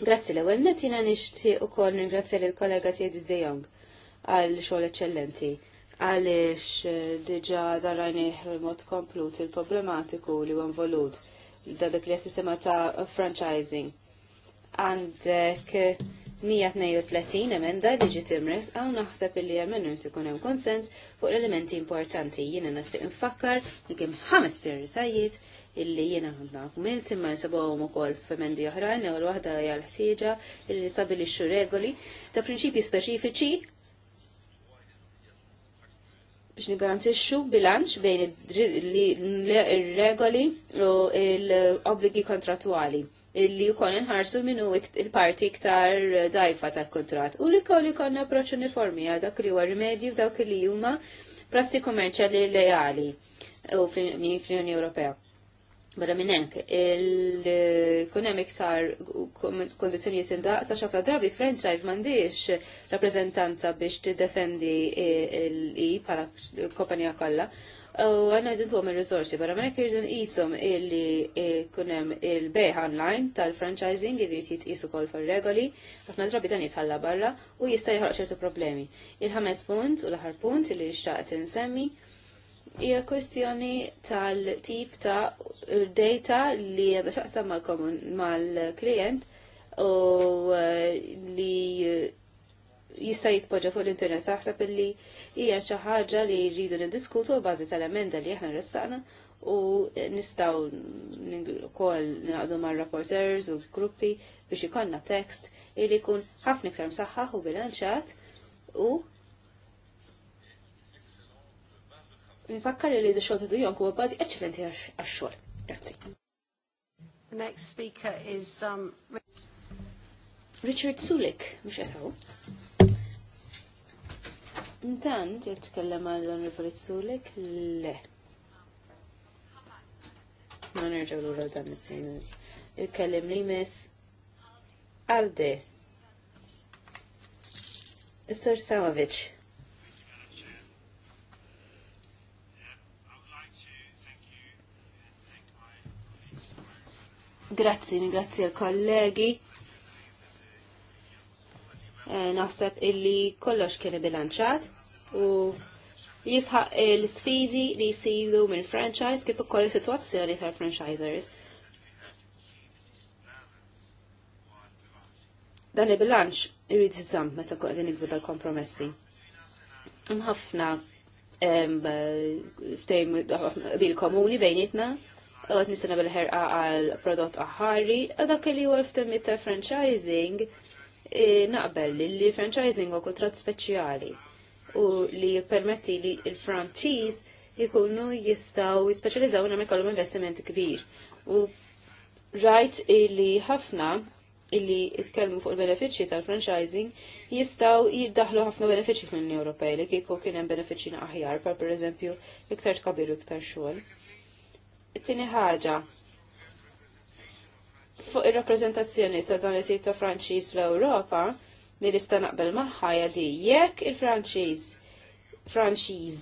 [SPEAKER 2] Grazzi l-ewwel nett jiena nixtieq ukoll ningrazzja lil kollega tiegħi De Jong għal xogħol eċċellenti għaliex eh, diġà darajnih remote komplut il-problematiku li huwa involut da dak li sistema ta' franchising għandek 132 emenda li ġi imres għaw naħseb illi għamennu ikun hemm konsens fuq l-elementi importanti. Jiena nasib infakkar li kemm ħames prioritajiet illi jiena għandna għumilt imma nisabawhom ukoll f'emendi oħrajn l waħda hija l-ħtieġa illi stabilixxu regoli ta' prinċipji speċifiċi biex nigarantixxu bilanċ bejn ir-regoli u l-obbligi kontratwali li jkun inħarsu minnu il-parti iktar dajfa tal-kontrat. U li kolli konna approċ uniformi għal dak li huwa rimedju f'dawk li huma prassi kummerċjali leali u fl-Unjoni Ewropea. Barra minn hekk, il-kunem iktar kondizjonijiet indaqsa xafna drabi franchise m'għandix rappreżentanza biex tiddefendi l-i bħala kompanija kollha u għanna għedin tuħom il-resorsi, barra minnek jirridun jisom illi eh, kunem il-beħ online tal-franchising li jirrit jisu kol fil regoli ħafna drabi dan jitħalla barra u jista jħarq ċertu problemi. Il-ħames punt u l-ħar punt li xtaqt insemmi hija kwestjoni tal-tip ta' data li għadha xaqsam mal-klient u eh, li jista' jitpoġġa fuq l-internet taħseb illi hija xi ħaġa li jridu niddiskutu bażi tal-emenda li aħna ressaqna u nistgħu wkoll naqdu mar-rapporters u gruppi biex ikollna tekst li jkun ħafna iktar msaħħaħ u bilanċat u Nifakkar li d-xogħol ta' jonku bażi eċċellenti għax-xogħol. Grazzi.
[SPEAKER 1] The next speaker is um, Richard Sulik, mhux qed Ntan,
[SPEAKER 2] jek tkellem għal l-Onorevoli Zulek, le. Ma nerġaw l dan il-premis. Il-kellem li mis għalde. Istor Samovic. Grazzi, grazzi għal-kollegi. Eh, naħseb illi kollox kien bilanċat u jisħaq eh, l-sfidi li jisiru minn franchise kif ukoll is-sitwazzjoni tal-franchisers. Dan il-bilanċ irrid iżżamm meta qegħdin nikbu tal-kompromessi. Mħafna ftejm bil komuni bejnietna u għat nistana bil-ħerqa għal prodott aħari, dak li huwa ftemmit ta' franchising eh, naqbel li franchising huwa kontrat speċjali u li jippermetti li l-franċiż jikunu jistaw jispeċalizzaw nam ikollhom investimenti kbir. U rajt illi ħafna illi jitkellmu fuq il-benefiċċji tal-franchising jistaw jiddaħlu ħafna benefiċċji fl-Unjoni Ewropej li kieku kien hemm benefiċċji aħjar per pereżempju iktar tkabir u iktar xogħol. It-tieni ħaġa fuq ir-rappreżentazzjoni ta' dan li ta' Franċiż fl-Ewropa li naqbel magħha jadi jekk il-Franċiż Franċiż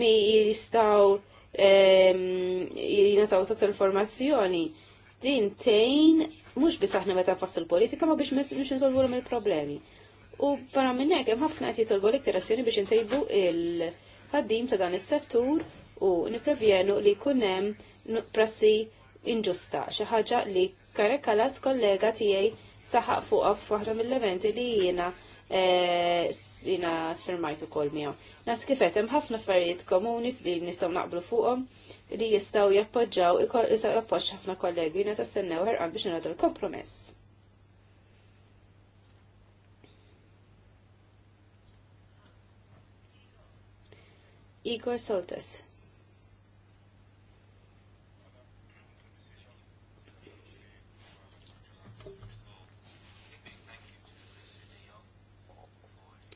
[SPEAKER 2] mi jistgħu ehm, jingħataw ta' informazzjoni din tejn mhux bis aħna meta fassu l-politika ma biex nżolvu l il-problemi. U barra minn hekk hemm ħafna qed jitolbu l-iktar azzjoni biex ntejbu il-ħaddim ta' dan is-settur u niprevjenu li jkun hemm prassi inġusta, xi ħaġa li karekalas kollega tiegħi saħaq fuqa f'waħda mill-eventi li jiena eh, jiena firmajtu kol miegħu. Nas kifet hemm ħafna affarijiet komuni li nistgħu naqblu fuqhom li jistgħu jappoġġaw jappoġġ ħafna kollegi jiena tassennew ħerqan biex nagħdu l-kompromess. Igor Soltes.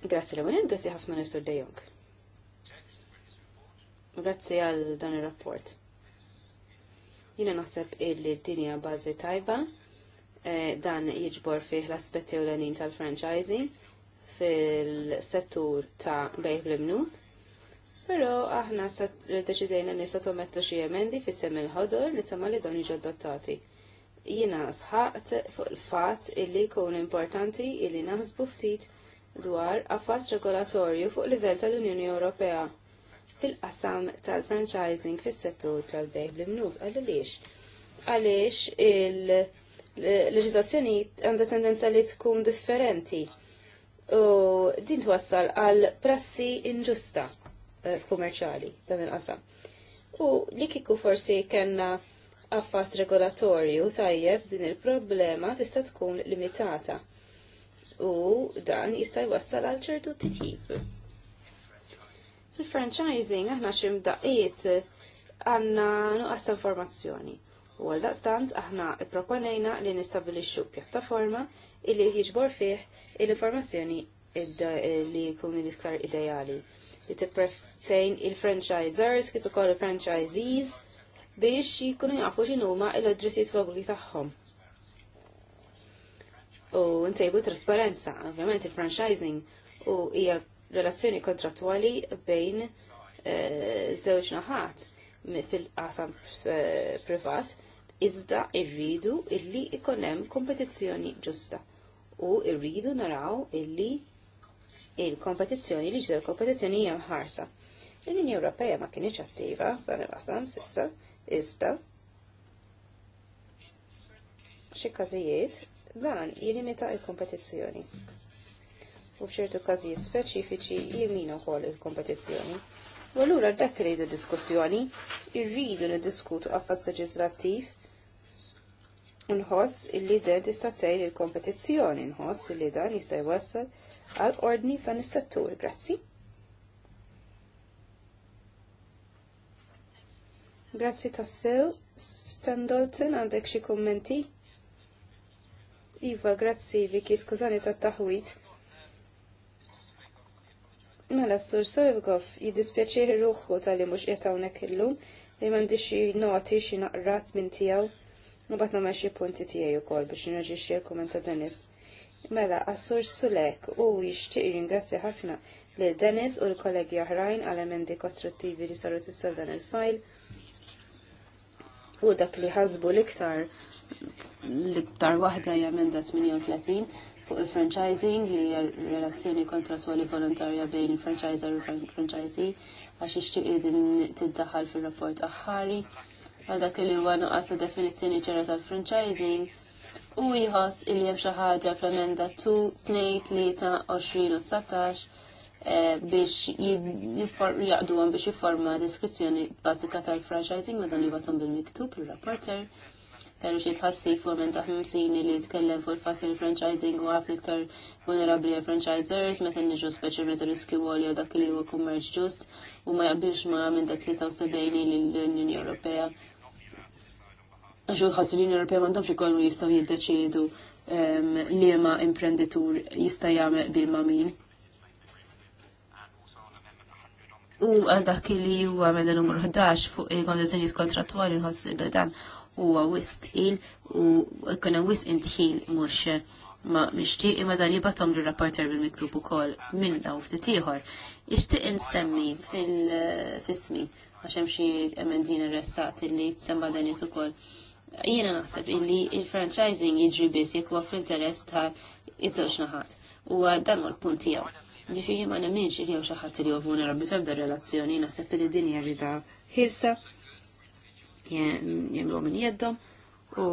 [SPEAKER 2] Grazzi l-għunin, grazzi ħafna Nistur De Grazzi għal dan il-rapport. Jina naħseb illi dinja bazi tajba, eh, dan jiġbor fih l-aspetti u l-għanin tal-franchising fil-settur ta' bejħ l imnu Pero aħna deċidejna li sottomettu xie emendi fissem il ħodol li t-samma li doni ġoddottati. adottati jina sħaqt fuq il-fat illi kun importanti illi naħsbu ftit dwar affas regolatorju fuq livell tal-Unjoni Ewropea fil-qasam tal-franchising fis-settur tal-bejk bl-imnut. Għaliex? Għaliex il-leġizazzjoni għandha tendenza li tkun differenti u din twassal għal prassi inġusta eh, kummerċali dan il-qasam. U li kiku forsi kena affas regolatorju tajjeb din il-problema tista' tkun limitata u dan jista' jwassal għal ċertu titjib. Fil-franchising aħna daqiet għanna nuqqas informazzjoni. U għal daqstant aħna proponejna li nistabilixxu pjattaforma illi jiġbor fih l-informazzjoni li jkun l-iktar ideali li tippertejn il-franchisers kif ukoll il-franchisees biex jkunu jafu x'inhuma l-adressi tfogli tagħhom u ntejbu trasparenza, ovvjament il-franchising u hija relazzjoni kontrattwali bejn eh, żewġ naħat fil-qasam eh, privat, iżda irridu illi ikun hemm kompetizzjoni ġusta u irridu naraw illi il-kompetizzjoni li ġdew kompetizzjoni hija ħarsa. L-Unjoni Ewropea ma kienx attiva f'dan il-qasam sissa iżda xi każijiet dan jilimita il-kompetizzjoni. U f'ċertu każijiet speċifiċi jimina kol il-kompetizzjoni. U allura dak li diskussjoni, irridu niddiskutu qafas leġislattiv nħoss illi dan tista' tgħid il-kompetizzjoni, nħoss li dan jista' jwassal għal ordni f'dan is-settur. Grazzi. Grazzi tassew. Stan Dalton, għandek xi kummenti? Iva, grazzi Viki, skużani ta' taħwit. Mela, s-sur Sojvgov, jiddispjaċir ruħu tal-li mux jetawnek illum, li mandi xie noti xie naqrat minn tijaw, u batna ma xie punti tijaj u kol biex nirġi xie l-kommenta Denis. Mela, assur Sulek u jixtieq jingrazzi ħafna lil Denis u l-kollegi oħrajn għal emendi kostruttivi li saru sissa dan il-fajl u dak li ħazbu l-iktar l-iktar waħda hija emenda 38 fuq il-franchising li hija relazzjoni kontratwali volontarja bejn il-franchiser u franchisee għax ixtieq tiddaħħal fir-rapport aħħari għal dak li huwa nuqqas ta' definizzjoni ċara tal-franchising u jħoss li hemm xi ħaġa fl-emenda 20 u 19 eh, biex jaqduhom biex jifforma deskrizzjoni bażika tal-franchising dan li batom bil-miktub il-rapporter kellu xi tħassib fuq ta' taħmimsini li jitkellem fuq il-fatt li franchising huwa ħafna iktar vulnerabbli għal franchisers meta niġu speċjalment riskju jew dak li huwa kummerċ ġust u ma jaqbilx ma minn dak 73 l-Unjoni Ewropea. Għaxu ħassi l-Unjoni Ewropea xie ikollu jistgħu jiddeċiedu ehm, li ma imprenditur jista' jagħmel bil-mamin. U għal dak li huwa minn numru 11 fuq il-kondizzjonijiet kontrattwali nħossu dan huwa wisq il u kuna wisq intħil mhux ma mixtieq imma dan jibatom li rapporter bil-miktub ukoll minn daw ftit ieħor. Ixtieq insemmi fil-fismi għax hemm xi emendin ressat li tsemma dan is ukoll. Jiena naħseb illi il-franchising jiġri biss jekk huwa fl-interess ta' iż-żewġ naħat. U dan huwa l-punt tiegħu. Ġifieri ma nemminx li jew xi ħadd li huwa vulnerabbli f'ebda relazzjoni naħseb li din hija ħilsa jemlu minn jeddom u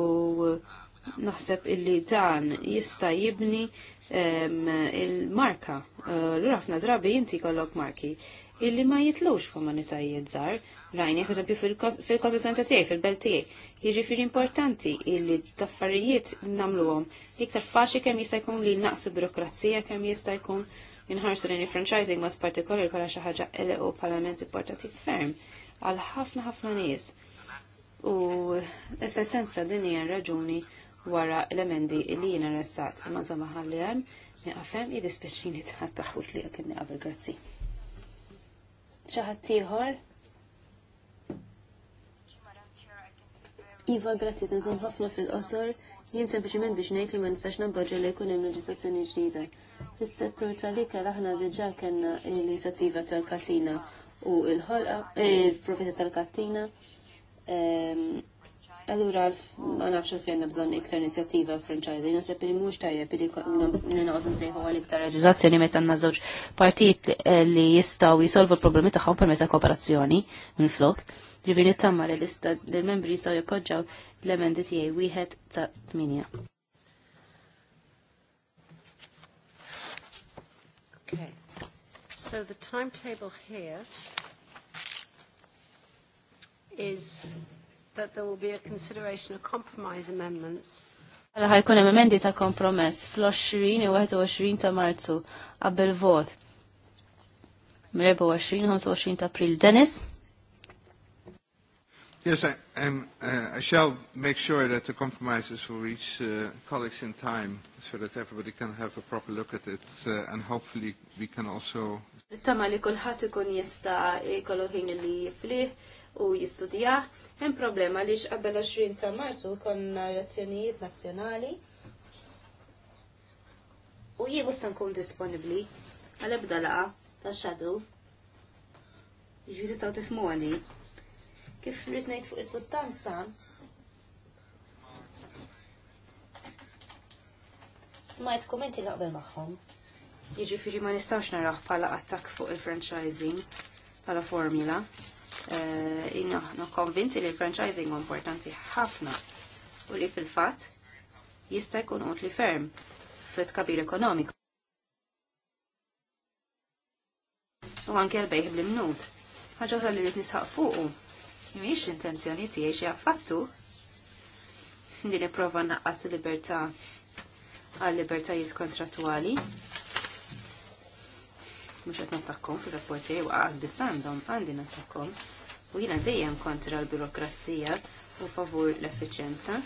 [SPEAKER 2] naħseb illi dan jista jibni il-marka. Eh, l-rafna drabi inti kollok marki illi ma jitlux f'umanitajiet żgħar, rajni eżempju fil-konsekwenza tiegħi fil-belt tiegħi. Jiġifieri importanti illi d-affarijiet nagħmluhom iktar faċli kemm jista' jkun li naqsu birokrazija kemm jista' jkun inħarsu lejn il-franchising mod partikolari bħala xi ħaġa u parlament importanti ferm għal ħafna ħafna nies u l-espessenza din hija raġuni wara l-emendi li jiena restat imma żama ħalli hemm niqafem dispiċċini tħadd taħwit li jekk niqabel grazzi. Xi ħadd ieħor? Iva, grazzi, sentum ħafna fil-qosor, jien sempliċiment biex ngħid li ma nistax nabbaġġa li jkun hemm leġislazzjoni ġdida. Fis-settur tal-ikel aħna diġà kellna l-inizjattiva tal-katina u l-ħolqa, eh, il profitta tal tal katina Ehm, allura, ma nafx il fejn bżon iktar inizjattiva franċajzi, nasib li mux tajjeb li n-għodu nsejħu għal iktar reġizazzjoni meta n-nazzawġ partijiet li jistaw jisolvu l-problemi taħħom per meta kooperazzjoni minn flok. Ġivini tamma li lista l-membri jistaw jappoġġaw l-emendi tijaj wieħed ta' tminja.
[SPEAKER 1] Okay. So the timetable here is that there will be a consideration of compromise amendments.
[SPEAKER 2] Għala mela ħajkun emendi ta' kompromess fl-20 u 21 ta' marzu għabbel vot. Mill-24-25 ta' april. Dennis?
[SPEAKER 4] Yes, I, um, uh, I shall make sure that the compromises will reach uh, colleagues in time so
[SPEAKER 1] that everybody can have a proper look at it uh, and hopefully we can also...
[SPEAKER 2] Tama li kullħat ikun jista' ikollu li flih u jistudjah. Hemm problema li qabel 20 ta' Marzu konna relazzjonijiet nazzjonali u jiebu nkun disponibli għal-ebda laqa ta' xadu. Ġi tistaw tifmu għali. Kif rritnejt fuq is-sustanza, smajt kommenti laqbel maħħom magħhom. Jiġifieri ma nistawx naraħ bħala attak fuq il-franchising bħala formula. Eh, jina no konvinti li l-franchising importanti ħafna u li fil-fat jista' jkun li ferm fit kabir ekonomiku. U anke l-bejħ bl-imnut. Ħaġa li rrid nisħaq fuqu. Mhix intenzjoni tiegħi xi affattu li nipprova naqqas il-libertà għal libertajiet kontrattwali mux għet nattakkom fil-rapporti u għaz bisandom għandi nattakkom u jina dejjem kontra l-birokrazija u favur l-efficienza.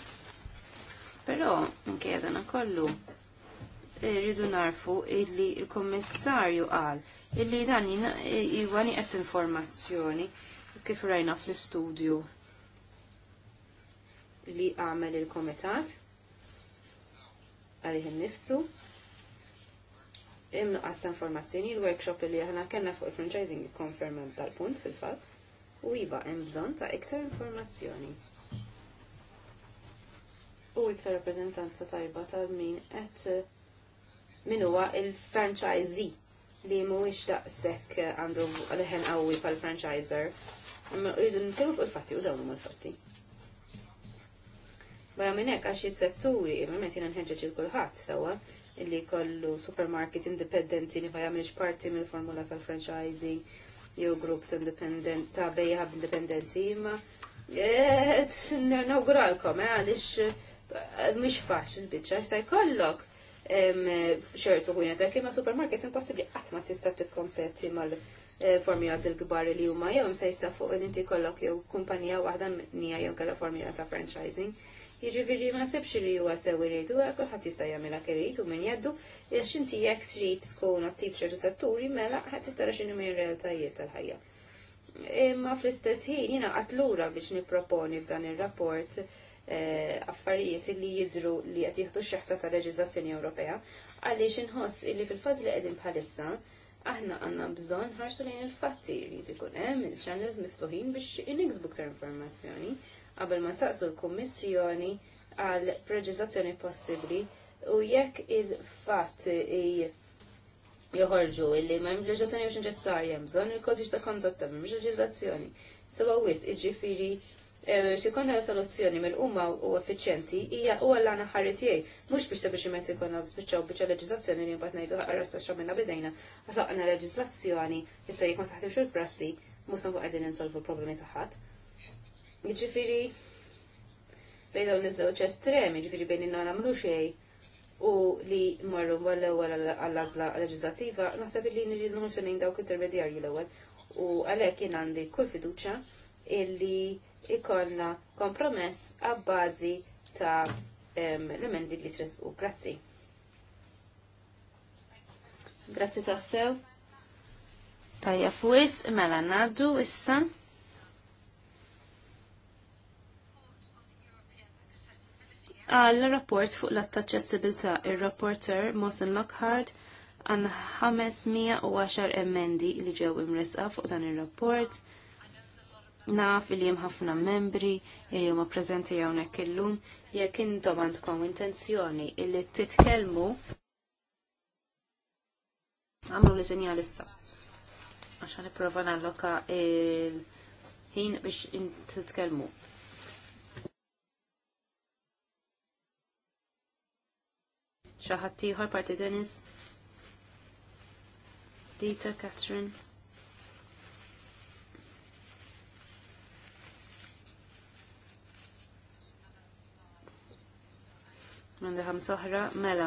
[SPEAKER 2] Pero, mkejdana kollu, rridu narfu illi il-kommissarju għal illi dan jgħani es informazzjoni kif rajna fl-istudju li għamel il-komitat għalih nifsu imqas informazzjoni l-workshop li aħna kellna fuq il-franchising konferma tal-punt fil-fatt u iva hemm bżonn ta' iktar informazzjoni. U iktar rappreżentanza tajba tal min qed min huwa il-franchisee li mhuwiex daqshekk għandu leħen qawwi pal-franchiser. Imma jridu nitkellmu fuq il-fatti u dawn huma l-fatti. Barra minn hekk għax is-setturi imma meta jiena nħeġġeġ il kulħadd sewwa li kollu supermarket indipendenti li ma jagħmilx parti mill-formula tal-franchising jew grupp independent ta' bejjaħab indipendenti imma eh, nawguralkom eh, għaliex eh, mhix faċil biċċa jista' jkollok xertu ħujna ta' kima supermarket impossibbli qatt ma tista' tikkompeti mal-formulas il-kbar li huma jew jista' fuq inti kollok jew kumpanija waħda minnija jew kellha formula ta' franchising Jiġifieri ma sebx li huwa sew iridu, u kulħadd jista' jagħmilha irid u min jgħaddu jekk x'inti jekk trid tkun attiv f'ċertu setturi mela ħadd tara x'inhu minn realtajiet tal-ħajja. Imma fl-istess ħin jiena qatt lura biex nipproponi f'dan ir-rapport eh, affarijiet li jidru li qed jieħdu x tal ta' leġiżlazzjoni Ewropea għaliex inħoss illi fil-faż li qegħdin bħalissa aħna għanna bżonn ħarsu lejn il-fatti li jkun hemm il-channels miftuħin biex iniksbu ktar informazzjoni qabel ma saqsu l-Kummissjoni għal preġizazzjoni possibbli u jekk il-fatt joħorġu illi ma' leġislazzjoni biex neċessarja bżonn il kodġi ta' kondotta mhux leġislazzjoni. Sewa wis iġifieri eh, xikonna la soluzzjoni mill umma u effiċjenti hija u għallana ħarritijaj, mux biex sempliciment ikun spiċċaw bieċa leġizazzjoni li mbagħad ngħidu ħarrasta xamilna bidejna, ħlaqna leġizazzjoni issa jekk ma taħtimx il-prassi, mhux nku qegħdin insolvu problemi ta' ħadd. Ġifiri, bejn dawn iż-żewġ estremi, ġifiri bejn inna nagħmlu xejn u li marru l-ewwel għall-għażla leġislattiva, naħseb li nirridu nħu xejn dawk intermedjarji l-ewwel u għalhekk jien għandi kull fiduċja illi ikollna kompromess għabbażi ta' l-emendi li tresqu. Grazzi. Grazzi tassew. Tajja fwis, mela naddu issa. għal rapport fuq l attaċessibilta ir-rapporter Mosin Lockhart għan 510 emendi li ġew imresqa fuq dan ir-rapport. Naf li hemm ħafna membri li huma preżenti hawnhekk illum jekk intom għandkom intenzjoni li titkellmu għamlu li sinjal issa. Għaxan nipprova għalloka il-ħin biex titkellmu. xaħat tiħor parti Dennis Dita Catherine Manda ħam soħra, mela.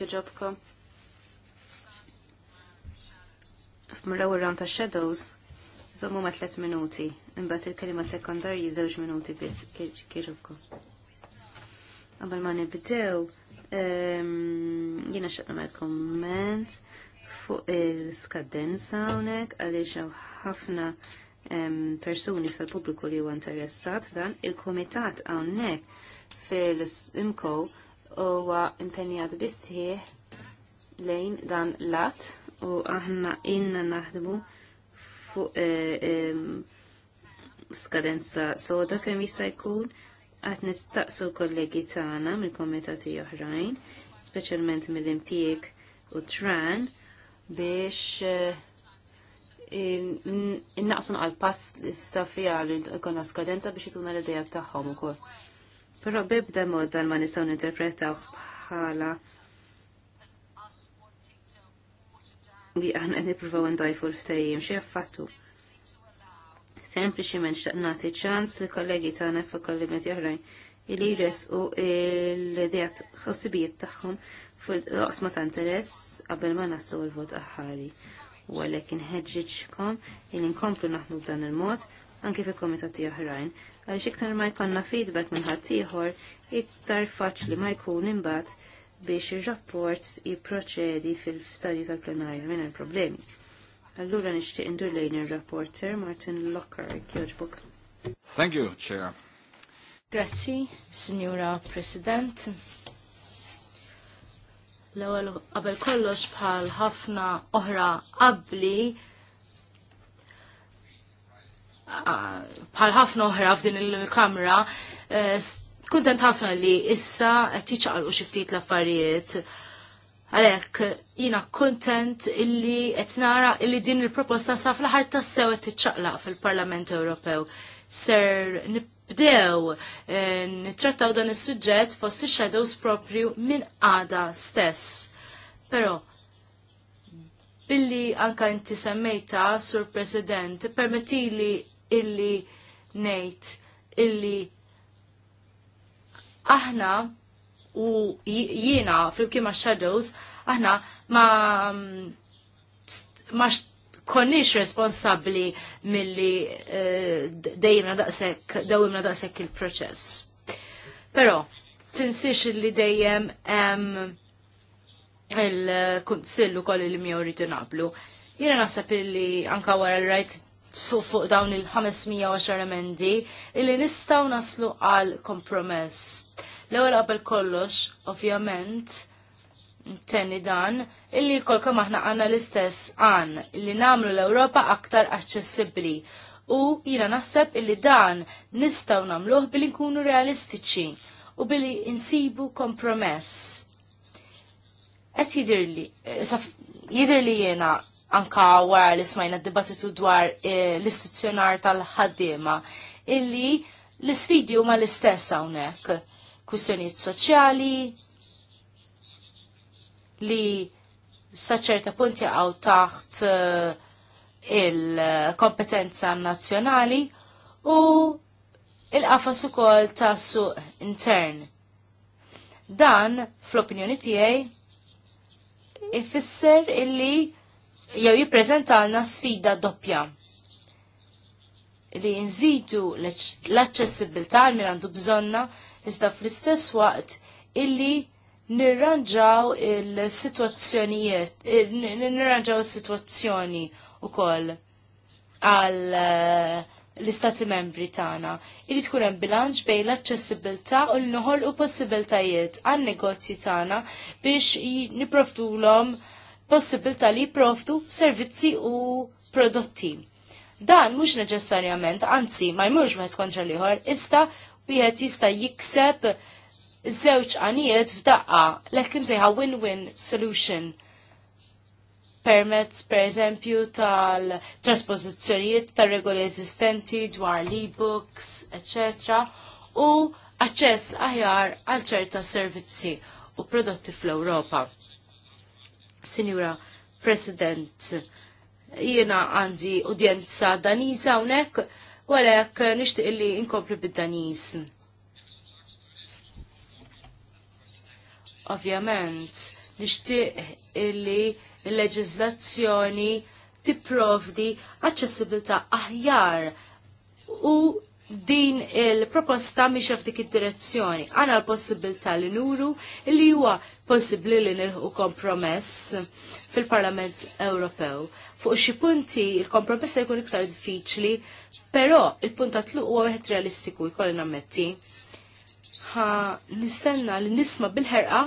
[SPEAKER 2] Kġobko. F'mraw ir ta' shadows, zommu ma' 3 minuti, imbat il-kelima sekondarji żewġ minuti bis kieġobko. Kir Qabel ma nibdew, ehm, jina xaqna ma komment fuq il-skadenza unek, għalix għaw ħafna ehm, persuni fil publiku li huwa interessat f'dan il-kumitat hawnhekk fil-imko huwa impenjat bistieħ lejn dan lat u aħna inna naħdmu fuq eh, ehm, skadenza soda kem jista' jkun għat nistaqsu kollegi tagħna mill-komitati oħrajn, speċjalment mill-impjieg u tran biex eh, innaqsu għal pass safija li konna skadenza biex jituna l-ideja tagħhom ukoll. Però bibda mod dan ma nistgħu ninterpretaw bħala li aħna qed nippruvaw ndajfu l-ftehim xi fattu sempliċiment xtaq nagħti ċans li kollegi tagħna fuq kollegiet oħrajn li jresqu l dijat ħossibijiet tagħhom fuq oqsma ta' interess qabel ma nassu l-vot aħħari. U għalhekk inħeġġiġkom li nkomplu naħdmu dan il-mod anke fi komitati oħrajn għaliex iktar ma jkollna feedback minn ħadd ieħor iktar faċli ma jkun imbagħad biex ir-rapport jipproċedi fil ftarji tal-plenarja minn problemi Allura nixtieq indur lejn ir-rapporter Martin Locker jogħġbok.
[SPEAKER 1] Thank you, Chair.
[SPEAKER 3] Grazzi, Signora President. L-ewwel qabel kollox bħal ħafna oħra qabli bħal ħafna oħra f'din il-kamra, eh, kuntent ħafna li issa qed jiċċaqalqu xi ftit l-affarijiet Għalek, jina kontent illi etnara illi din il-proposta sa fl-ħar tassew qed fil-Parlament Ewropew. Ser nibdew eh, nittrattaw dan is-suġġett fost il shadows propju minn għada stess. Però billi anka inti semmejta, Sur President, permettili illi ngħid illi aħna u jiena flimkien kima shadows aħna ma mm, ma konniex responsabli milli eh, dejjem nadaqsek dawim daqshekk il-proċess. Però tinsiex li dejjem il-kunsillu koll li mi rridu naqblu. Jiena naħseb li anka wara l-rajt fuq dawn il-510 emendi illi nistaw naslu għal kompromess. L-ewwel qabel kollox, ovvjament, tenni dan, illi kolka aħna għanna l-istess għan, illi namlu l-Europa aktar aċċessibli. U jina naħseb illi dan nistaw namluħ billi nkunu realistiċi u billi insibu kompromess. Et jidirli, li eh, jena anka wara li smajna dibattitu dwar eh, l-istituzzjonar tal-ħaddima, illi l isfidi huma l-istess hawnhekk kwistjonijiet soċjali li saċerta punti għaw taħt eh, il-kompetenza nazzjonali u il-qafas ukoll ta' suq intern. Dan, fl-opinjoni tiegħi, ifisser illi jew jippreżentalna sfida doppja li nżidu l-aċċessibilità minn għandu bżonna iżda fl-istess waqt illi nirranġaw il-situazzjonijiet, nirranġaw il-situazzjoni u koll għal eh, l-istati membri tagħna. Illi tkun hemm bilanċ bejn l accessibilta u l-noħol u possibiltajiet għan negozji tagħna biex l-om possibilità li jiprofdu servizzi u prodotti. Dan mhux neċessarjament, anzi ma jmurx wieħed kontra liħor, ista wieħed jista' jikseb żewġ għanijiet f'daqqa l-hekk imsejħa win-win solution permezz per eżempju tal-trasposizzjonijiet tal-regoli eżistenti dwar l-e-books, etc. u aċċess aħjar għal ċerta servizzi u prodotti fl-Ewropa. Sinjura President, jiena għandi udjenza daniza hawnhekk u għalhekk eh, nixtieq illi inkomplu bid-Daniż. Ovvjament, nixtieq illi l-leġiżlazzjoni tipprovdi aċċessibilità aħjar u din il-proposta miex f'dik id-direzzjoni. Għana l-possibilità li nuru li huwa possibli li nilħu kompromess fil-Parlament Ewropew. Fuq xi punti il-kompromess se jkun iktar diffiċli, però il punta tluq huwa wieħed realistiku jkolli nammetti. Ha nistenna li nisma' bil-ħerqa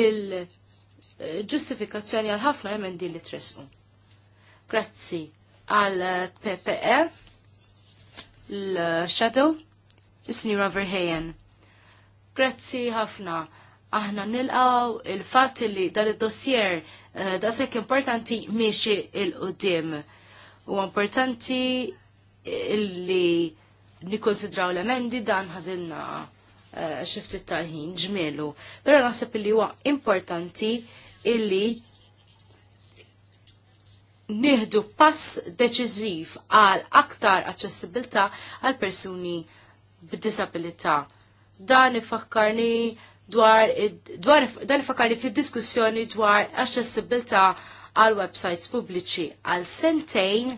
[SPEAKER 3] il-ġustifikazzjoni għal ħafna din li tresqu. Grazzi għal PPE l-Shadow, Snira Verheyen. Grazzi ħafna. Aħna nilqaw il-fat li dan id-dossier eh, daqshekk importanti miexi il-qudiem. U importanti illi nikkonsidraw l-emendi dan ħadinna eh, xiftit tal-ħin ġmelu. Pero naħseb li huwa importanti illi nieħdu pass deċiżiv għal aktar aċċessibilità għal persuni b'disabilità. Dan ifakkarni dwar, dwar dan ifakkarni fid-diskussjoni dwar aċċessibilità għal websites pubbliċi għal sentejn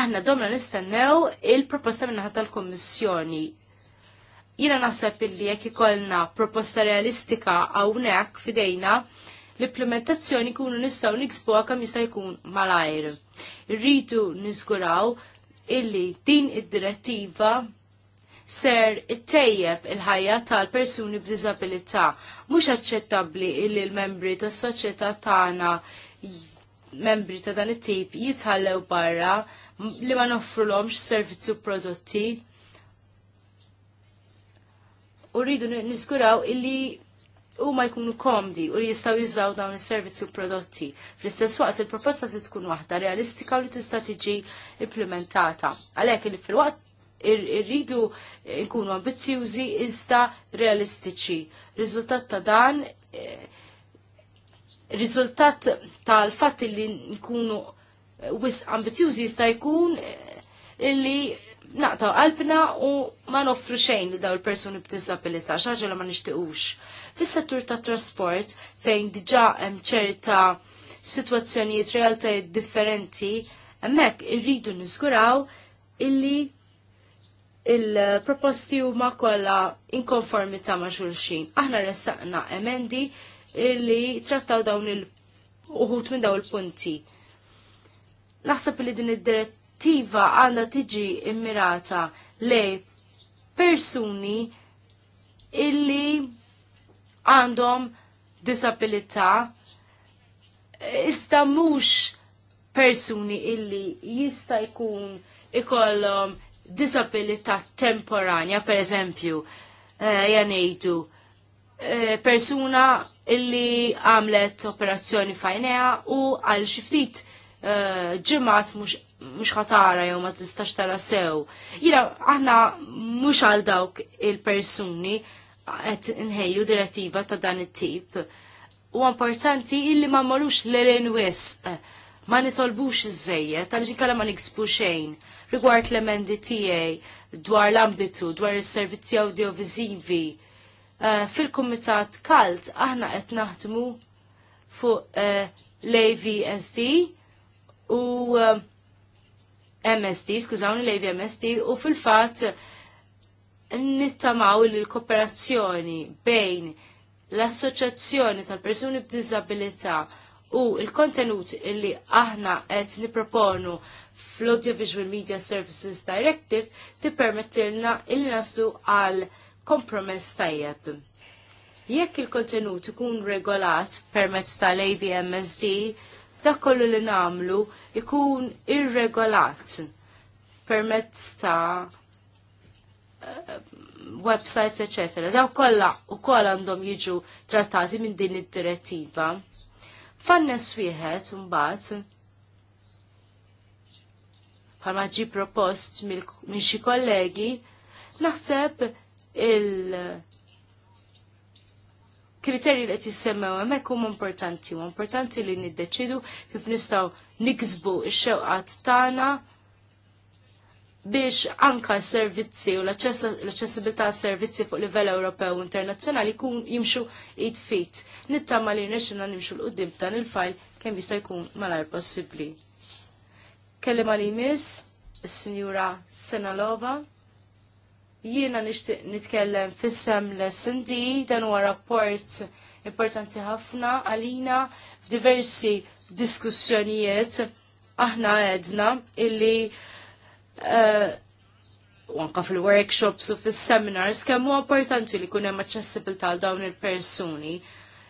[SPEAKER 3] aħna domna nistennew il-proposta minna tal-Kommissjoni. Jina naħseb illi jekk ikollna proposta realistika hawnhekk fidejna, l-implementazzjoni kunu nistaw niksbuha kemm jista' jkun malajr. Irridu nizguraw illi din id-direttiva ser it-tejjeb il-ħajja tal-persuni b'diżabilità. Mhux aċċettabbli illi l-membri tas-soċjetà tagħna membri ta' dan it-tip jitħallew barra li ma noffrulhomx servizzi prodotti u rridu illi u ma jkunu komdi u li jistaw jużaw dawn is-servizzi u prodotti. Fl-istess waqt il-proposta ti tkun waħda realistika u li tista' tiġi implementata. Għalhekk li fil-waqt irridu nkunu ambizzjużi iżda realistiċi. Riżultat ta' dan eh, riżultat tal fat li nkunu wis ambizzjużi jista' jkun eh, illi naqtaw qalbna u ma noffru xejn li daw il-persuni b'disabilità, xaġa li ma nishtiqux. Fis-settur ta' trasport fejn diġà hemm ċerta sitwazzjonijiet realtajiet differenti, hemmhekk irridu niżguraw illi il-proposti huma kollha inkonformità ma' xulxin. Aħna ressaqna emendi illi trattaw dawn il-uħut minn daw il-punti. Naħseb li din id-direttiva direttiva għandha tiġi immirata le persuni illi għandhom disabilità iżda mhux persuni illi jista' jkun ikollhom disabilità temporanja, per eżempju, eh, janejdu eh, persuna illi għamlet operazzjoni fajnea u għal xiftit uh, eh, ġemat mux mhux ħatara jew ma tistax tara sew. Jira aħna mhux għal dawk il-persuni qed inħejju direttiva ta' dan it-tip. U importanti illi ma marux l-elen wisq ma nitolbux iż-żejjed, għalġin kalla ma niksbu xejn rigward l-emendi tiegħi dwar l-ambitu, dwar is-servizzi audiovisivi. Uh, Fil-Kumitat Kalt aħna qed naħdmu fuq uh, eh, l-AVSD u uh, MST, skużawni lejvi MST, u fil-fat nittamaw li l-kooperazzjoni bejn l-Assoċjazzjoni tal-Persuni b'Disabilità u il-kontenut li aħna qed niproponu fl-Audiovisual Media Services Directive tippermettilna illi naslu għal kompromess tajjeb. Jekk il-kontenut ikun regolat permezz tal-AVMSD, dak kollu li nagħmlu ikun irregolat permezz ta' eh, websites, etc. Daw kolla u kolla għandhom jiġu trattati minn din id-direttiva. Fannes wieħed mbagħad bħalma ġi propost minn xi kollegi, naħseb il- kriterji li qed jissemmew hemmhekk huma importanti, huma importanti li niddeċidu kif nistgħu niksbu x-xewqat tagħna biex anka s-servizzi u l-accessibilità s-servizzi fuq livell Ewropew u internazzjonali jkun jimxu id fit. Nittama li nexxina nimxu l-qoddim dan il-fajl kemm jista' jkun malajr possibbli. Kellima li imis s sinjura Senalova. Jiena nixtieq nitkellem fis-sem l-SND dan huwa rapport importanti ħafna għalina f'diversi diskussjonijiet aħna għedna illi uh, fil-workshops u fil-seminars kemm huwa importanti li kunem hemm tal dawn il-persuni.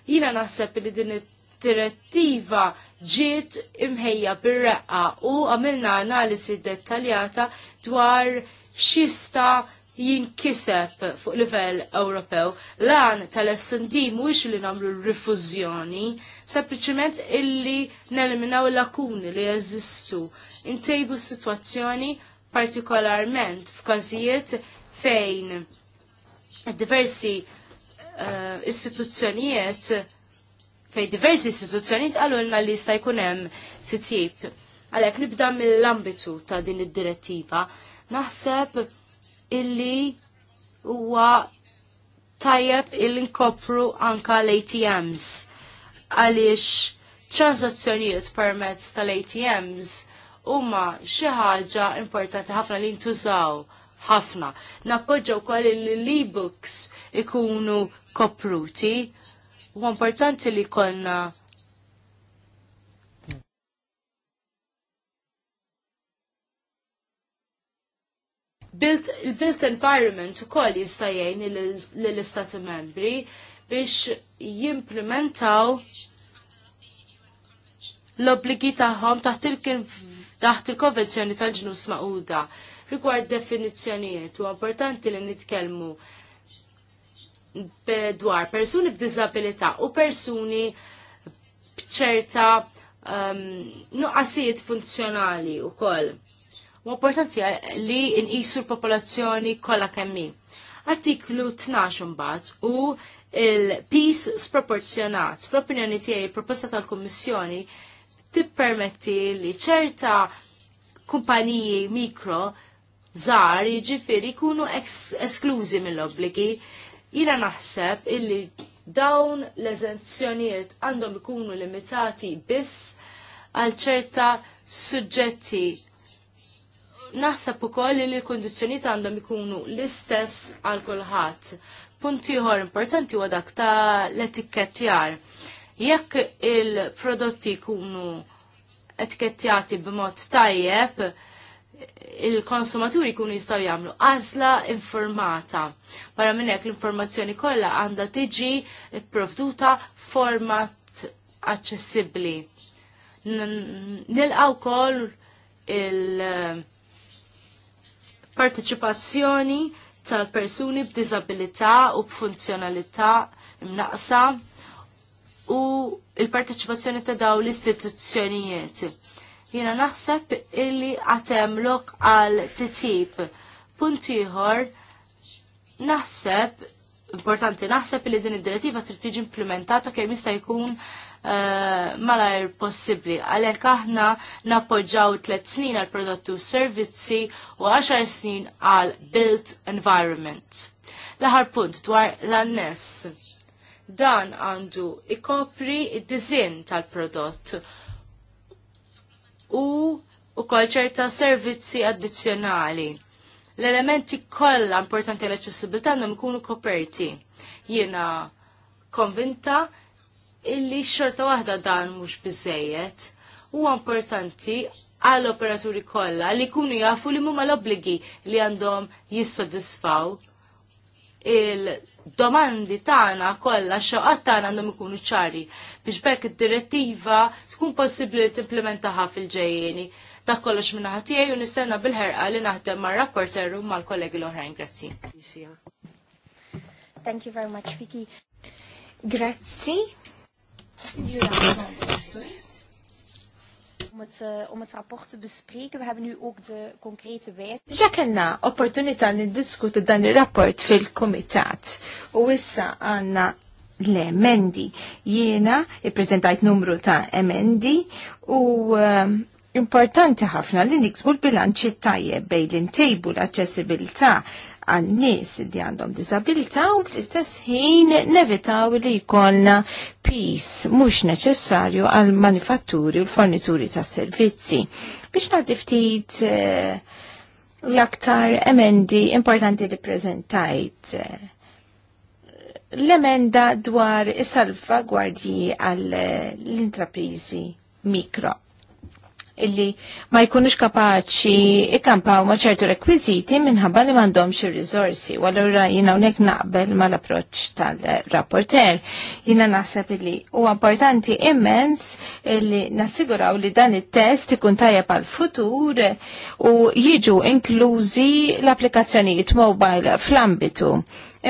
[SPEAKER 3] Jiena naħseb li din id-direttiva ġiet imħejja bir-reqqa u għamilna analisi dettaljata dwar xista jinkiseb fuq livell Ewropew. Lan tal-SND mhuwiex li nagħmlu rifużjoni, sempliċiment illi neliminaw lakuni li jeżistu. Intejbu sitwazzjoni partikolarment f'każijiet fejn diversi uh, istituzzjonijiet fej diversi istituzzjonijiet għalulna li sta' jkunem titjib. Għalek nibda mill-ambitu ta' din id-direttiva. Naħseb illi huwa tajjeb il-nkopru anka l-ATMs għaliex transazzjonijiet permezz tal-ATMs huma xi ħaġa importanti ħafna li ntużaw ħafna. Nappoġġaw wkoll l-e-books ikunu kopruti u importanti li konna Il-built environment u koll jistajjen l-istati membri biex jimplementaw l-obligi taħħom taħt il-konvenzjoni tal-ġnus maquda. Rigward definizjonijiet u importanti li nitkelmu dwar persuni b'dizabilità u persuni bċerta um, nuqqasijiet funzjonali u koll. U importanti li n-isu l-popolazzjoni kollha kemm Artiklu 12 mbagħad u il-pis sproporzjonat. Fl-opinjoni tiegħi proposta tal-Kummissjoni tippermetti li ċerta kumpaniji mikro żgħar jiġifieri jkunu esklużi mill-obbligi. Jiena naħseb illi dawn l-eżenzjonijiet għandhom ikunu limitati biss għal ċerta suġġetti Naħseb ukoll li l-kondizzjonijiet għandhom ikunu l-istess għal kulħadd. Punt ieħor importanti huwa dak ta' l-etikettjar. Jekk il-prodotti jkunu etikettjati b'mod tajjeb, il-konsumaturi jkunu jistgħu jagħmlu għażla informata. Barra minn hekk l-informazzjoni kollha għandha tiġi pprovduta format aċċessibbli. Nilqaw ukoll il- Parteċipazzjoni tal-persuni b'diżabilità u b'funzjonalità imnaqsa u il-parteċipazzjoni ta' daw l-istituzzjonijiet. Jiena naħseb illi għatemlok għal titjib. Puntiħor, naħseb importanti naħseb li din id-direttiva trid tiġi implementata kemm jista' jkun Eh, Mala jir possibli. Għalhekk aħna nappoġġaw tliet snin għal prodotti u servizzi u 10 snin għal built environment. l punt dwar l-annes. Dan għandu ikopri id-dizin tal-prodott u u ċerta servizzi addizzjonali. L-elementi kollha importanti l-aċċessibilità għandhom ikunu koperti. Jiena konvinta illi xorta waħda dan mhux biżejjed huwa importanti għall operaturi kollha li jkunu jafu li huma l obligi li għandhom jissodisfaw il-domandi tagħna kollha xoqat tagħna għandhom ikunu ċari biex bekk id-direttiva tkun possibbli li implementaħa fil ġejjeni ta' kollox minn ħatijaj u nistenna bil-ħerqa li naħdem mar rapporteru ma' mal-kollegi l-oħrajn. Grazzi.
[SPEAKER 4] Thank you very much, Vicky. Grazzi. Om het, uh, om het rapport te bespreken. We hebben nu ook de concrete wijze. Diġa kena opportunità discussie dan het rapport fil-komitat. U issa għanna l-emendi. Jiena i-prezentajt numru ta' emendi u um, importanti ħafna li niksbu l-bilanċi tajjeb bej li ntejbu l-aċċessibilità għan nies li għandhom disabilità u fl-istess ħin nevitaw li jkollna pis mhux neċessarju għal manifatturi u l-fornituri ta' servizzi. Biex nagħti ftit eh, l-aktar emendi importanti li prezentajt eh, l-emenda dwar is-salvagwardji għal eh, l-intraprizi mikro illi ma jkunux kapaċi ikkampaw ma ċertu rekwiziti minħabba li mandom xi rizorsi U għallura jina unek naqbel ma l-approċ tal-rapporter. Jina naħseb illi u importanti immens illi nassiguraw li dan il-test ikun tajja pal-futur u jiġu inklużi l-applikazzjonijiet mobile fl-ambitu.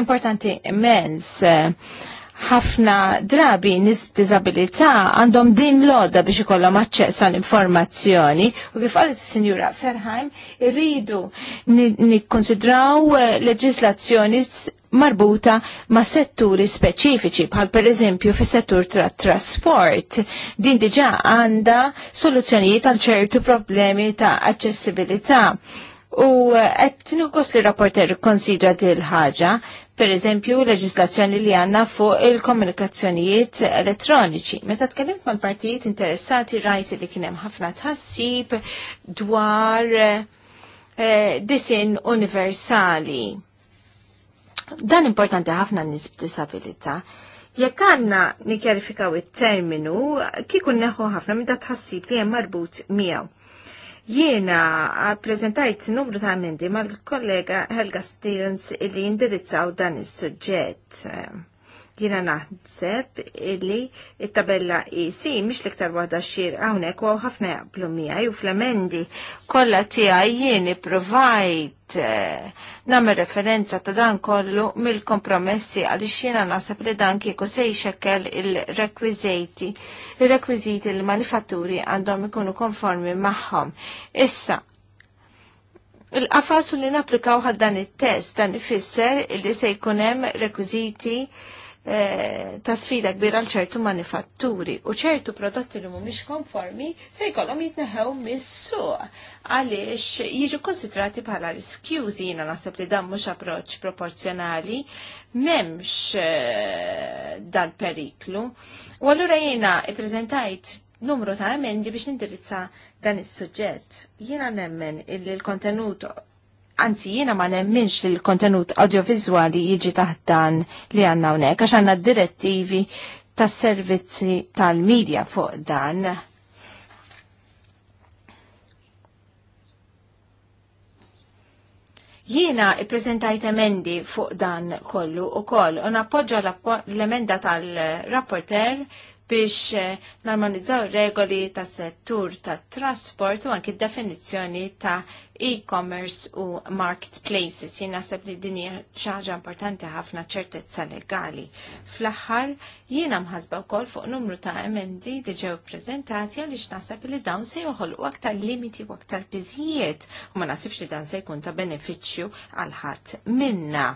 [SPEAKER 4] Importanti immens. Uh, ħafna drabi nis disabilità għandhom din loda biex ikollhom aċċess għal informazzjoni u kif qalet is-Sinjura Ferheim irridu nikkonsidraw eh, leġislazzjoni marbuta ma' setturi speċifiċi bħal per eżempju fis settur tra trasport. Din diġà għandha soluzzjonijiet għal ċertu problemi ta' aċċessibilità. U eh, qed tinukos li rapporter konsidra dil ħaġa per eżempju leġislazzjoni li għanna fuq il-komunikazzjonijiet elettroniċi. Meta tkellimt mal-partijiet interessati rajt li kienem ħafna tħassib dwar eh, disin universali. Dan importanti ħafna nisb disabilita. Jekk għanna nikjarifikaw it-terminu, kikun neħu ħafna minn tħassib li hemm marbut miegħu. Jiena prezentajt numru ta' mendi mal-kollega Helga Stevens illi indirizzaw dan is-suġġett. Jina naħseb illi il tabella IC e mhix l-iktar waħda xir hawnhekk u ħafna jaqblu miegħi u fl-emendi kollha tiegħi jien ipprovajt eh, nagħmel referenza ta' dan kollu mill-kompromessi għaliex jiena naħseb li dan kieku se jxekkel il-rekwiżiti il-rekwiżiti il manifatturi għandhom ikunu konformi magħhom. Issa, Il-qafas li naplikaw dan it-test dan ifisser li se jkun hemm rekwiżiti Eh, ta' sfida kbira għal ċertu manifatturi u ċertu prodotti li mhumiex konformi se jkollhom jitneħew mis-suq għaliex jiġu konsidrati bħala riskjużi jiena naħseb li dan mhux approċċ proporzjonali m'hemmx eh, dal-periklu. U allura jiena ippreżentajt numru ta' emendi biex nindirizza dan is-suġġett. Jiena nemmen il-kontenut Anzi, jiena ma nemminx li l-kontenut audiovizuali jiġi taħt dan li għanna unek, għax għanna direttivi tas servizzi tal-medja fuq dan. Jiena prezentajt emendi fuq dan kollu u koll u nappoġġa l-emenda tal-rapporter biex eh, normalizzaw regoli tas settur tat trasport u anki definizzjoni ta' e-commerce u marketplaces. Jien naħseb li din hija xaġa importanti ħafna ċertezza legali. Fl-aħħar jiena mħasba wkoll fuq numru ta' emendi li ġew ppreżentati għaliex naħseb li dawn se joħolqu aktar limiti u aktar biżijiet u ma nasibx li dan se jkun ta' benefiċċju għal ħadd minna.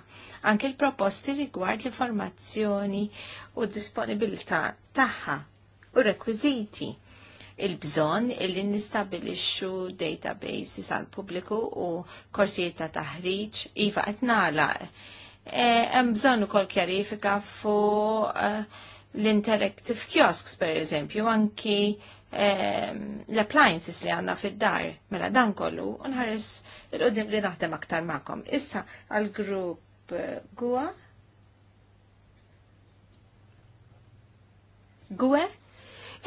[SPEAKER 4] Anke l-proposti rigward l-informazzjoni u d disponibilità tagħha u rekwiżiti il-bżon illi nistabilixxu databases għal pubbliku u korsijiet ta' taħriġ iva qed nagħlaq. E, hemm bżonn ukoll kjarifika fuq e, l-interactive kiosks per eżempju anki e, l-appliances li għanna fid-dar mela dan kollu unħares il qoddim li naħdem aktar ma'kom. Issa għal-grupp Gua Gwe,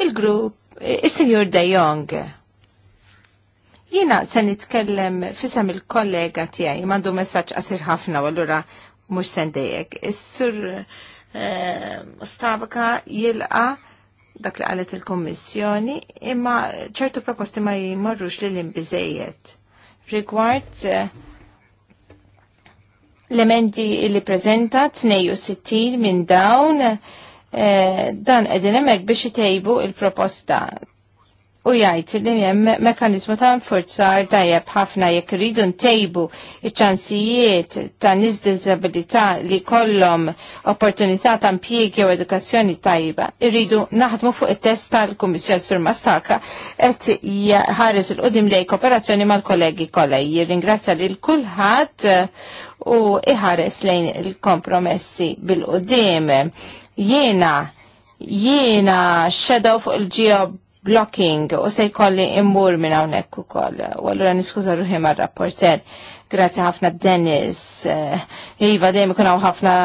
[SPEAKER 4] il-grupp Is-Sinjur De Jong, jina se nitkellem fisem il-kollega tiegħi mandu messaġġ qasir ħafna u allura mhux sendejek. Is-sur eh, Stavka jilqa' dak li qalet il-Kommissjoni, imma ċertu proposti ma jmorrux li l Rigward eh, l-emendi li prezentat 62 minn dawn Eh, dan edin emek biex jtejbu il-proposta u jgħid li hemm mekanizmu ta' nfurzar tajjeb ħafna jekk iridu ntejbu iċ-ċansijiet ta' nies li kollhom opportunità ta' impjiegi u edukazzjoni tajba. Irridu naħdmu fuq it-test tal-Kummissjoni Sur Mastaka qed ħares il-qudiem lej kooperazzjoni mal-kollegi kollha. Jirringrazzja lil kulħadd u iħares lejn il-kompromessi bil-qudiem. Jiena, jiena shadow fuq il ġio blocking u se jkolli immur minn hawnhekk ukoll. U allura niskuża ruħi mar-rapporter. Grazzi ħafna Dennis. Eh, iva dejjem ikun hawn ħafna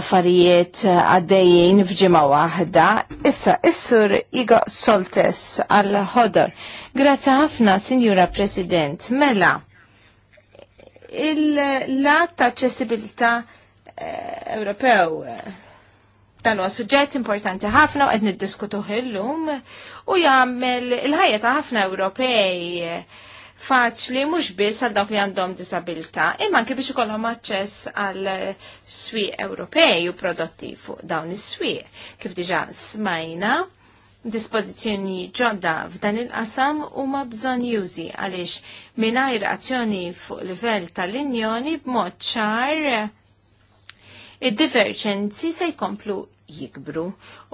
[SPEAKER 4] affarijiet għaddejjin f'ġimgħa waħda. Issa, issur Igo Soltes għal-ħodor. Grazzi ħafna, Sinjura President. Mela, il-lat ta' ċessibilità eh, Ewropew eh, Dan huwa suġġett importanti ħafna qed niddiskutuh illum u jagħmel il-ħajja ta' ħafna Ewropej faċli mhux biss għal dawk li għandhom disabilità, imma anke biex ikollhom aċċess għal swieq Ewropej u prodotti fuq dawn is-swieq. Kif diġà smajna, dispożizzjoni ġodda f'dan il-qasam huma bżonn jużi għaliex mingħajr azzjoni fuq livell tal-Unjoni b'mod ċar id-diverġenzi se jkomplu jikbru.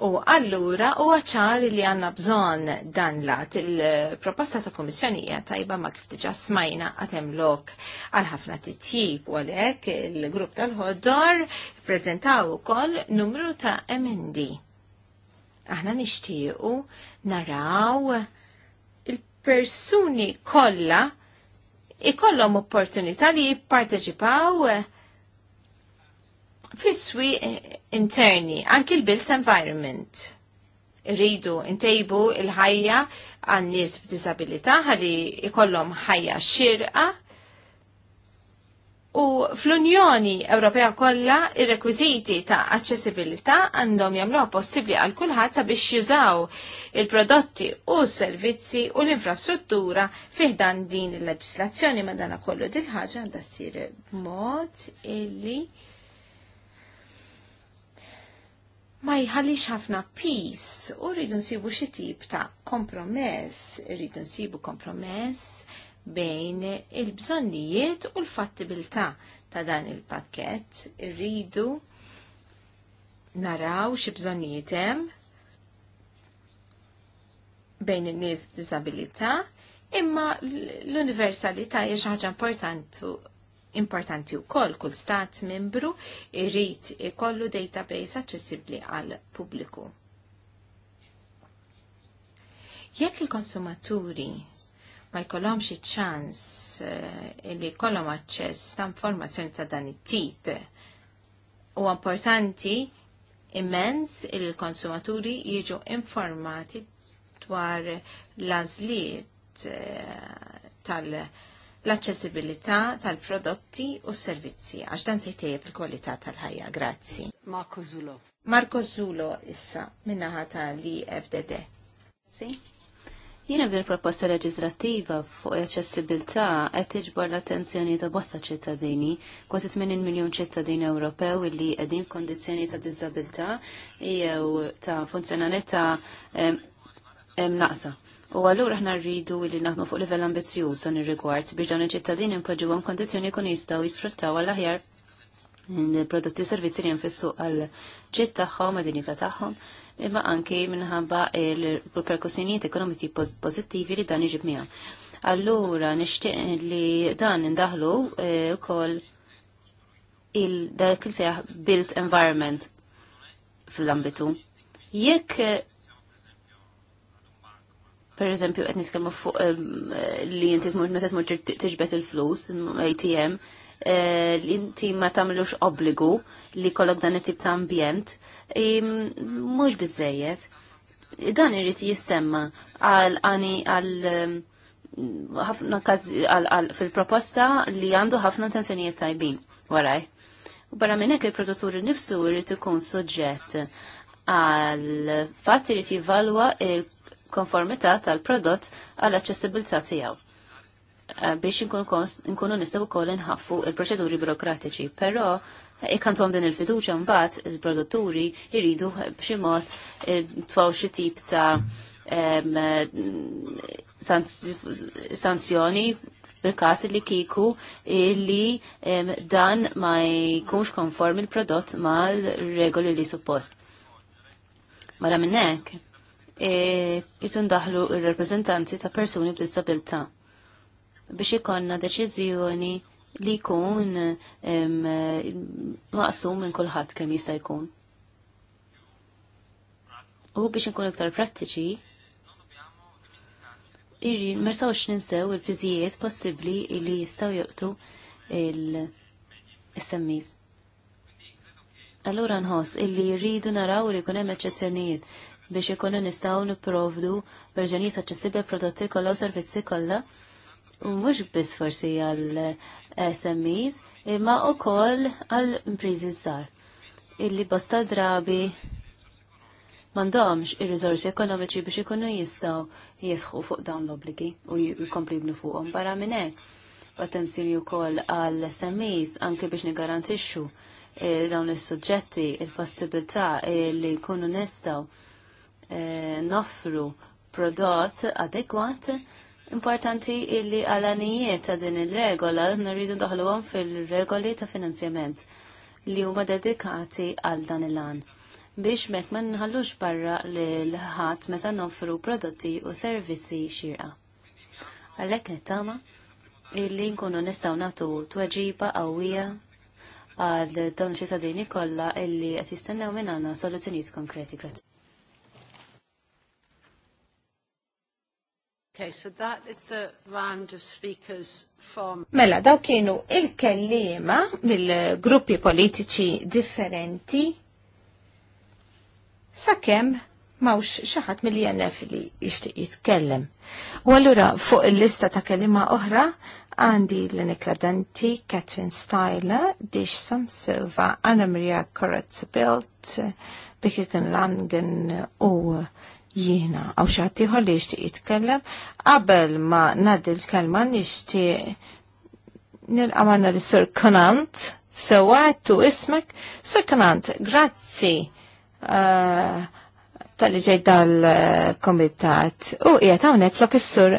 [SPEAKER 4] U allura u għacħar li għanna bżon dan lat il-proposta ta' komissjonija tajba ma' kif diġa smajna għatem lok għal ħafna titjib u għalek il-grupp tal-ħoddor prezentaw ukoll numru ta' MND. Aħna nixtiequ naraw il-persuni kollha ikollhom opportunità li jipparteċipaw Fiswi interni, anki l-built environment. Rridu ntejbu il-ħajja għan nies b'disabilità ħalli ikollhom ħajja xirqa u fl-Unjoni Ewropea kollha ir-rekwiżiti ta' aċċessibilità għandhom jagħmluha possibbli għal kulħadd sabiex jużaw il-prodotti u s-servizzi u l-infrastruttura fiħdan din il-leġislazzjoni madanakollu din dil ħaġa għandha ssir b'mod illi ma jħallix ħafna peace u rridu nsibu xi tip ta' kompromess, rridu nsibu kompromess bejn il-bżonnijiet u l-fattibilità ta' dan il-pakket, rridu naraw xi bżonnijiet hemm bejn in-nies b'diżabilità, imma l-universalità hija xi ħaġa importanti importanti u koll kull stat membru irrit kollu database aċċessibbli għal pubbliku. Jekk il-konsumaturi ma jkollhomx xi ċans eh, li jkollhom aċċess ta' informazzjoni ta' dan it-tip huwa importanti immens il-konsumaturi jiġu informati dwar l-azliet uh, tal- l-aċċessibilità tal-prodotti u s-servizzi għax dan se jtejjeb il-kwalità tal-ħajja. Grazzi.
[SPEAKER 1] Marco Zulo.
[SPEAKER 4] Marco Zulo issa minnaħa tal FDD. Si? Jiena f'din proposta
[SPEAKER 2] leġislattiva fuq l-aċċessibilità qed tiġbor l-attenzjoni ta' bosta ċittadini, kważi 80 miljun ċittadini Ewropew illi qegħdin f'kondizzjoni ta' diżabilità jew ta' funzjonalità naqsa. U għallura ħna rridu li naħdmu fuq livell ambizzjuż dan ir-rigward biex dawn iċ-ċittadini npoġġuhom kondizzjoni jkun jistgħu jisfruttaw għal aħjar prodotti servizzi li jinfissu għal ġid tagħhom, dinjità tagħhom, imma anke minħabba il-perkussjonijiet ekonomiki pożittivi li dan iġib miegħu. Allura nixtieq li dan indaħlu wkoll eh, il-dak il-sejaħ built environment fl-ambitu. Jekk per eżempju, qed nitkellmu fuq li inti tmur meta tmur tiġbet il-flus ATM, eh, li inti ma tagħmlux obbligu li kollok dan it-tip ta' ambjent, mhux biżejjed. Dan irid jissemma għal għani għal ħafna fil-proposta li għandu ħafna tensjonijiet tajbin waraj. U barra minn hekk il-produtturi nifsu jrid ikun soġġett għal fatt irid jivalwa il konformità tal-prodott għall aċċessibilità tiegħu eh, biex nkunu nistgħu wkoll inħaffu il-proċeduri burokratiċi, però ikkantom eh, din il-fiduċa mbagħad il-produtturi jridu b'xi mod eh, twaw xi tip ta' sanzjoni fil-kas li kiku li dan ma jkunx konform il-prodott mal regoli li suppost. Mara minnek, E, daħlu il-reprezentanti ta' persuni b'disabilta biex ikonna deċiżjoni li jkun maqsum minn kulħadd kemm jista' jkun. U biex nkun iktar prattiċi, irrin mertawx ninsew il-piżijiet possibbli li jistgħu joqtu il-semmiż. Allura nħoss illi rridu naraw li jkun hemm eċċezzjonijiet biex ikunu nistgħu nipprovdu verżjonijiet aċċessibbli prodotti kollha u servizzi kollha. Mhux biss forsi għal SMEs imma wkoll għal impriżi żgħar illi bosta drabi mandomx ir-riżorsi ekonomiċi biex ikunu jistgħu jisħu fuq dawn l-obligi u jkompli fuqhom barra minn hekk. Attenzjoni wkoll għal SMEs anke biex nigarantixxu eh, dawn is-suġġetti il-possibilità eh, li jkunu nistgħu Eh, nofru prodott adekwat importanti illi għalanijiet ta' din il-regola nirridu għom fil-regoli ta' finanzjament li huma dedikati għal dan il-għan biex mek ma nħallux barra l-ħat meta nofru prodotti u servizzi xirqa. Għalhekk nittama illi nkunu nistgħu nagħtu tweġiba qawwija għal dawn ċittadini kollha illi qed jistennew minn għandna soluzzjonijiet konkreti. Grazzi.
[SPEAKER 1] Okay, so that is the round of speakers from...
[SPEAKER 4] Mela, daw kienu il-kellima mill-gruppi politiċi differenti sakemm mawx xaħat mill-INF li jishtiq jitkellem. U allura fuq il-lista ta' kellima oħra għandi l-Nikla Danti, Catherine Styler, Dish Sam Silva, Anna Maria Koratz-Bilt, Langen u jiena għaw xattiħor li jishtiq jitkellem qabel ma nadi l-kelma nishtiq nil-għamana l sur kanant ismek Sir kanant grazzi uh, tal-li ġej dal-komitat u jiet għawnek flok sur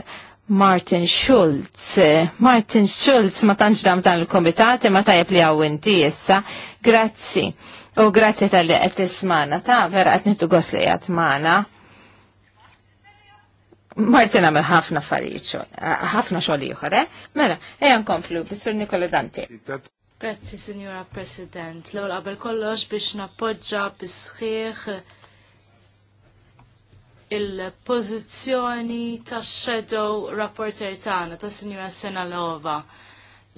[SPEAKER 4] Martin Schulz. Martin Schulz ma tantx dam dan il-komitat ma tajjeb li għaw inti issa. Grazzi. U grazzi tal-li qed tismana ta' vera għet nittu għosli għet qed Martin għamil ħafna affarijiet, ħafna xogħol juħar, eh? Mela, ejan komplu, bissur Nikola Danti. Grazzi,
[SPEAKER 3] Signora President. L-ewwel qabel kollox biex nappoġġa bisħieħ il-pożizzjoni tax-shadow rapporter tagħna ta' Signora Senalova.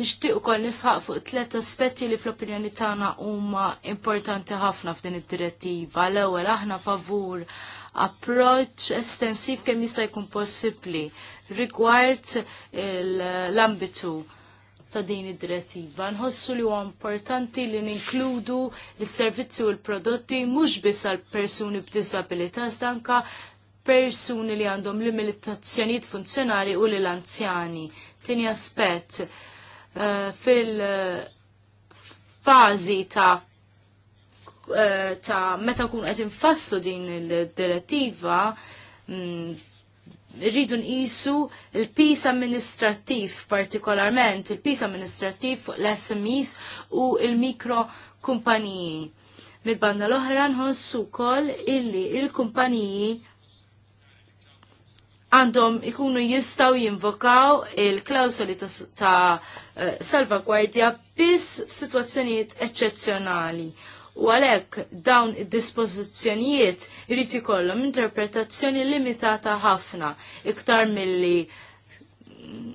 [SPEAKER 3] Nixtieq ukoll nisħaq fuq tliet aspetti li fl-opinjoni tagħna huma importanti ħafna f'din id-direttiva. L-ewwel aħna favur approach estensiv kemm jista' jkun possibbli rigward l-ambitu ta' din id-direttiva. Nħossu li huwa importanti li ninkludu s-servizzi u l-prodotti mhux biss għal persuni b'disabilità stanka persuni li għandhom limitazzjonijiet funzjonali u l anzjani. Tini aspett uh, eh, fil-fażi ta' Eh, ta' meta kun qed infasslu din il-direttiva mm, rridu nqisu il-pis amministrattiv partikolarment il-pis amministrattiv fuq l-SMEs u il-mikro kumpaniji. Mil-banda l-oħra nħossu kol illi il-kumpaniji għandhom ikunu jistaw jinvokaw il-klausoli ta', eh, salvagwardja biss f'sitwazzjonijiet eċċezzjonali u għalhekk dawn id-dispożizzjonijiet irid ikollhom interpretazzjoni limitata ħafna iktar milli mm,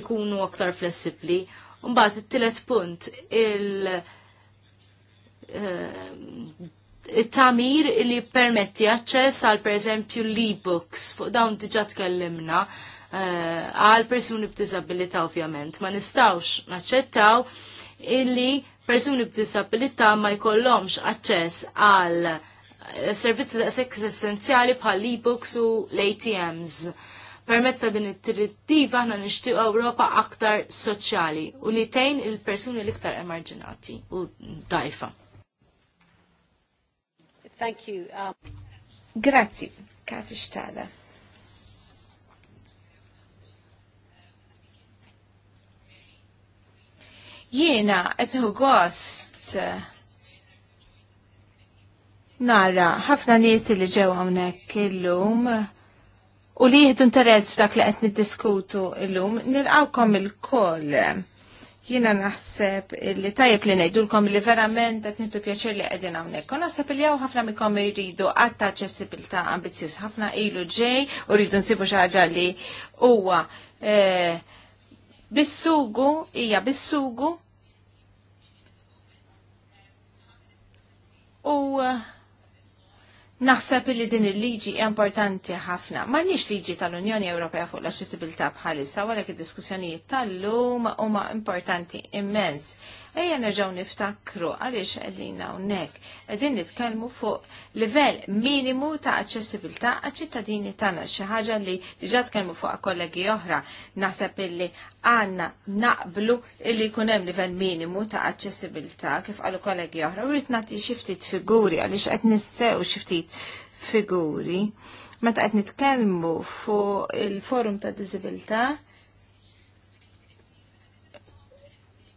[SPEAKER 3] ikunu aktar flessibbli. Mbagħad it-tielet punt il eh, tamir li permetti aċċess għal pereżempju l-e-books fuq dawn diġà tkellimna eh, għal persuni b'diżabilità ovvjament. Ma nistawx naċċettaw illi persuni b'disabilità ma jkollhomx aċċess għal eh, servizzi ta' seks essenzjali bħal e-books u l-ATMs. Permezz ta' din it-direttiva aħna nixtiequ Ewropa aktar soċjali u li tgħin il-persuni l-iktar emarġinati u dajfa.
[SPEAKER 1] Thank you. Um...
[SPEAKER 4] Grazzi, Kati Stada. Jiena qed nieħu gost nara ħafna nies li ġew hawnhekk illum u li jieħdu interess f'dak li qed niddiskutu illum nilqawkom il-koll. Jiena naħseb li tajjeb li ngħidulkom li verament qed nittu pjaċir li qegħdin hawnhekk. U naħseb li hawn ħafna mikom jridu qatt ta' aċċessibilità ambizzjuż ħafna ilu ġej u rridu nsibu xi ħaġa li huwa eh, bissugu, hija bissugu u eh, Naħseb li din il-liġi importanti ħafna. Ma nix liġi tal-Unjoni Ewropea fuq l-aċċessibilità bħalissa, għalek id-diskussjonijiet tal-lum huma importanti immens. Ejja nerġaw niftakru għaliex qegħdin hawnhekk qegħdin nitkellmu fuq livell minimu ta' aċċessibilità għacittadini ċittadini tagħna xi ħaġa li diġà tkellmu fuq kollegi oħra naħseb illi għandna naqblu illi jkun hemm livell minimu ta' aċċessibilità kif qalu kollegi oħra u rritna nagħti xi ftit figuri għaliex qed nissew xi figuri meta qed nitkellmu fuq il-forum ta' disabilità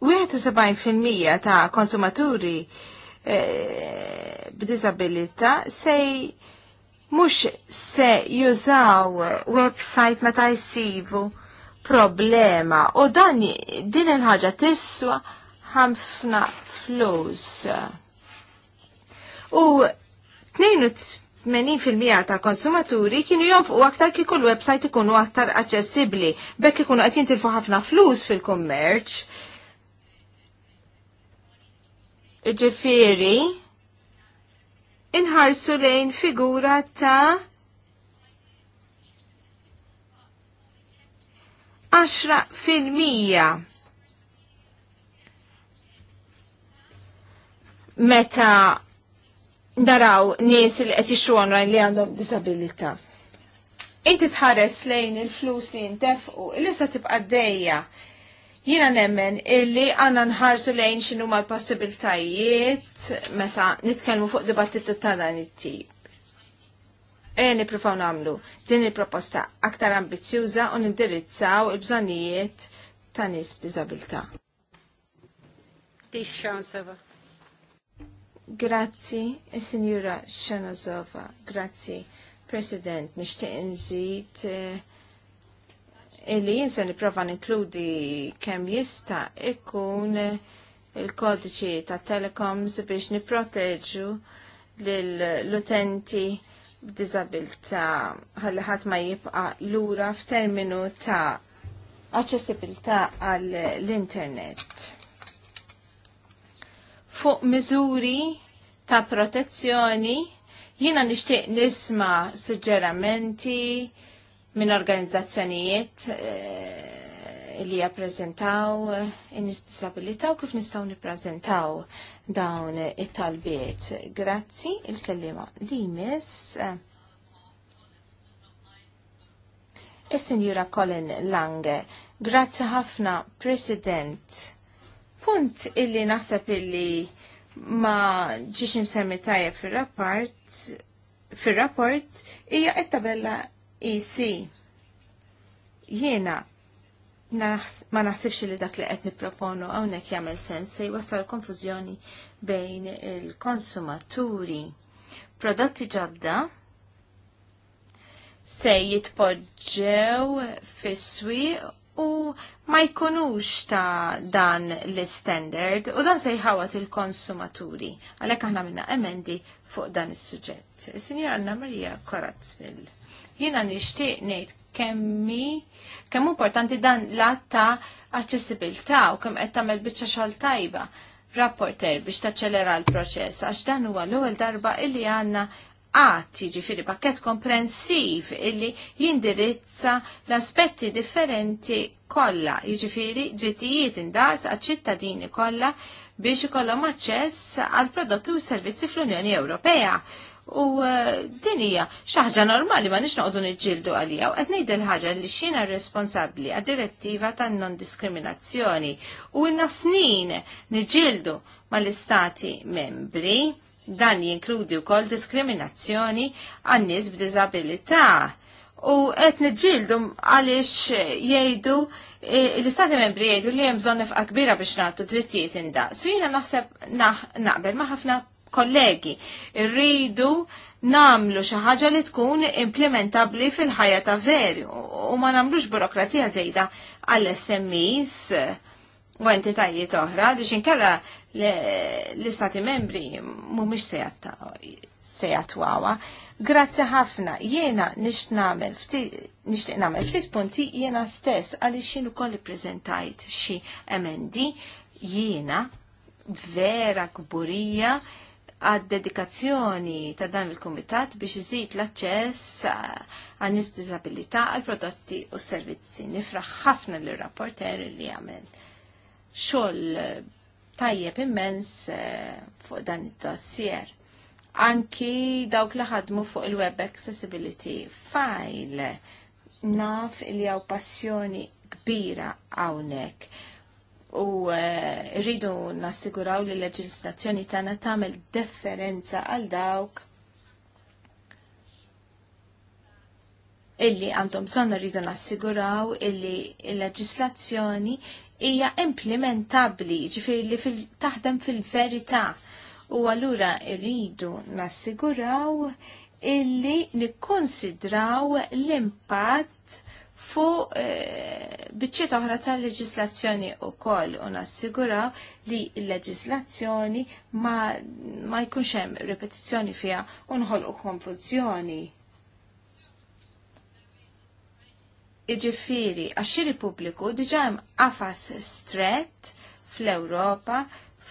[SPEAKER 4] 71% ta' konsumaturi e, b'disabilità se mhux se jużaw website meta jsivu problema u dan din il-ħaġa tiswa ħafna flus. U 82% ta' konsumaturi kienu jonfqu aktar kieku l-website ikunu aktar aċċessibbli, bekk ikunu qed jintilfu ħafna flus fil-kummerċ Ġifiri, inħarsu lejn figura ta' 10 filmija Meta naraw nies li qed jixxonu li għandhom disabilità. Inti tħares lejn il-flus li jintefqu, il tibqa' dejja Jina nemmen illi għanna nħarsu lejn xinu ma l-possibiltajiet meta nitkelmu fuq dibattitu ta' dan it-tip. E niprofaw namlu din il-proposta aktar ambizjuża u nindirizzaw il-bżonijiet ta' nis b'dizabilta. Grazzi, il-Sinjura Shanazova. Grazzi, President, nishtiq nżid eh, illi jinsa niprofa ninkludi kemm jista ikun il-kodiċi ta' telecoms biex niproteġu l-utenti b'dizabilta ħalli ħadd ma jibqa lura f'terminu ta' aċċessibilità għall-internet. Fuq miżuri ta' protezzjoni jiena nixtieq nisma' suġġeramenti minn organizzazzjonijiet eh, li jappreżentaw eh, in-nies disabilità u kif nistgħu nippreżentaw dawn it-talbiet. Grazzi il-kellima li miss. Eh, Is-Sinjura Colin Lange, grazzi ħafna President. Punt illi naħseb illi ma ġiex msemmi tajjeb fir-rapport fir-rapport hija t-tabella EC. Jiena ma naħsibx li dak li qed nipproponu hawnhekk jagħmel sens se jwassal konfużjoni bejn il-konsumaturi. Prodotti ġodda se jitpoġġew fis-swi u ma jkunux ta' dan l-standard u dan se jħawat il-konsumaturi. Għalhekk aħna minna emendi fuq dan is-suġġett. Is-Sinjora Anna Marija Korazmill. Jiena nixtieq ngħid kemmi kemm importanti dan l-att ta' accessibilta u kemm qed tagħmel biċċa xogħol tajba rapporter biex taċċelera l-proċess għax dan huwa l-ewwel darba illi għandna għat jiġifieri pakket komprensiv illi jindirizza l-aspetti differenti kollha, jiġifieri ġittijiet indaqs għaċ-ċittadini kollha biex ikollhom aċċess għal prodotti u servizzi fl-Unjoni Ewropea U eh, din hija xi ħaġa normali ma nix noqogħdu niġġieldu għalija u qed ngħid il-ħaġa li xina responsabbli għad-direttiva tan-non-diskriminazzjoni u inna snin ma mal-istati membri dan jinkludi wkoll diskriminazzjoni għan-nies b'diżabilità. U qed nġildu għaliex jgħidu eh, l-istati membri jgħidu li hemm bżonn kbira biex nagħtu drittijiet indaqsu. Jiena naħseb naqbel ma' ħafna kollegi. rridu namlu xi ħaġa li tkun implementabbli fil-ħajja ta' veri u ma namlux burokrazija żejda għall-SMEs u entitajiet oħra li xinkella l-istati membri mhumiex se jattwawa. Grazzi ħafna, jiena nix namel nixtieq nagħmel ftit punti jiena stess għaliex jien ukoll ippreżentajt xi emendi jiena vera kburija għad-dedikazzjoni ta' dan il-Kumitat biex iżid l-aċċess għan disabilità għal prodotti u servizzi. Nifraħ ħafna l rapporter li għamel xogħol tajjeb immens eh, fuq dan id-dossier. Anki dawk li ħadmu fuq il-Web Accessibility File naf li għaw passjoni kbira għawnek u eh, rridu nassiguraw li l-leġislazzjoni tagħna tagħmel differenza għal dawk illi għandhom sonna rridu nassiguraw illi l-leġislazzjoni hija implementabbli, ġifieri li fil taħdem fil-verità. U allura rridu nassiguraw illi nikkonsidraw l-impatt Fu e, biċċiet oħra tal-leġislazzjoni u koll u nassiguraw li l-leġislazzjoni ma, ma jkunx hemm repetizzjoni fiha u nħolqu konfuzzjoni. Iġifiri, għax-xiri pubbliku għafas hemm strett fl-Ewropa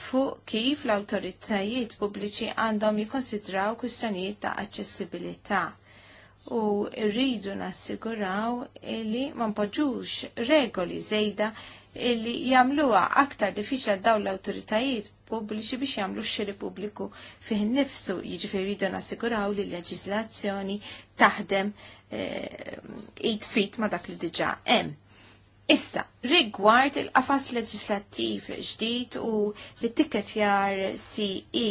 [SPEAKER 4] fuq kif l-awtoritajiet pubbliċi għandhom jikkonsidraw kwistjonijiet ta' aċċessibilità u rridu nassiguraw illi ma npoġġux regoli żejda illi jagħmluha aktar diffiċla dawn l-awtoritajiet pubbliċi biex jagħmlu x-xiri pubbliku fih nifsu jiġifieri rridu nassiguraw li l-leġiżlazzjoni taħdem eh, id fit ma dak li diġà hemm. Issa, rigward il-qafas leġislattiv ġdid u l-tikketjar CE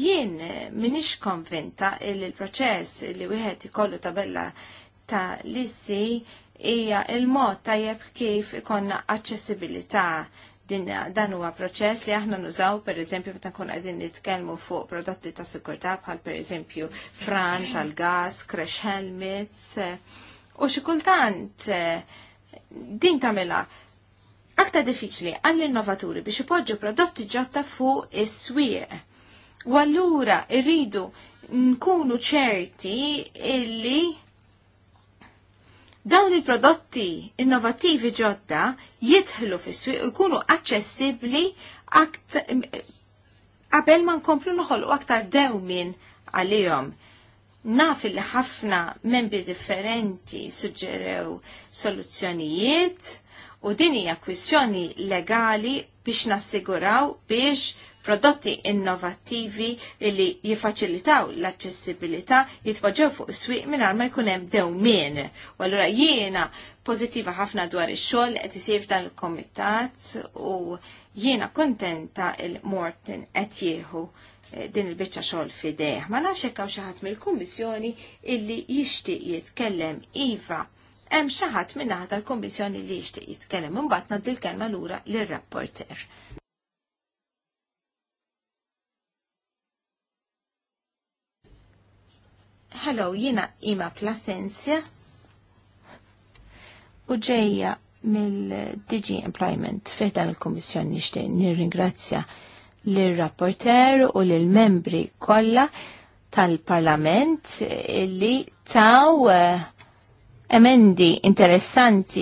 [SPEAKER 4] Jien eh, minix konvinta il l proċess li wieħed ikollu tabella ta' lissi hija il-mod tajjeb kif ikonna aċċessibilità din dan huwa proċess li aħna nużaw pereżempju meta nkun qegħdin nitkellmu fuq prodotti ta' sikurtà bħal pereżempju fran tal-gas, crash helmets eh, u xi kultant eh, din tagħmilha aktar diffiċli għall-innovaturi biex ipoġġu prodotti ġotta fuq is-swieq U allura irridu nkunu ċerti illi dawn il-prodotti innovativi ġodda jitħlu fis-swieq u jkunu aċċessibbli qabel ma nkomplu noħolqu aktar dewmin għalihom. Naf li ħafna membri differenti suġġerew soluzzjonijiet U din hija kwistjoni legali biex nassiguraw biex prodotti innovattivi li jifaċilitaw l-accessibilità jitpoġġew fuq is-swieq mingħajr ma jkun hemm dewmien. U allura jiena pożittiva ħafna dwar ix-xogħol qed isir dan il-kumitat u jiena kontenta il Morton qed jieħu eh, din il-biċċa xogħol f'idejh. Ma nafx hekk hawn xi ħadd mill-Kummissjoni illi jixtieq jitkellem iva hemm xi ħadd minnaħa tal-Kummissjoni li jixtieq jitkellem imbagħad ngħaddi l-kelma lura lir-rapporter. Hello, jina Ima Plasenzja u ġejja mill-DG Employment fejdan il-Kommissjoni nir nirringrazzja l rapporter u lill-membri kollha tal-Parlament li taw uh, emendi interessanti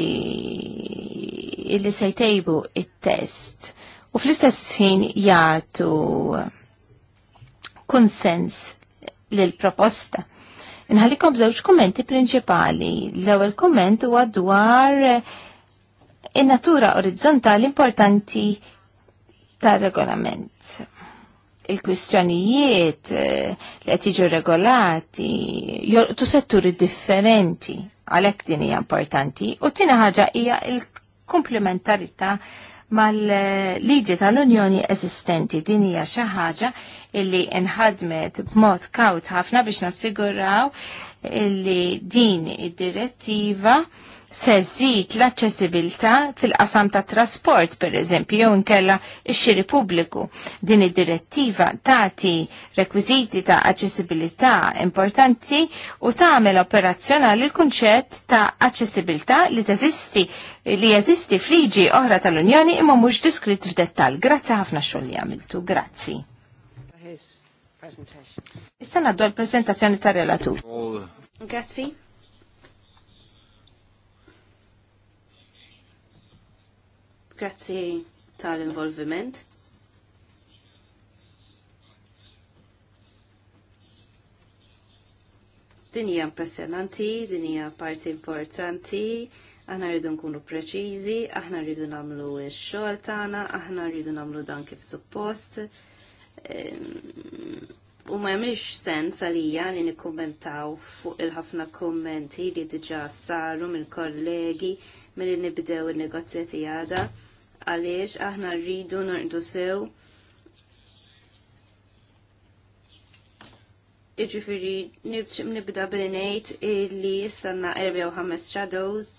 [SPEAKER 4] illi se jtejbu it-test u fl-istess ħin jagħtu konsens l proposta. Inħallikom żewġ kummenti prinċipali. L-ewwel kumment huwa dwar in-natura orizzontali importanti tar-regolament. Il-kwistjonijiet eh, li qed jiġu regolati jolqtu setturi differenti għalhekk din hija importanti. U tieni ħaġa hija l-komplementarità mal-liġi tal-Unjoni eżistenti din hija xi ħaġa illi nħadmet b'mod kawt ħafna biex nassiguraw illi din id-direttiva il se żid l-aċċessibilità fil-qasam ta' trasport, per eżempju, jew inkella x-xiri pubbliku. Din id-direttiva tagħti rekwiżiti ta' aċċessibilità importanti u tagħmel operazzjonali l-kunċett ta' aċċessibilità li teżisti li jeżisti fliġi oħra tal-Unjoni imma mhux diskrit f'dettall. Grazzi ħafna xogħol li għamiltu. Grazzi. Issa naddu l-prezentazzjoni tar-relatur.
[SPEAKER 1] Grazzi.
[SPEAKER 2] Grazzi tal-involviment. Din hija impressjonanti, din hija parti importanti, aħna rridu nkunu preċiżi, aħna rridu nagħmlu x-xogħol tagħna, aħna rridu nagħmlu dan kif suppost. Ehm, u ma jemlix sens għalija li nikkommentaw fuq il-ħafna kommenti li diġa saru mill-kollegi mill-li nibdew il-negozjati għada għaliex aħna rridu norqdu sew iġifiri nibda bil-nejt illi sanna 4-5 shadows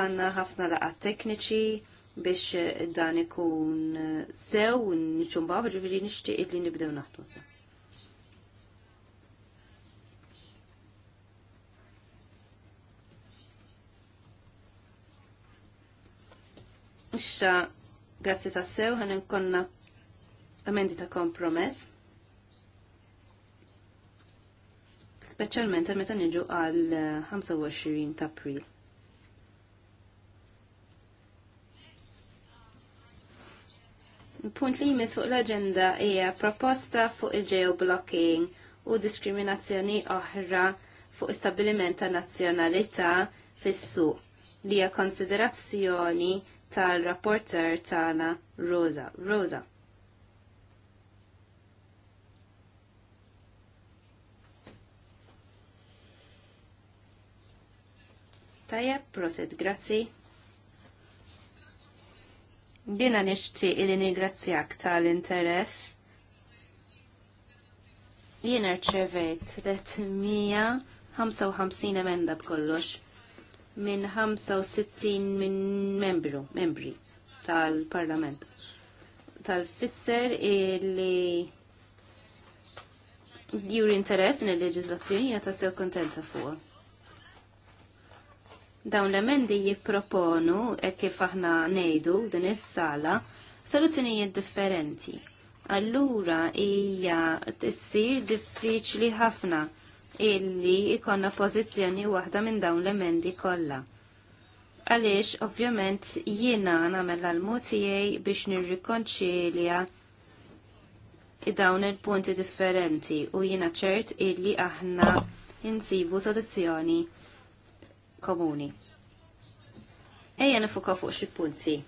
[SPEAKER 2] għanna ħafna laqat tekniċi biex dan ikun sew un iġifiri ġifiri nixti illi nibdew naħtu sew. Issa, grazzi ta' sew, għan inkonna amendi ta' kompromess. Specialment meta niġu għal 25 eh, ta' april. punt li jmiss fuq l-agenda hija proposta fuq il-geoblocking u diskriminazzjoni oħra fuq istabilimenta ta' nazzjonalità fis-suq li hija konsiderazzjoni tal-rapporter tagħna Rosa. Rosa. Tajjeb, prosed, grazzi. Dina nixti li ningrazzjak tal-interess. Jiena rċevejt 355 emenda b'kollox minn 65 minn membru, membri tal-parlament. Tal-fisser li juri interess in il-leġizlazzjoni jgħata sew kontenta fuq. Dawn l-emendi jipproponu e kif aħna nejdu din is-sala soluzzjonijiet differenti. Allura hija tissir diffiċli ħafna illi ikonna pożizzjoni waħda minn dawn l-emendi kollha. Għaliex ovvjament jiena nagħmel l-mod tiegħi biex nirrikonċilja dawn il-punti differenti u jiena ċert illi aħna insibu soluzzjoni komuni. Ejja nifuka fuq xi punti.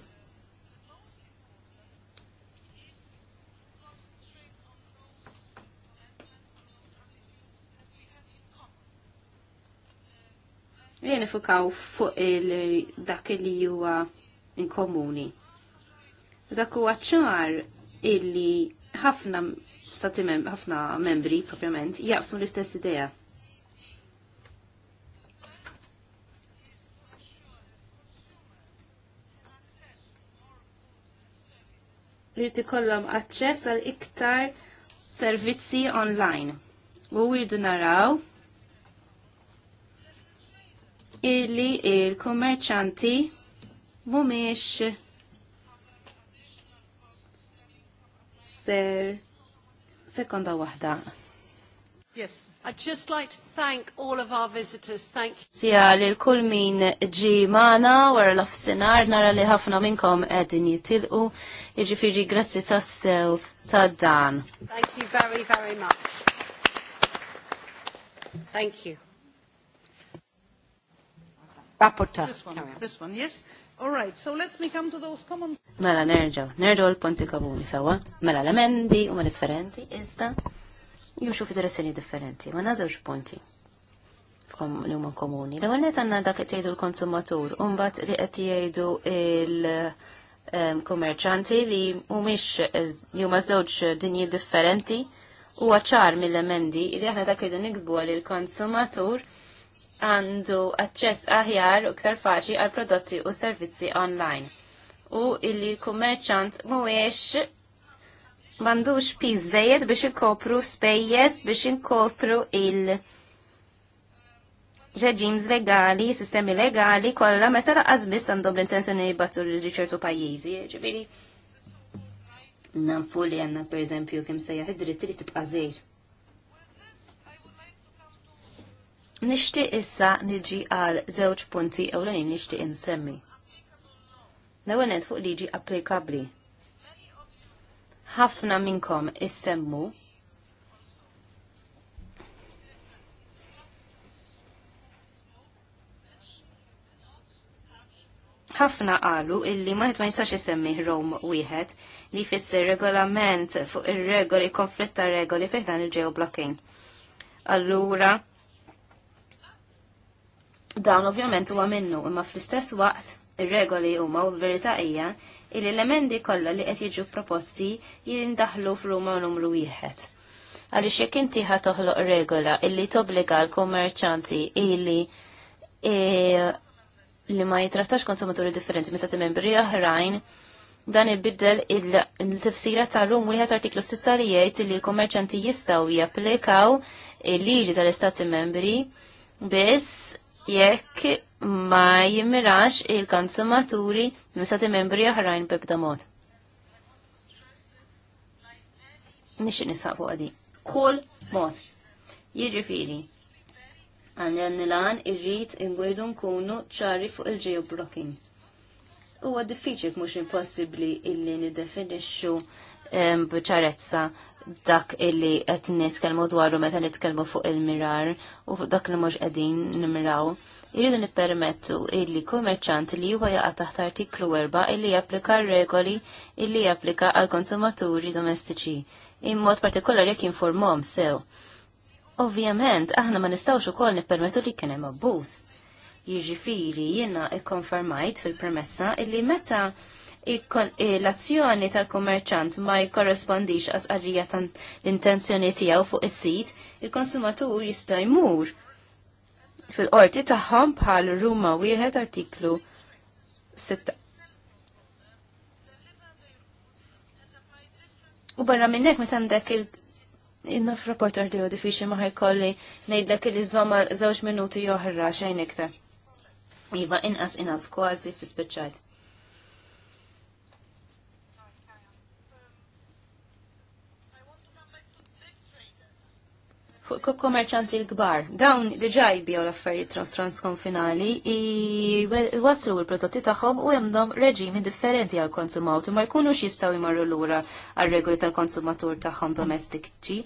[SPEAKER 2] li nifukaw fuq il-dak li huwa inkomuni. Dak huwa ċar illi ħafna stati ħafna membri propjament jaqsmu l-istess idea. Rrid ikollhom aċċess għal iktar servizzi online. U rridu naraw illi il-kummerċanti mumiex ser sekonda wahda.
[SPEAKER 1] Yes. I'd just like to thank all of our visitors. Thank you.
[SPEAKER 2] Sija li l-kull min ġi maħna wara l-afsinar nara li ħafna minkom għedin jitilqu. Iġifiri grazzi tassew ta' dan.
[SPEAKER 1] Thank you very, very much. Thank you. Rapporta. This one, yes? All right, so me come to those common...
[SPEAKER 2] Mela, nerġaw, nerġaw l-ponti komuni, sawa. Mela, l-amendi u ma differenti, iżda, jimxu fi differenti, ma nazawx punti li huma komuni. L-ewwel net għandna dak qed jgħidu l-konsumatur, u li qed jgħidu l ehm, kummerċanti li mhumiex huma żewġ dinji differenti u ċar mill-emendi li aħna dak jgħidu niksbu għal il-konsumatur. il konsumatur għandu aċċess aħjar u ktar faċi għal prodotti u servizzi online. U illi kummerċant mhuwiex m'għandux piżejjed biex inkopru spejjeż biex inkopru il- reġims legali, sistemi legali, kollha meta laqqas biss għandhom l-intenzjoni jibattu ċertu pajjiżi, ġifieri. Nanfu li għandna pereżempju kemm sejjaħ id-dritti li tibqa' Nixtieq issa niġi għal żewġ punti ewlenin nixtieq insemmi. Nawenet fuq liġi applikabbli. Ħafna minnkom issemmu ħafna qalu illi ma ma jistax isemmi Rome wieħed li jfisser regolament fuq ir-regoli konflitta regoli fejn dan il-geoblocking. Allura Dawn ovvjament huwa minnu imma fl-istess waqt ir-regoli huma u verità hija li l-emendi kollha li qed jiġu proposti jindaħlu f'ruma numru wieħed. Għaliex jekk inti ħa toħloq regola illi tobbliga l-kummerċanti illi e, li ma jitrastax konsumaturi differenti meta membri oħrajn dan ibiddel il-tifsira ta' rum wieħed artiklu 6 li jgħid li l-kummerċanti jistgħu japplikaw il-liġi tal-istati membri biss jekk ma jimmirax il-konsumaturi minn membri oħrajn bebda mod. Nixin nisaq fuq għadi. Kull mod. Jirrifiri. Għandja nilan irrit ingwirdu nkunu ċari fuq il-geoblocking. Huwa diffiċli mhux impossibbli illi niddefinixxu b'ċarezza dak illi qed nitkellmu dwaru meta nitkellmu fuq il-mirar u fuq dak li mhux qegħdin nimraw. Irridu nippermettu illi kummerċant li huwa jaqa' taħt artiklu erba' illi japplika regoli illi japplika għal konsumaturi domestiċi mod partikolari jekk informhom sew. Ovvjament, aħna ma nistgħux ukoll nippermettu li kien hemm abbuż. Jiġifieri jiena ikkonfermajt fil-premessa illi meta l-azzjoni tal-kummerċant ma jkorrespondix għas għarrija tan l-intenzjoni tiegħu fuq is-sit, il-konsumatur jista' jmur fil-qorti tagħhom bħal Ruma wieħed artiklu 6. U barra minnek ma għandek il- naf rapporter li għodi fiċi maħi kolli nejdlek il zoma zawx minuti joħra xejn iktar. Iva inqas inqas kważi fi speċjal. fuq kommerċanti l-kbar. Dawn diġà jbijaw l-affarijiet transkonfinali waslu l-prodotti tagħhom u għandhom reġimi differenti għal konsumawtu ma jkunux jistgħu l lura għal regoli tal-konsumatur tagħhom domestiċi.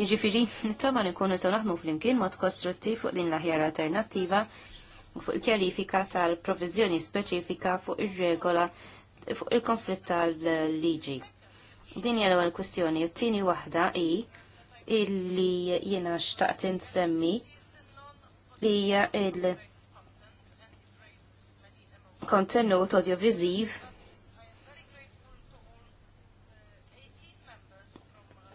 [SPEAKER 2] Jiġifieri nittama nkunu nistgħu naħdmu flimkien mod kostruttiv fuq din l-aħjar alternattiva fuq il-kjarifika tal-provizjoni speċifika fuq ir-regola fuq il-konflitt tal-liġi. Din hija l-ewwel kwistjoni, u t-tieni waħda hi illi jiena xtaqt insemmi li hija il- kontenut audiovisiv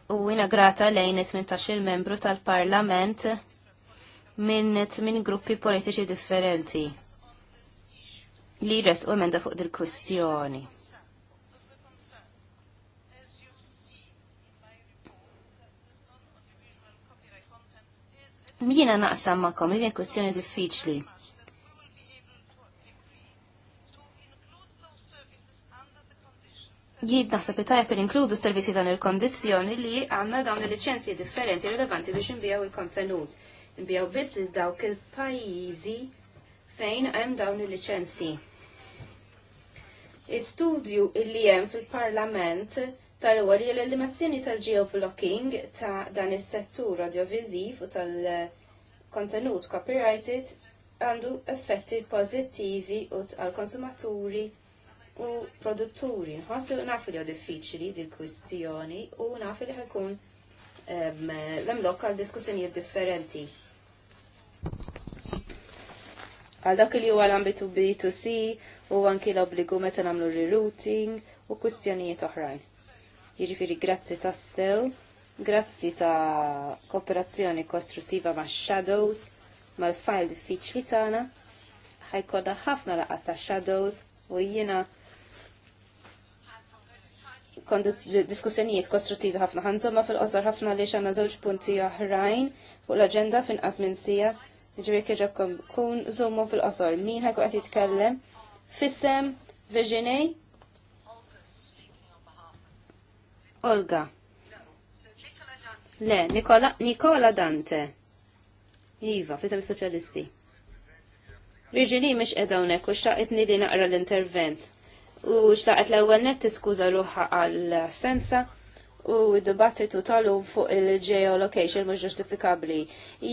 [SPEAKER 2] u jina grata lejn 18 membru tal-parlament minn minn gruppi politiċi differenti li resqu emenda fuq dil-kustjoni. Jiena naqsam ma'kom, li kwestjoni diffiċli. jid naħseb li tajb inkludu servizi dan il-kondizjoni li għanna dawn il-licenzji differenti rilevanti biex nbijaw il-kontenut. Nbijaw biss li dawk il-pajizi fejn hemm dawn il-licenzji. Il-studju illi hemm fil-Parlament tal-ewwel hija l-eliminazzjoni tal-geoblocking ta' dan is-settur radjoviżiv u tal-kontenut copyrighted għandu effetti pożittivi u għal-konsumaturi u produtturi. Nħossu nafu li għu diffiċli dil kwistjoni u nafu li ħakun l-emlok għal diskussjonijiet differenti. Għal dak li huwa l-ambitu B2C u anki l-obbligu meta nagħmlu rerouting u kwistjonijiet oħrajn. Jiġifieri grazzi tassew, grazzi ta' kooperazzjoni kostruttiva ma' shadows, mal-file diffiċli tagħna, ħajkoda ħafna laqgħat ta' shadows u jiena kont diskussjonijiet kostruttivi ħafna ħanżomma fil-qosor ħafna li xanna żewġ punti oħrajn fuq l-aġenda finqas minn sija. Ġifieri kieġobkom kun żommu fil-qosor. Min ħajkun qed jitkellem? Fissem Virginie Olga. Le, Nicola, Nicola Dante. Iva, fitem soċjalisti. Riġini mish edawnek u xtaqitni li naqra l-intervent. U xtaqet l-ewel net tiskuza ruħa għal-sensa u id-dibattitu talu fuq il-geolocation mhux ġustifikabbli.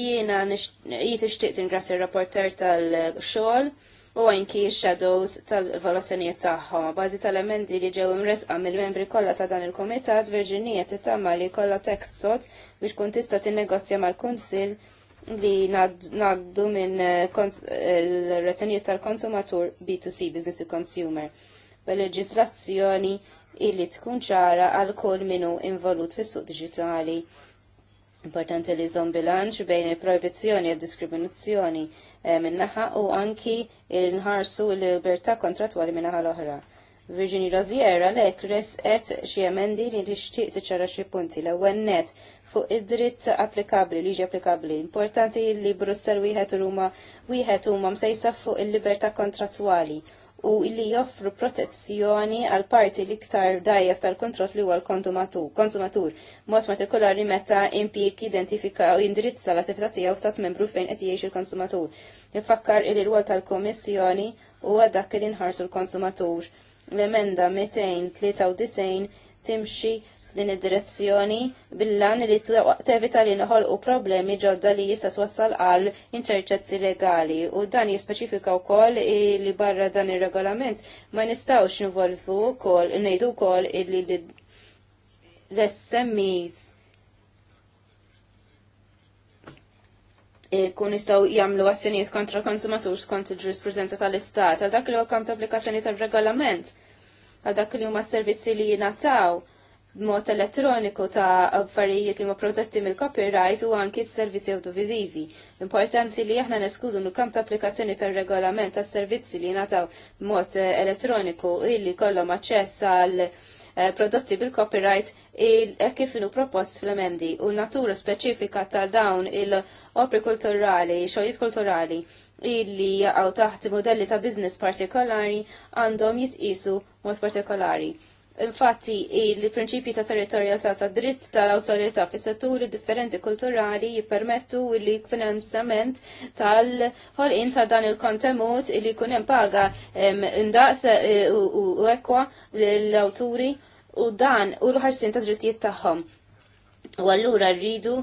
[SPEAKER 2] Jiena jitixtieq tingrass il rapporter tal-xogħol u anki shadows tal-valutazzjonijiet tagħhom. Bażi tal-emendi li ġew imrezqa mill-membri kollha ta' dan il-kumitat Virginia titama li kollha tekst sod biex kun tista' tinnegozja mal-Kunsill li ngħaddu minn eh, il-razzjonijiet tal-konsumatur B2C business to consumer. Bel-leġislazzjoni illi tkun ċara għal kull minu involut fis-suq diġitali Importanti li jżomm bilanċ bejn il-proibizzjoni u diskriminazzjoni eh, minnaħa u anki il-nħarsu l-libertà kontrattwali minnaħa l-oħra. Virginie Rozier għalek resqet xi emendi li tixtieq tiċċara xi punti l-ewwel net fuq id-dritt applikabbli, liġi applikabbli. Importanti li Brussel wieħed huma wieħed huma msejsa fuq il-libertà kontratwali u li joffru protezzjoni għal parti l-iktar dajjef tal-kontroll li huwa l-konsumatur, mod partikolari meta impjek identifika u indirizza l-attività tiegħu stat membru fejn qed jgħix il-konsumatur. Ifakkar il rwol tal-Kommissjoni huwa dak li nħarsu l-konsumatur. L-emenda 293 timxi Din id-direzzjoni billan li tevita li noħol u problemi ġodda li jista' twassal għal interċezzi legali u dan jispeċifika wkoll li barra dan ir-regolament ma nistgħux nivolvu wkoll ngħidu wkoll li l-SMEs eh, kun istaw jamlu azzjonijiet kontra konsumatur skont il-ġurisprudenza tal-istat, għal dak li huwa kamp applikazzjoni tal-regolament, għal dak li huma servizzi li jinataw mod elettroniku ta' affarijiet li ma protetti mill-copyright u anki s-servizzi audiovisivi. Importanti li aħna neskudu nu kam ta' applikazzjoni tar regolament ta' servizzi li nataw mod elettroniku illi kollhom aċċess għal eh, prodotti bil-copyright eh, kif inu propost fl-emendi u natura speċifika ta' dawn il-opri kulturali, xogħlijiet kulturali illi għaw taħt modelli ta' business partikolari għandhom jitqisu mod partikolari Infatti, il-prinċipji ta' territorialità ta' dritt tal-autorità fi setturi differenti kulturali jippermettu li finanzament tal-ħolqin ta' dan il-kontenut li jkun hemm paga indaqs e, u ekwa l-awturi u dan u l-ħarsin ta' drittijiet tagħhom. U allura rridu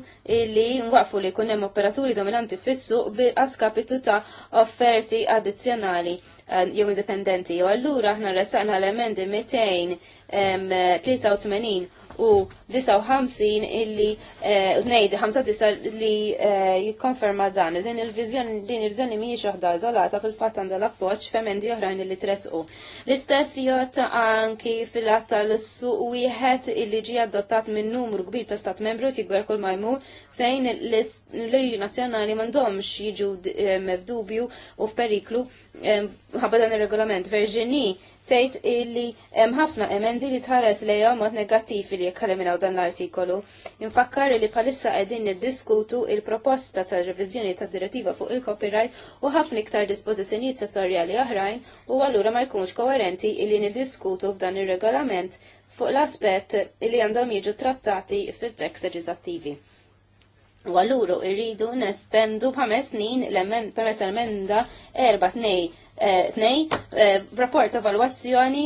[SPEAKER 2] li nwaqfu li jkun hemm operaturi dominanti fis-suq kapitu ta' offerti addizzjonali Um, jew indipendenti. U allura aħna ressaqna l-emendi 283 U 59 illi eh, ngħid 59 li eh, jikkonferma dan. Din il vizjoni din il vizjoni mhijiex waħda iżolata fil-fatt għandha l-appoġġ femendi oħrajn li tresqu. L-istess jgħod anki fil-att tal-suq wieħed illi ġie adottat minn numru kbir ta' stat membru tikber kull majmur fejn l-leġi nazzjonali m'għandhomx jiġu eh, mevdubju u f'periklu ħabba dan ir-regolament. Verġini tgħid illi hemm ħafna emendi li tħares lejha mod negattiv li jekk ħaleminaw dan l-artikolu. Infakkar li palissa qegħdin niddiskutu il-proposta tal-reviżjoni tad-direttiva fuq il-copyright u ħafna iktar dispożizzjonijiet settorjali oħrajn u allura ma jkunx koerenti illi niddiskutu f'dan ir-regolament fuq l-aspett li għandhom jiġu trattati fil-tekst leġislattivi. U għalluru irridu nestendu pames snin pames l-emenda 4-2 eh, eh, rapport evalwazzjoni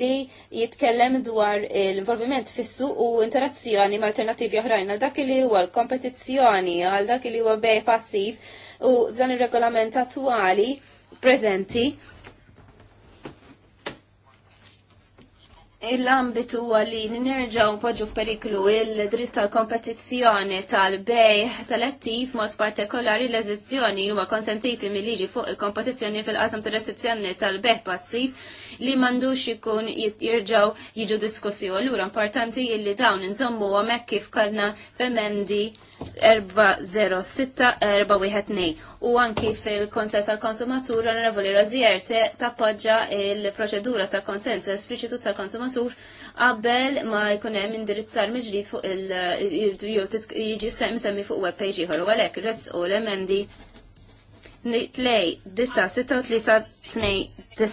[SPEAKER 2] li jitkellem dwar l-involviment fissu u interazzjoni ma' alternativi oħrajn għal dak li huwa l-kompetizzjoni, għal dak li huwa bej passiv u dan ir-regolament attuali preżenti l-ambitu għalli nerġaw poġu f'periklu il-dritt tal-kompetizzjoni tal-bej selettiv mod partikolari l-eżizzjoni huma konsentiti mill-liġi fuq il-kompetizzjoni fil-qasam tal-restrizzjoni tal-bej passiv li mandux ikun jirġaw jiġu diskussi u l-ura importanti illi dawn nżommu għamek kif kalna femendi 406-412 u anki fil-konsens tal-konsumatur l-onorevoli Razier tappoġġa il-proċedura tal-konsens espliċitu tal-konsumatur qabel ma jkun hemm indirizzar ġdid fuq il- jiġi semmi fuq webpage ieħor u għalhekk resqu l-emendi 9. 9 sitta u 9 9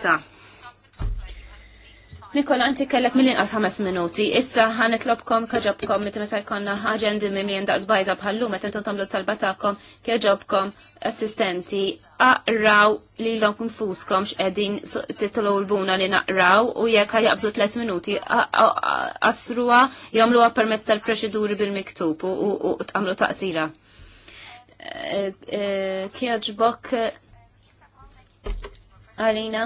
[SPEAKER 2] Nikola, għanti kellek millin qas ħames minuti. Issa ħanitlobkom kħġobkom mit meta jkonna ħagġendi mimlien daqs bajda bħallu meta intom tamlu talbatakom kħġobkom assistenti aqraw li l lom kumfuskom x'qegħdin titlu l-buna li naqraw u jekk ħajabżu tliet minuti asruha jagħmluha permezz tal-proċeduri bil-miktub u tagħmlu taqsira. Eh, eh, Kħġbok eh, Alina?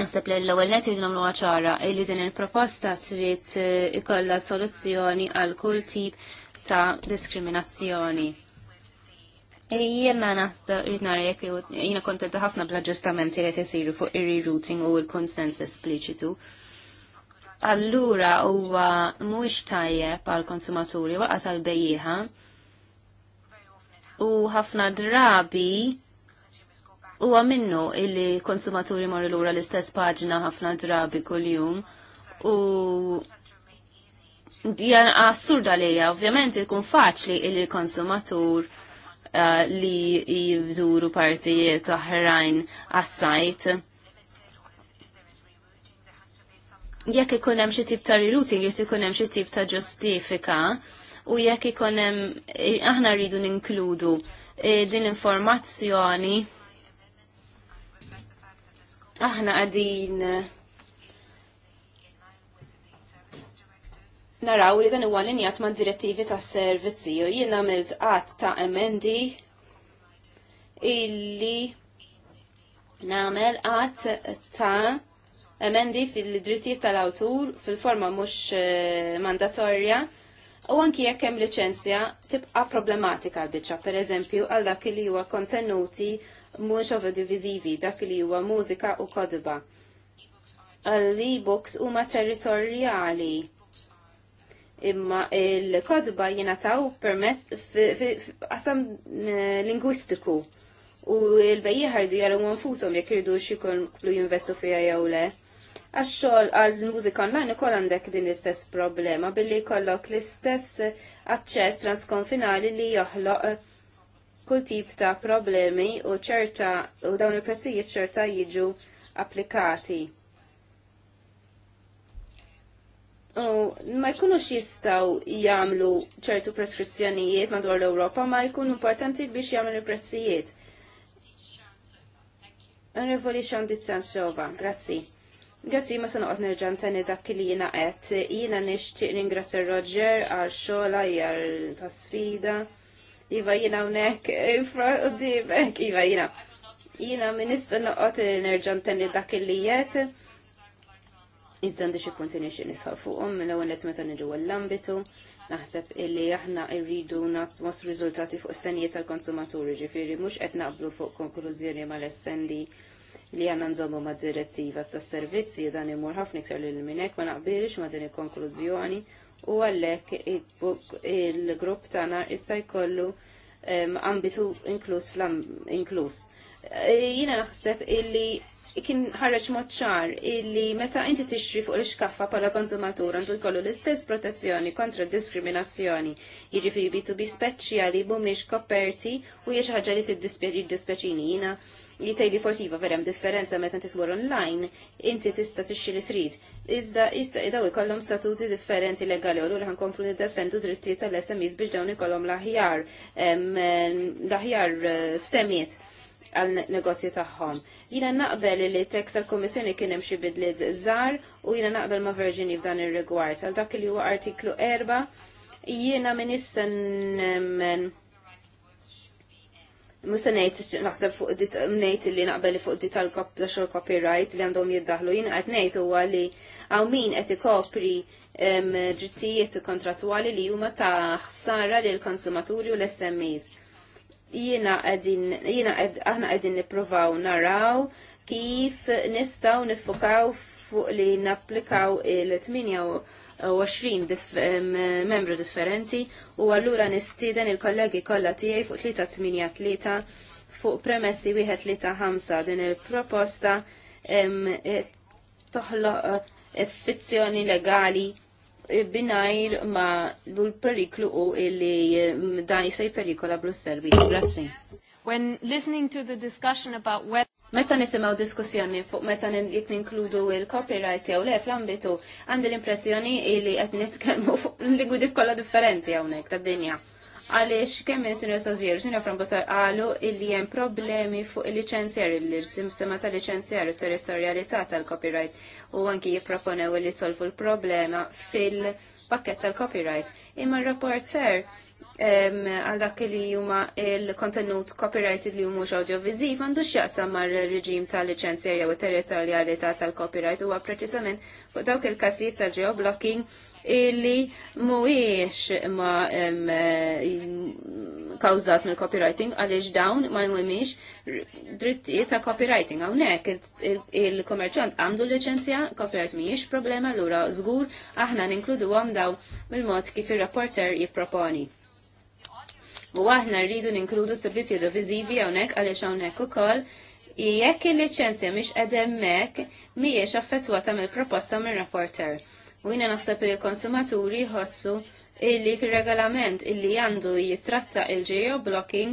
[SPEAKER 2] Nasib li l-ewwel net jridu ċara li din il-proposta trid eh, ikollha soluzzjoni għal kull tip ta' diskriminazzjoni. Eh, jiena naħda rrid nara jekk jiena kontenta ħafna bl-aġġustamenti li qed isiru fuq ir-rerouting u l-konsens espliċitu. Allura huwa mhuwiex tajjeb għall konsumaturi waqas għal bejjieħa u ħafna drabi huwa minnu illi konsumaturi l lura l-istess paġna ħafna drabi kuljum u dijan assurda lejja, ovvjament ikun faċli illi konsumatur uh, li jibżuru partijiet oħrajn għas-sajt. Jekk ikun hemm xi tip ta' rerouting, jekk ikun hemm xi tip ta' ġustifika, u jekk ikun hemm aħna rridu ninkludu eh, din l-informazzjoni aħna għadin eh, naraw li dan huwa linjat ma' direttivi ta' servizzi u jien għamilt qatt ta' emendi illi nagħmel qatt ta' emendi fil-drittijiet tal-awtur fil-forma mhux eh, mandatorja u anki jekk hemm liċenzja tibqa' problematika l-biċċa pereżempju għal dak li huwa kontenuti mhux audiovisivi dak li huwa mużika u kodba. L-e-books huma territorjali imma il-kodba taw permet qasam eh, lingwistiku u l-bejji ħardu jalu għanfusom jek irdu xikon klu jinvestu fija jew le. Għaxxol għal-mużika online ukoll għandek din l-istess problema billi kollok l-istess aċċess transkonfinali li joħloq kull tip ta' problemi u ċerta u dawn il-prezzijiet ċerta jiġu applikati. U ma jkunux jistaw jagħmlu ċertu preskrizzjonijiet madwar l-Ewropa, ma jkun importanti biex jagħmlu l-prezzijiet. Onorevoli Xandit Sanxova, grazzi. Grazzi ma sanoqgħod nerġa' ntani dak li jiena għet. Jiena nix ringrazzja Roger għal xola jgħal ta' sfida. Iva jina unnek, dimek, iva jina. Jina minista noqot nerġan tenni dak il-lijiet. Iżdan diċi kontinu xin nisħal fuqom, minn mela għan let meta nġu l-ambitu, naħseb illi aħna irridu natmos rizultati fuq s senjiet tal-konsumaturi, ġifiri mux qed naqblu fuq konklużjoni l essendi li għanna nżommu ma' direttiva tas servizzi dan imur ħafna iktar l-minnek ma naqbirix ma' din il-konklużjoni u għalhekk il-grupp tagħna issa jkollu ehm, ambitu inkluz fl inkluz eh, Jiena naħseb illi kien ħareġ mod ċar illi meta inti tixri fuq l-iskaffa bħala konsumatur għandu jkollu l-istess protezzjoni kontra diskriminazzjoni. Jiġifieri b 2 bi speċjali mhumiex koperti u hija xi ħaġa li tiddispeċini jiena li tgħidli forsi jiva verem differenza meta titmur online, inti tista tixxi li trid. Iżda jista idaw ikollhom statuti differenti legali u l ħankomplu niddefendu drittijiet tal-SMEs biex dawn ikollhom l-aħjar l-aħjar eh, ftemiet għal negozju tagħhom. Jiena naqbel li t-tekst tal-Kummissjoni kien hemm xi bidliet żgħar u jiena naqbel ma' Virginie f'dan ir-rigward. Għal dak li huwa artiklu 4 jiena min issa Musanejt naħseb fuq dit mnejt li naqbel fuq dit tal copyright li għandhom jiddaħlu jien qed ngħid huwa li għaw min qed ikopri drittijiet kontratwali li huma ta' ħsara l konsumaturi u l-SMEs jina għedin, jina aħna għedin niprovaw naraw kif nistaw nifokaw fuq li napplikaw il-28 dif, membru differenti u għallura nistiden il-kollegi kollha tiegħi fuq 3-8-3 fuq premessi wieħed li ta' din il-proposta toħloq eh, fizzjoni legali binajr ma l-periklu u illi mm, dan sej perikola servi. Grazie. When listening to the discussion about whether Meta nisimaw diskussjoni fuq meta jek ninkludu il-copyright jew le fl-ambitu, għandi l-impressjoni li qed nitkellmu fuq l-ligwidi kollha differenti hawnhekk tad-dinja. Għaliex kemm minn sinjor Sażjer, sinjor Frankosar qalu illi hemm problemi fuq il-liċenzjar il-sistema ta' liċenzjar u territorjalità tal-copyright u anki jipproponew li solvu l-problema fil-pakket tal-copyright. Imma r-rapporter għal dak li huma il-kontenut copyrighted li mhux audiovisiv għandu x'jaqsam mar-reġim tal-liċenzja jew territorjalità tal-copyright huwa preċiżament fuq dawk il-każijiet tal-geoblocking illi mhuwiex ma kawżat mill-copywriting għaliex dawn ma jmumiex dritti ta' copywriting hawnhekk il komerċant għandu licenzja, copyright mhijiex problema lura żgur aħna ninkluduhom daw mill-mod kif ir-rapporter jipproponi. U aħna rridu ninkludu servizzi audiovisivi hawnhekk għaliex hawnhekk ukoll jekk il-liċenzja mhix qed hemmhekk mhijiex affettwata mill-proposta mir-rapporter. U jina naħseb li konsumaturi jħossu illi fil-regolament illi għandu jitratta il-geoblocking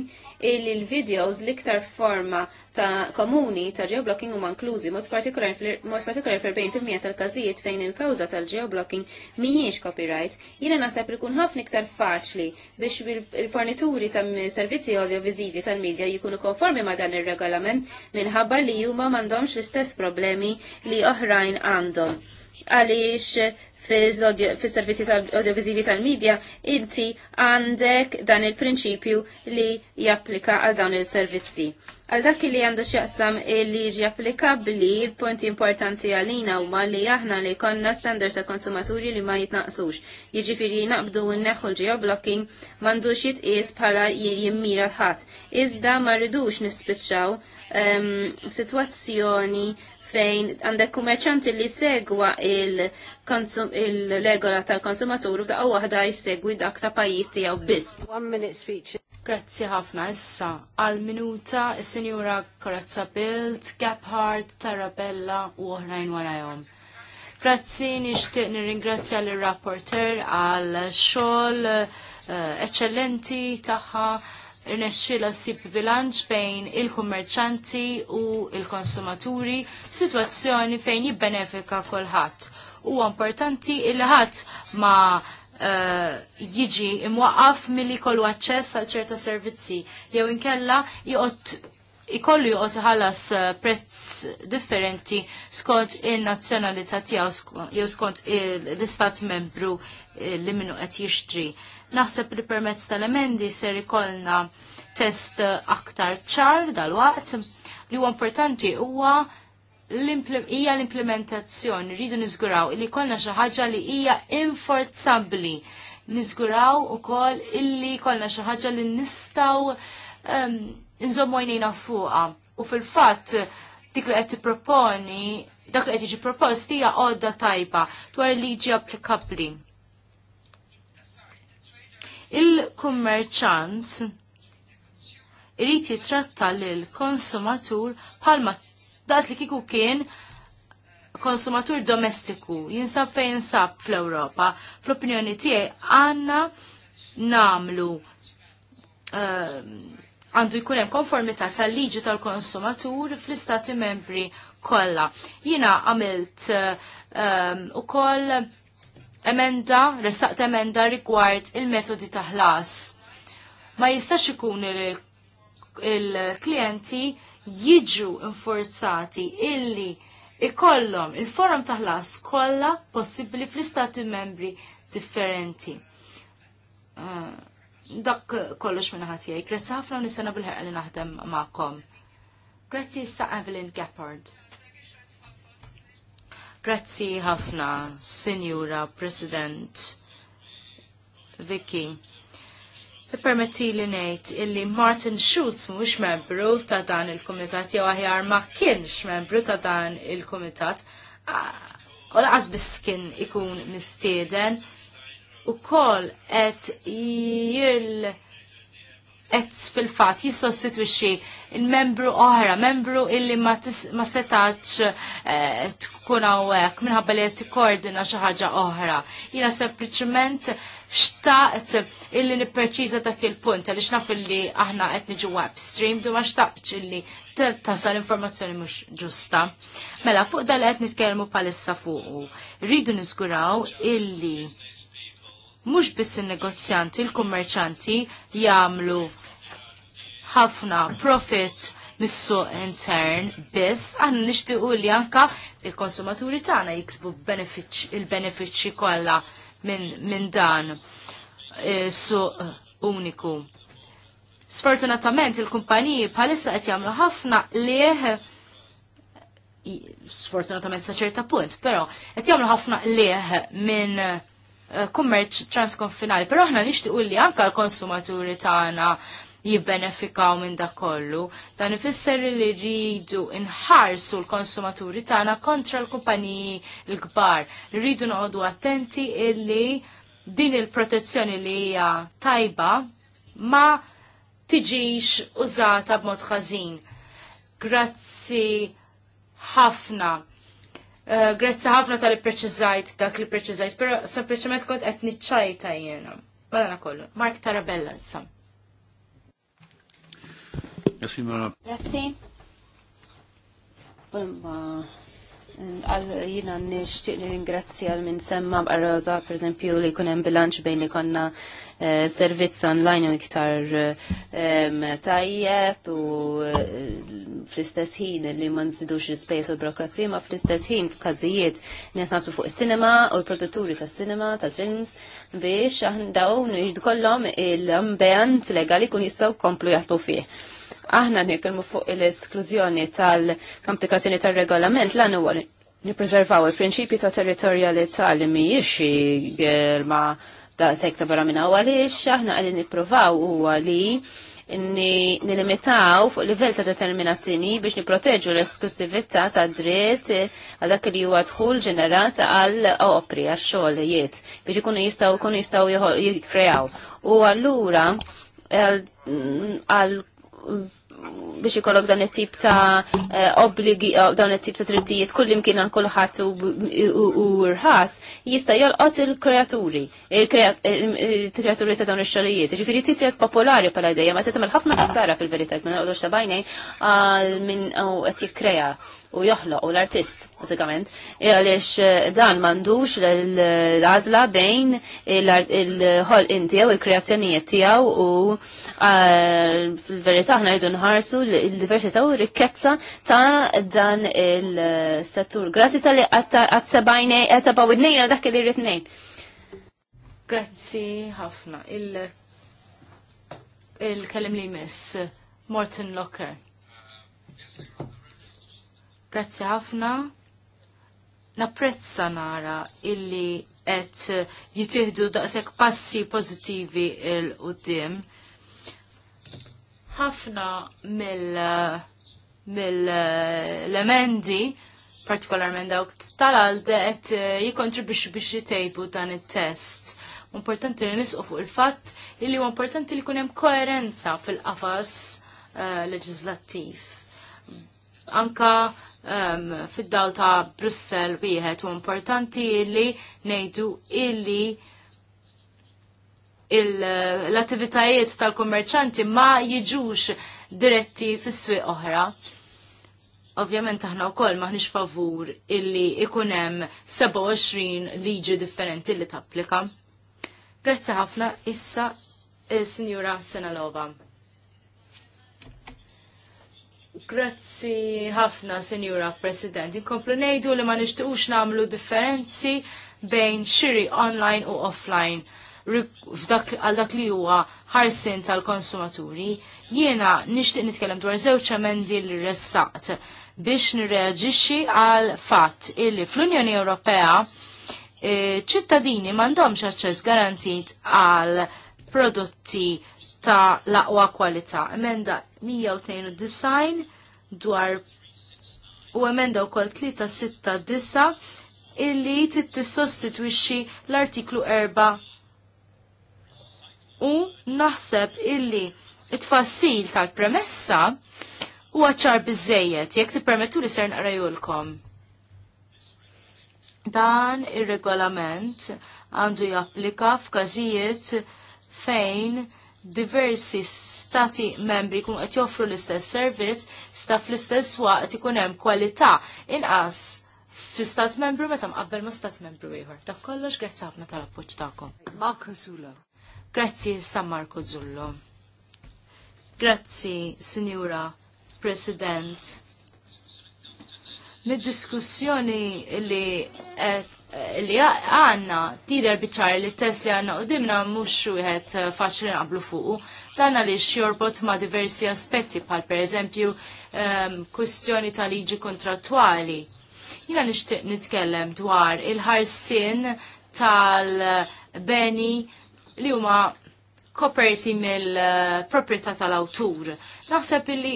[SPEAKER 2] illi l-videos l-iktar forma ta' komuni ta' geoblocking huma inklużi mod partikolari fil-40% tal-każijiet fejn il-kawża tal-geoblocking mhijiex copyright, jiena naħseb li kun ħafna iktar faċli biex il-fornituri ta' servizzi audiovizivi tal-medja jikunu konformi ma' dan ir-regolament minħabba li huma m'għandhomx l-istess problemi li oħrajn għandhom għaliex fil-servizzi tal-audiovisivi tal-medja, inti għandek dan il-prinċipju li japplika għal dawn il-servizzi. Għal dak li għandu xaqsam li ġi applikabli, il-punti importanti għalina u ma li aħna li konna standards ta' konsumaturi li ma jitnaqsux. Jiġifiri naqbdu n-neħu l-geoblocking mandux is bħala jimmira l-ħat. Iżda ma rridux nispiċċaw um, ehm, situazzjoni fejn għandek kummerċanti li segwa il-regola tal-konsumatur u waħda jissegwi dak ta' pajis tiegħu biss.
[SPEAKER 1] One minute speech.
[SPEAKER 2] Grazzi ħafna issa
[SPEAKER 1] għal minuta
[SPEAKER 3] is senjura Korazza Bilt, Gephardt, Tarabella u oħrajn warajhom. Grazzi nixtieq nirringrazzja l-rapporter għal xogħol eccellenti eh, tagħha rnexxila sib bilanċ bejn il-kummerċanti u il-konsumaturi, situazzjoni fejn jibbenefika kulħadd. Huwa importanti il ħadd ma uh, jiġi imwaqqaf milli kollu aċċess għal ċerta servizzi jew inkella jgħot ikollu jgħot ħallas eh, prezz differenti skont in-nazzjonalità tiegħu jew skont l-istat membru eh, li minnu qed jixtri. Naħseb li permezz tal-emendi ser ikollna test aktar ċar dal-waqt li huwa importanti huwa hija l-implementazzjoni, rridu niżguraw li kollna xi ħaġa li hija inforzabbli. Niżguraw ukoll illi kollna xi ħaġa li nistgħu ehm, nżommu għajnejna fuqha. U fil-fatt dik li qed tipproponi dak li qed jiġi proposti hija għodda tajba dwar liġi applikabbli. Il-kummerċant irrit jitratta l-konsumatur palma daqs li kiku kien konsumatur domestiku jinsab fejn jinsab fl-Europa. Fl-opinjoni tiegħi għanna namlu eh, għandu uh, jkun hemm konformità tal-liġi tal-konsumatur fl-istati membri kollha. Jiena għamilt uh, um, ukoll emenda, ta' emenda rigward il-metodi ta' ħlas. Ma jistax ikun il-klienti jiġu inforzati illi ikollhom il-forum ta' ħlas kollha possibbli fl-istati membri differenti. Uh, dak kollox minna ħatijaj. Grazzi ħafna u bil-ħerqa li naħdem ma'kom. Grazzi sa' Evelyn Gappard. Grazzi ħafna, Sinjura President Vicky. Permetti li nejt illi Martin Schulz mux membru ta' dan il-komitat, jew aħjar ma kienx membru ta' dan il-komitat, u laqas biskin ikun mistieden u kol et jil qed fil-fatt jissostitwixxi il-membru oħra, membru illi ma setax eh, tkun hawnhekk minħabba li qed tikkoordina xi ħaġa oħra. Jiena sempliċement xtaqt illi nipperċiża dak il-punt għaliex naf illi aħna qed niġu web stream du ma xtaqx illi tasal informazzjoni mhux ġusta. Mela fuq dal qed nitkellmu bħalissa fuq. Rridu niżguraw illi mhux biss in-negozjanti, il-kummerċanti jagħmlu ħafna profit mis-suq intern biss għandu nixtiequ li anka il-konsumaturi tagħna jiksbu il-benefiċċji kollha minn dan e, suq uniku. Sfortunatament il-kumpaniji bħalissa qed jagħmlu ħafna lieh sfortunatament sa ċerta punt, però qed jagħmlu ħafna lieh minn Eh, kummerċ transkonfinali, pero aħna nixtiequ li anka l-konsumaturi tagħna jibbenefikaw minn da kollu. Dan ifisser li rridu inħarsu l-konsumaturi tagħna kontra l-kumpaniji l-kbar. Rridu noqogħdu attenti illi din il-protezzjoni li hija tajba ma tiġix użata b'mod ħażin. Grazzi ħafna Eh, grazzi ħafna tal preċiżajt dak li preċiżajt, pero sempliċement kont qed niċċajta jiena. Madana kollu. Mark Tarabella issa. Grazie, Mara. Grazzi. Għal jina
[SPEAKER 2] nishtiq ringrazzja l-min semma b'arroza, per esempio, li kunem bilanċ bejn li konna Eh, servizz online u iktar tajjeb u eh, fl-istess ħin li ma nżidux l-space u l-burokrazija ma fl-istess ħin f'każijiet nitnasu fuq is-sinema u l-produtturi tas-sinema tal-films biex dawn kollhom il-ambjent legali kun jistgħu komplu jaħdmu fih aħna nitkellmu fuq l-esklużjoni tal-kamplikazzjoni tal-regolament lan huwa nippreservaw il-prinċipju ta' territorjalità li mhijiex eh, ma da' sekta barra minna u għalix, aħna għalli niprofaw u għalli nilimitaw fuq livell ta' determinazzjoni biex niproteġu l-esklusivita ta' dritt għal dak li huwa dħul ġenerat għal opri għal xogħlijiet biex ikunu jistgħu jkunu jistgħu jikkrew. U allura għal biex ikollok dan it-tip ta' eh, obbligi eh, dan it-tip ta' trittijiet kull imkien għal kulħadd u rħas jista' jolqot il-kreaturi, il-kreaturi ta' dawn ix-xogħlijiet. Ġifieri tisjet popolari bħala idea ma se tagħmel ħafna ħsara fil-verità minn noqgħodux ta' bajnejn minn qed jikkrea u joħloq u l-artist, bazzikament. E għalix e, dan mandux l-għazla bejn il-ħol intijaw, il-kreazzjonijiet tijaw u e, fil-verita ħna rridu nħarsu l-diversità u rikkezza ta' dan il-settur. Grazzi tal-li għat-sebajni, għat-sebaw għal dak li rritnej.
[SPEAKER 3] Grazzi ħafna. Il-kellim li miss, Morton Locker. Grazzi ħafna. Napprezza nara illi qed jitieħdu daqshekk passi pożittivi il qudiem Ħafna mill-emendi mil, partikolarment dawk tal alde qed jikontribwixxu biex jitejbu dan it-test. Importanti li nisqu fuq il-fatt li huwa importanti li jkun hemm koerenza fil-qafas eh, leġislattiv. Anka um, fid-dawl ta' Brussel wieħed u importanti li ngħidu illi l-attivitajiet tal-kummerċanti ma jiġux diretti fis-swieq oħra. Ovvjament aħna wkoll maħniex favur illi ikun hemm 27 liġi differenti li tapplika. Grazzi ħafna issa is-Sinjura eh, Senalova. Grazzi ħafna, Senjura President. Inkomplu nejdu li ma nishtuqx namlu differenzi bejn xiri online u offline għal dak li huwa ħarsin tal-konsumaturi. Jiena nixtieq nitkellem dwar żewġ emendi li ressaqt biex nirreaġixxi għal fatt illi fl-Unjoni Ewropea e, ċittadini m'għandhomx aċċess garantit għal prodotti ta' laqwa kwalità. Emenda 192 dwar u emenda wkoll 369 illi tissostitwixxi l-artiklu 4 u naħseb illi it-tfassil tal-premessa u għacċar bizzejiet, jek t-permettu li ser naqrajulkom. Dan ir regolament għandu japplika f'każijiet fejn diversi stati membri kun qed joffru l-istess servizz, sta fl-istess waqt ikun hemm kwalità inqas fi stat membru meta mqabbel ma' stat membru ieħor. Ta' kollox grazzi ħafna tal-appoġġ tagħkom. Marco Zullo. Grazzi San Marco Zullo. Grazzi, Signora President. Mid-diskussjoni li qed Eh, li għanna tider biċar li test li għanna u dimna mux wieħed eh, faċli naqblu fuqu. Tanna li xjorbot ma diversi aspetti pal per eżempju ehm, kustjoni ta' liġi kontrattuali. Jina nishtiq nitkellem dwar il-ħarsin tal-beni li huma koperti mill-proprietà eh, tal-awtur. Naħseb li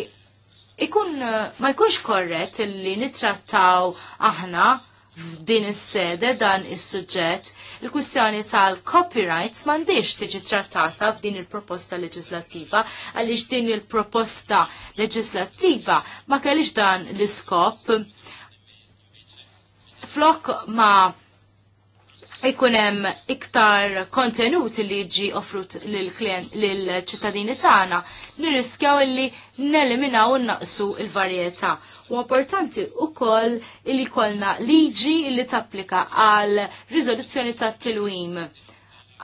[SPEAKER 3] ikun ma jkunx korret illi nitrattaw aħna f'din is-sede dan is-suġġett, il-kwistjoni tal-copyrights m'għandix tiġi trattata f'din il-proposta leġislattiva għaliex din il-proposta leġislattiva ma kellix dan l-iskop flok ma jkun hemm iktar kontenut li jiġi offrut lill-ċittadini tagħna, nirriskjaw illi neliminaw u naqsu l varjetà U importanti wkoll li jkollna liġi li tapplika għal riżoluzzjoni tat-tilwim.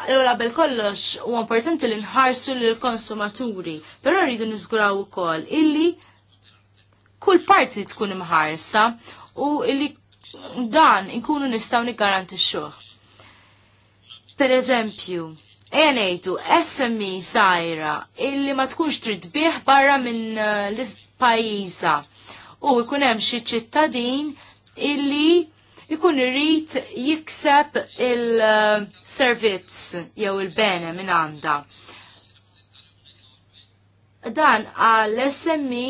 [SPEAKER 3] Allora, bel kollox, u importanti li nħarsu l-konsumaturi, però rridu niżguraw ukoll illi kull parti tkun imħarsa u illi dan inkunu nistgħu niggarantixxuh. Per eżempju, ngħidu SME żgħira illi ma tkunx trid bih barra minn eh, l-pajjiża u jkun hemm xi ċittadin illi jkun irid jikseb il-servizz jew il-bene minn għandha. Dan għal SME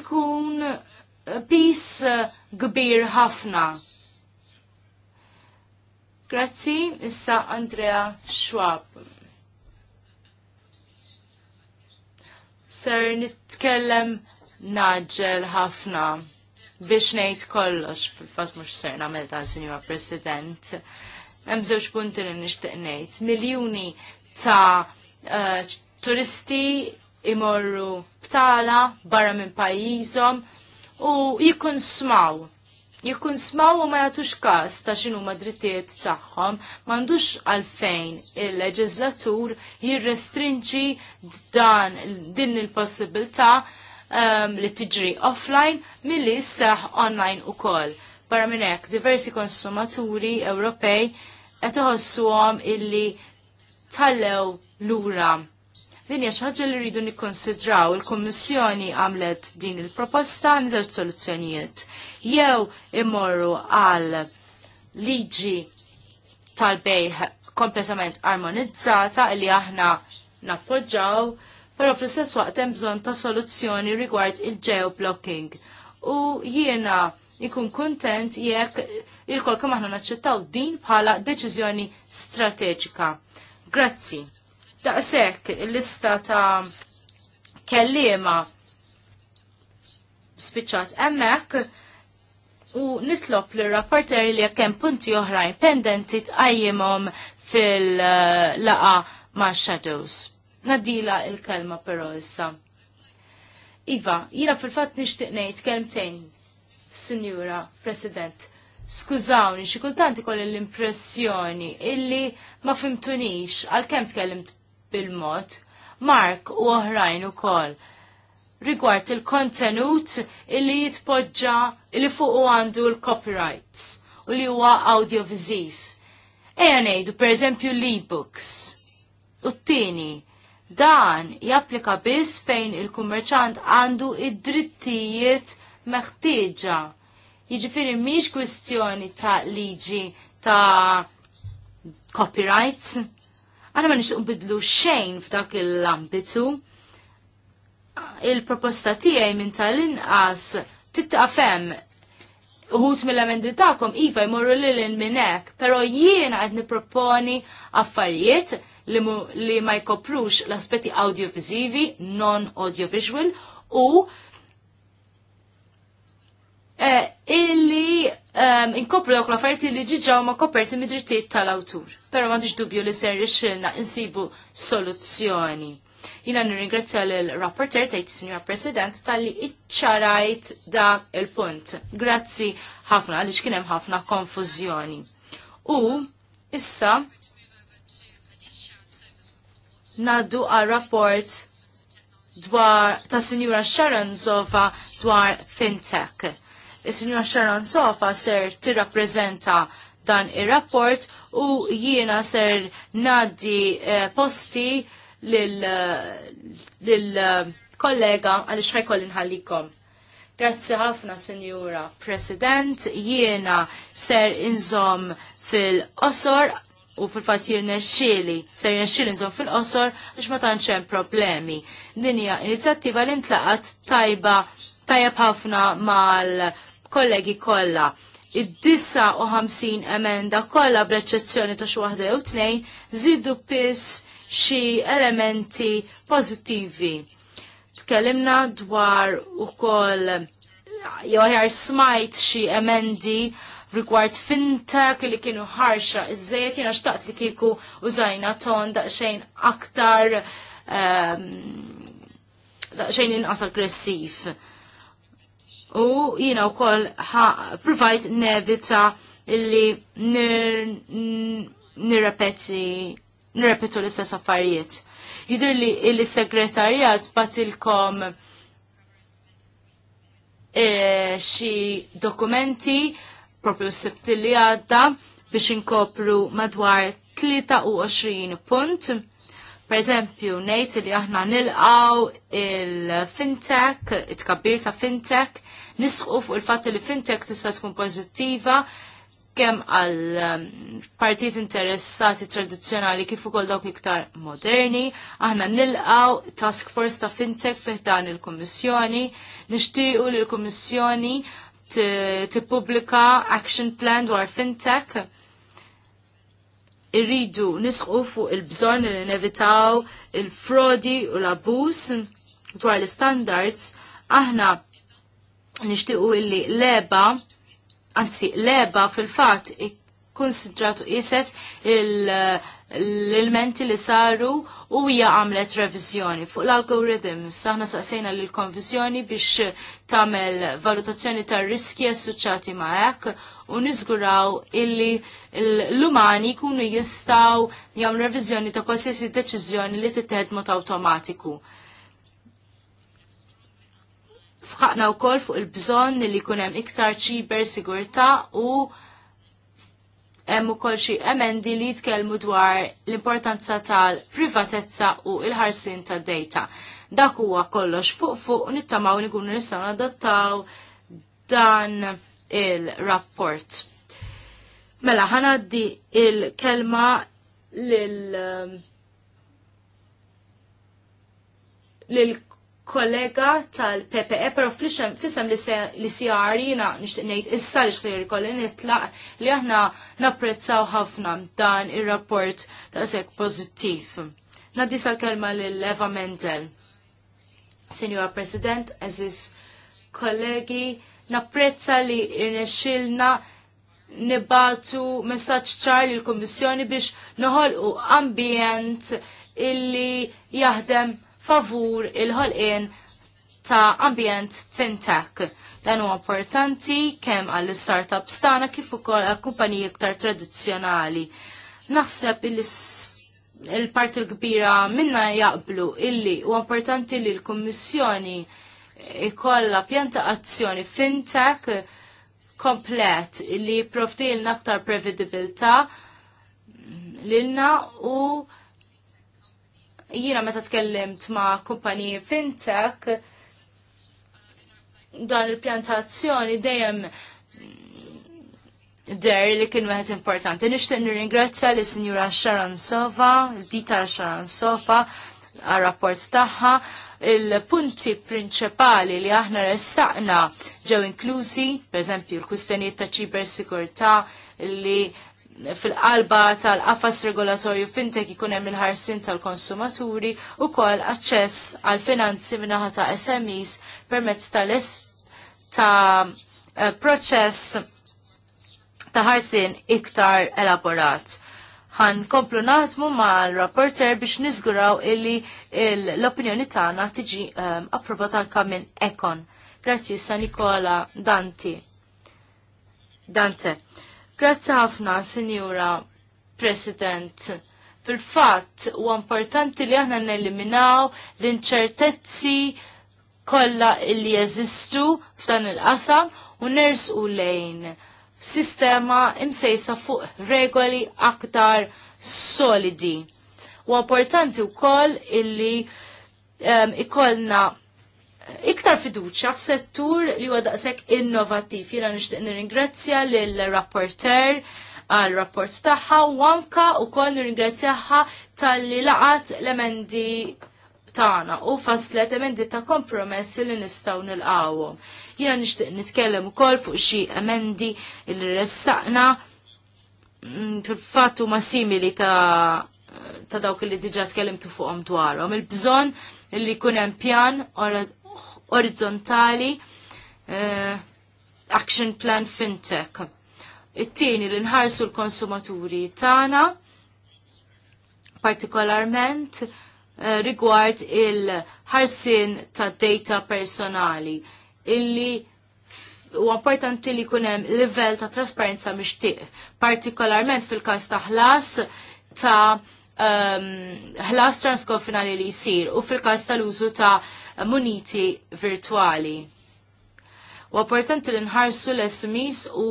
[SPEAKER 3] ikun eh, pis eh, kbir ħafna Grazzi, issa Andrea Schwab. Ser nitkellem naġel ħafna biex ngħid kollox fil fat mhux ser nagħmel ta' Sinjura President. Hemm żewġ punti li nixtieq ngħid. Miljuni ta' uh, turisti imorru btala barra minn pajjiżhom u jikkonsmaw jikun smaw u ma jagħtux każ ta' xinu madritiet drittijiet tagħhom, m'għandux għalfejn il-leġislatur jirrestrinġi dan din il-possibilità um, li tiġri offline milli jisseħ online u Barra minn hekk diversi konsumaturi Ewropej qed iħossuhom illi tallew lura Din hija ħaġa li rridu nikkonsidraw. Il-Kummissjoni għamlet din il-proposta nżewġ soluzzjonijiet. Jew imorru għal liġi tal-bej kompletament armonizzata li aħna nappoġġaw, però fl-istess waqt hemm bżonn ta' soluzzjoni rigward il-geoblocking. U jiena ikun kontent jekk il kolkom aħna naċċettaw din bħala deċiżjoni strateġika. Grazzi. Daqshekk il-lista ta' kellima spiċċat hemmhekk u nitlob l rapporter li jekk hemm punti oħrajn pendenti tqajjimhom fil-laqa ma' shadows. Nadila il-kelma però issa. Iva, jina fil-fat nixtieq ngħid kelmtejn, Sinjura President. Skużawni, xi kultanti kolli l-impressjoni illi ma fimtunix għal kemm tkellimt bil-mod. Mark u oħrajn ukoll rigward il-kontenut illi jitpoġġa illi fuq għandu l-copyrights u li huwa audiovisiv. Eja ngħidu pereżempju l-ebooks. U t-tieni dan japplika biss fejn il-kummerċant għandu id-drittijiet meħtieġa. Jiġifieri mhix kwistjoni ta' liġi ta' copyrights Għana ma nixuq bidlu xejn f'dak il-ambitu. Il-proposta tiegħi minn tal-inqas titqafem uħut mill-amendi ta'kom, Iva jmorru lilin minn hekk, però jiena qed nipproponi affarijiet li, li ma jkoprux l-aspetti audiovisivi, non-audiovisual, u Eh, illi ehm, inkopru dawk l-affarijiet li ġiġaw ma koperti mid-drittijiet tal-awtur. Però m'għandix dubju li ser ixilna insibu soluzzjoni. Jina nirringrazzja l-rapporter tgħid signor President tal-li iċċarajt dak il-punt. Grazzi ħafna għaliex kien hemm ħafna konfużjoni. U issa naddu għal rapport dwar ta' Sinjura Sharon Zova dwar FinTech is-Sinjor Sharon Sofa ser tirrappreżenta dan ir-rapport u jiena ser naddi eh, posti lil-kollega lil, eh, eh, għal xħajkoll inħallikom. Grazzi ħafna, Sinjura President, jiena ser inżom fil-qosor u fil-fatt jirnexxieli, ser jirnexxieli nżom fil-qosor biex ma tantx hemm problemi. Dinja inizjattiva li ntlaqat tajba tajab ħafna mal kollegi kollha. id dissa u ħamsin emenda kollha b'reċezzjoni ta' xwaħda u jew tnejn żidu biss xi elementi pożittivi. Tkellimna dwar ukoll jew ħjar smajt xi emendi rigward fintech li kienu ħarxa iż-żejt jiena xtaqt li kieku użajna ton daqsxejn aktar um, daqsxejn inqas aggressiv u jina u koll provajt nevita illi nirrepeti nirrepetu l-istess affarijiet. Jidur li il-segretarjat batilkom e, xi dokumenti propju s-sibt li għadda biex inkopru madwar 23 punt. Per eżempju, nejt li aħna nilqaw il-fintech, it-kabbir ta' fintech, nisħu fuq il-fatt li fintek tista' tkun pożittiva kemm għal um, partijiet interessati tradizzjonali kif ukoll dawk iktar moderni, aħna nilqaw task force ta' fintech fih dan il-Kummissjoni, nixtiequ li l-Kummissjoni tippubblika action plan dwar fintech irridu nisqu fuq il-bżonn li nevitaw il-frodi u l-abus dwar l-standards aħna nixtiequ illi leba, anzi leba fil-fatt konsidratu qiset l-elementi li saru u hija għamlet revizjoni fuq l-algoritm. Saħna saqsejna l konvizjoni biex tagħmel valutazzjoni tar riski assoċjati ma' hekk u niżguraw illi l-umani jkunu jistgħu jagħmlu revizjoni ta' qualsiasi deċiżjoni li titħed mod awtomatiku sħaqna wkoll fuq il-bżonn li jkun hemm iktar ċiber sigurtà u hemm ukoll xi emendi li jitkellmu dwar l-importanza tal-privatezza u l-ħarsin tad-data. Dak huwa kollox fuq fuq nittamaw li nkunu nistgħu nadottaw dan il-rapport. Mela ħanaddi il-kelma lil um, lil kollega tal-PPE, pero fissem li CR jina nishtiq nejt, issa li xtir kolli nitlaq li aħna napprezzaw ħafna dan il-rapport ta' sekk pozittiv. Naddi sal-kelma l-Eva Mendel. Senjora President, eżis kollegi, napprezza li irnexilna nibatu messaġġ ċar l kummissjoni biex noħolqu ambjent illi jaħdem favur il-ħolqien ta' ambjent fintech. Dan huwa importanti kemm għall startup tagħna kif ukoll għal kumpaniji iktar tradizzjonali. Naħseb il-parti l-kbira minna jaqblu illi huwa importanti li l-Kummissjoni ikolla pjanta azzjoni fintech komplet li profdilna aktar prevedibilta lilna u Jiena meta tkellimt ma' kumpaniji fintech, dan il-pjantazzjoni dejjem der li kien wieħed importanti. Nixtieq nirringrazzja li sinjura Sharon Sofa, dita Sharon Sova, għal-rapport tagħha. Il-punti prinċipali li aħna ressaqna ġew inklusi, per l-kustenijiet ta' ċibersikurtà li fil-qalba tal-qafas regolatorju fintek ikun hemm il-ħarsin tal-konsumaturi u kol aċċess għal finanzi minnaħa ta' SMEs permezz tal es ta' eh, proċess ta' ħarsin iktar elaborat. Għan komplu naħdmu mal-rapporter biex niżguraw illi l-opinjoni tagħna tiġi um, approvata kamin Ekon. Grazie, sa Nikola Danti. Dante. Grazzi ħafna, Sinjura President. Fil-fatt, u importanti li aħna neliminaw l-inċertezzi kollha li jeżistu f'dan il-qasam u u lejn sistema imsejsa fuq regoli aktar solidi. U importanti wkoll illi um, ikollna iktar fiduċa f'settur li huwa daqshekk innovattiv. Jiena nixtieq nirringrazzja lill rapporter għal rapport tagħha u anka wkoll nirringrazzjaha tal-li laqat l-emendi tagħna u faslet emendi ta' kompromessi li nistgħu nilqawhom. Jiena nixtieq nitkellem ukoll fuq xi emendi li ressaqna mm, fil-fatt huma simili ta' ta' dawk li diġà tkellimtu fuqhom dwarhom. Il-bżonn li jkun hemm pjan orizzontali uh, action plan fintech. It-tieni li nħarsu l-konsumaturi tagħna partikolarment uh, rigward il-ħarsin ta' data personali illi u importanti li kunem livell ta' trasparenza mixtieq, partikolarment fil-każ ta' ħlas ta' Um, ħlas transkonfinali li jisir u fil-kas tal-użu ta' muniti virtuali. U importanti li nħarsu l-SMEs u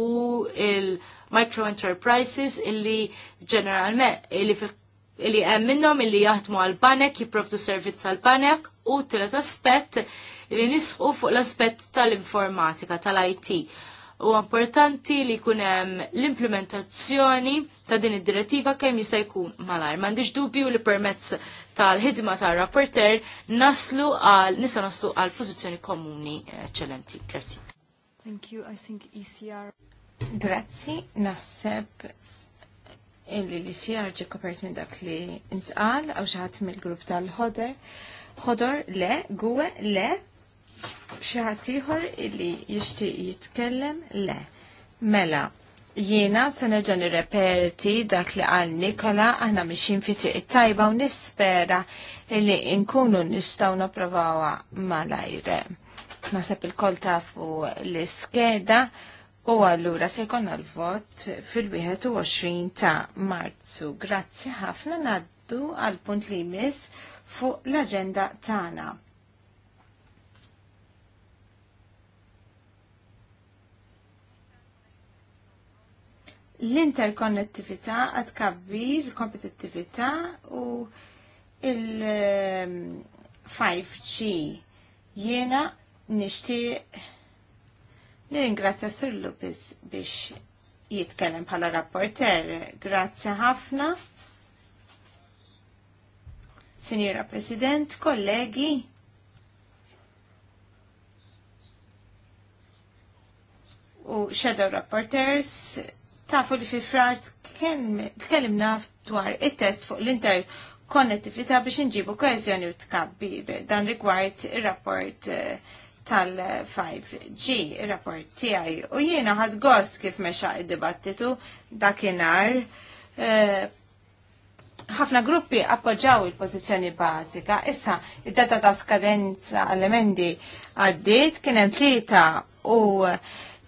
[SPEAKER 3] il microenterprises illi ġeneralment illi hemm minnhom illi jaħdmu għal banek, jipprovdu servizz għal banek u t tielet aspett li nisħu fuq l-aspett tal-informatika, tal-IT. U importanti li jkun hemm l-implementazzjoni ta' din id-direttiva kemm jista' jkun malajr. M'għandix dubju li permezz tal-ħidma tar-rapporter naslu għal nisa naslu għal pożizzjoni komuni eċċellenti.
[SPEAKER 4] Grazzi. Thank you. I think ECR. Grazzi, naħseb illi li ecr ġi kopert minn dak li nsqal għaw xaħat mill-grupp tal-ħoder. Ħodor le, gwe le, xaħat iħor illi jixtieq jitkellem le. Mela, Jiena se nerġa' nirreperti dak li qal Nikola aħna mixin fi triq tajba u nispera li nkunu nistgħu napprovawa malajr. Naseb il-kol tafu l-iskeda u allura se jkollna l-vot fil-21 ta' Marzu. Grazzi ħafna ngħaddu għal punt li jmiss fuq l-aġenda tagħna. l-interkonnettività għad kabbir, kompetittività u il-5G. Ehm, Jena nishti nirringrazzja Sur Lupis biex jitkellem bħala rapporter. Grazzi ħafna. Signora President, kollegi, u shadow rapporters Tafu li fi frar tkellimna dwar it-test fuq l-inter konnettività biex nġibu koezjoni u tkabbi dan rigward ir-rapport eh, tal-5G, ir-rapport tiegħi. U jiena ħad gost kif meċa id-dibattitu dakinhar eh, ħafna gruppi appoġġaw il-pożizzjoni bażika. Issa, id-data ta' skadenza għall-emendi għaddit, kienem tlieta u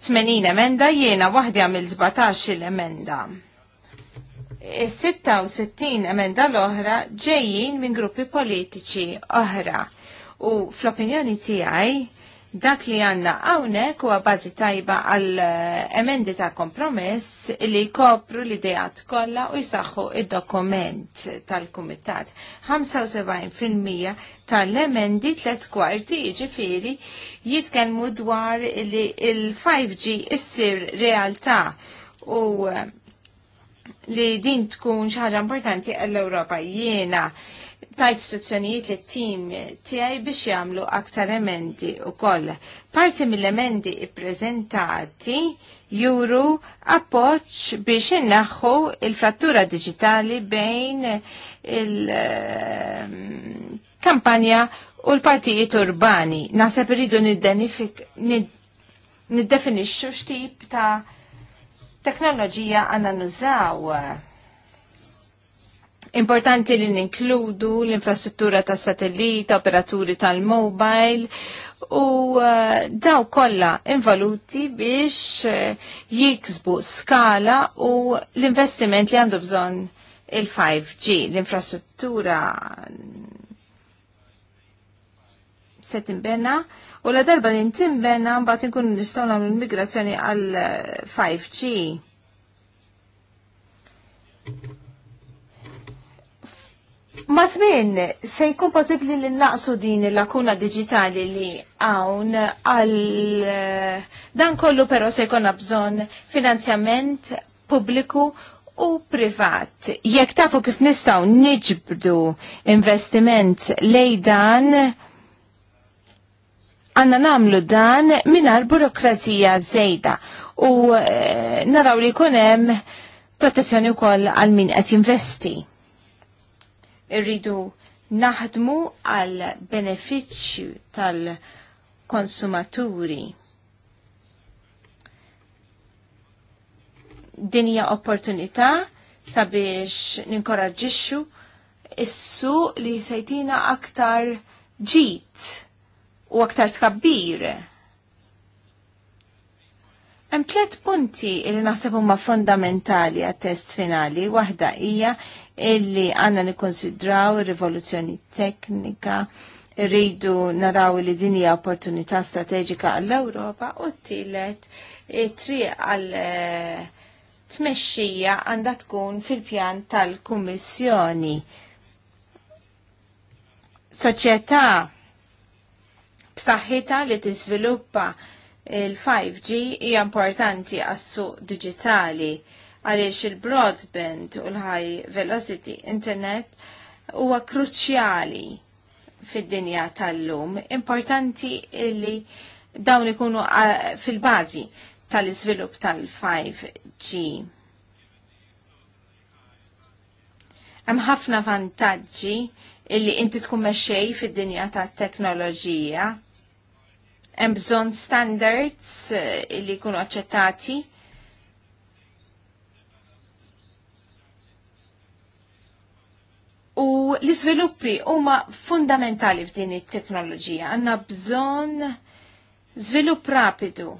[SPEAKER 4] 80 emenda jiena waħda għamil 17 e, emenda l-oħra ġejjin minn gruppi politiċi oħra u fl-opinjoni tiegħi Dak li għanna għawnek huwa bażi tajba għal eh, emendi ta' kompromess li kopru l-idejat kollha u jisaxu id-dokument tal-Kumitat. 75% tal-emendi tlet kwarti jiġifieri jitkellmu dwar li il-5G issir realtà u eh, li din tkun xaġa ħaġa importanti għall-Ewropa jiena Ta' istituzzjonijiet li t-tim tiegħi biex jagħmlu aktar emendi koll. Parti mill-emendi prezentati juru appoġġ biex innaħħu il-frattura diġitali bejn il-kampanja ehm, u l-partijiet urbani. Naħseb irridu niddefinixxu x'tip ta' teknoloġija għandna nużaw Importanti li ninkludu l-infrastruttura ta' satellita, operaturi tal-mobile u eh, daw kolla involuti biex eh, jiksbu skala u l-investiment li għandu bżon il-5G, l-infrastruttura se timbena u la darba li timbena mbagħad inkunu nistgħu nagħmlu migrazzjoni għal 5G. Ma żmien se jkun possibbli li naqsu din il-lakuna digitali li hawn għal eh, dan kollu però se jkun bżonn finanzjament pubbliku u privat. Jekk tafu kif nistgħu niġbdu investiment lej dan għanna namlu dan minar burokrazija zejda u eh, naraw li kunem protezzjoni u koll għal min qed jinvesti irridu naħdmu għal beneficju tal-konsumaturi. Dinja opportunità sabiex ninkoraġġixxu issu li sejtina aktar ġit u aktar tkabbir. Hemm tliet punti li naħseb huma fondamentali għat-test finali. Waħda hija illi għanna nikonsidraw il-rivoluzzjoni teknika, rridu naraw li din hija opportunità strateġika għall-Ewropa u t tillet triq għall eh, tmexxija għandha tkun fil-pjan tal-Kummissjoni. Soċjetà b'saħħitha li tiżviluppa il-5G hija importanti għas-suq diġitali għaliex il-broadband u l-high velocity internet huwa kruċjali fid-dinja tal-lum. Importanti illi dawn ikunu fil-bazi tal-izvilup tal-5G. Hemm ħafna vantaġġi illi inti tkun mexxej fid-dinja tat-teknoloġija. Hemm bżonn standards eh, illi jkunu aċċettati U l-iżviluppi huma fundamentali f'din it-teknoloġija. Għandna bżonn żvilupp rapidu.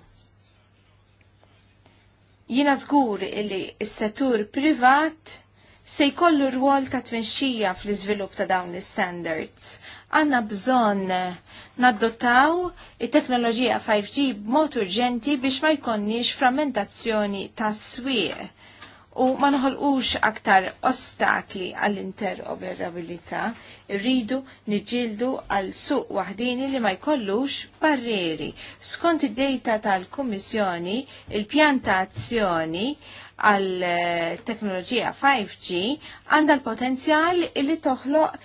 [SPEAKER 4] Jiena żgur li s-settur privat se jkollu rwol ta' tmexxija fl-iżvilupp ta' dawn is-standards. Għandna bżonn naddottaw it-teknoloġija 5G b'mod urġenti biex ma jkollniex frammentazzjoni ta' swieq u ma noħolqux aktar ostakli għall-interoperabilità, rridu niġildu għal suq waħdini li ma jkollux barrieri. Skont id-data tal-Kummissjoni, il-pjanta azzjoni għal eh, teknoloġija 5G għandha l-potenzjal li toħloq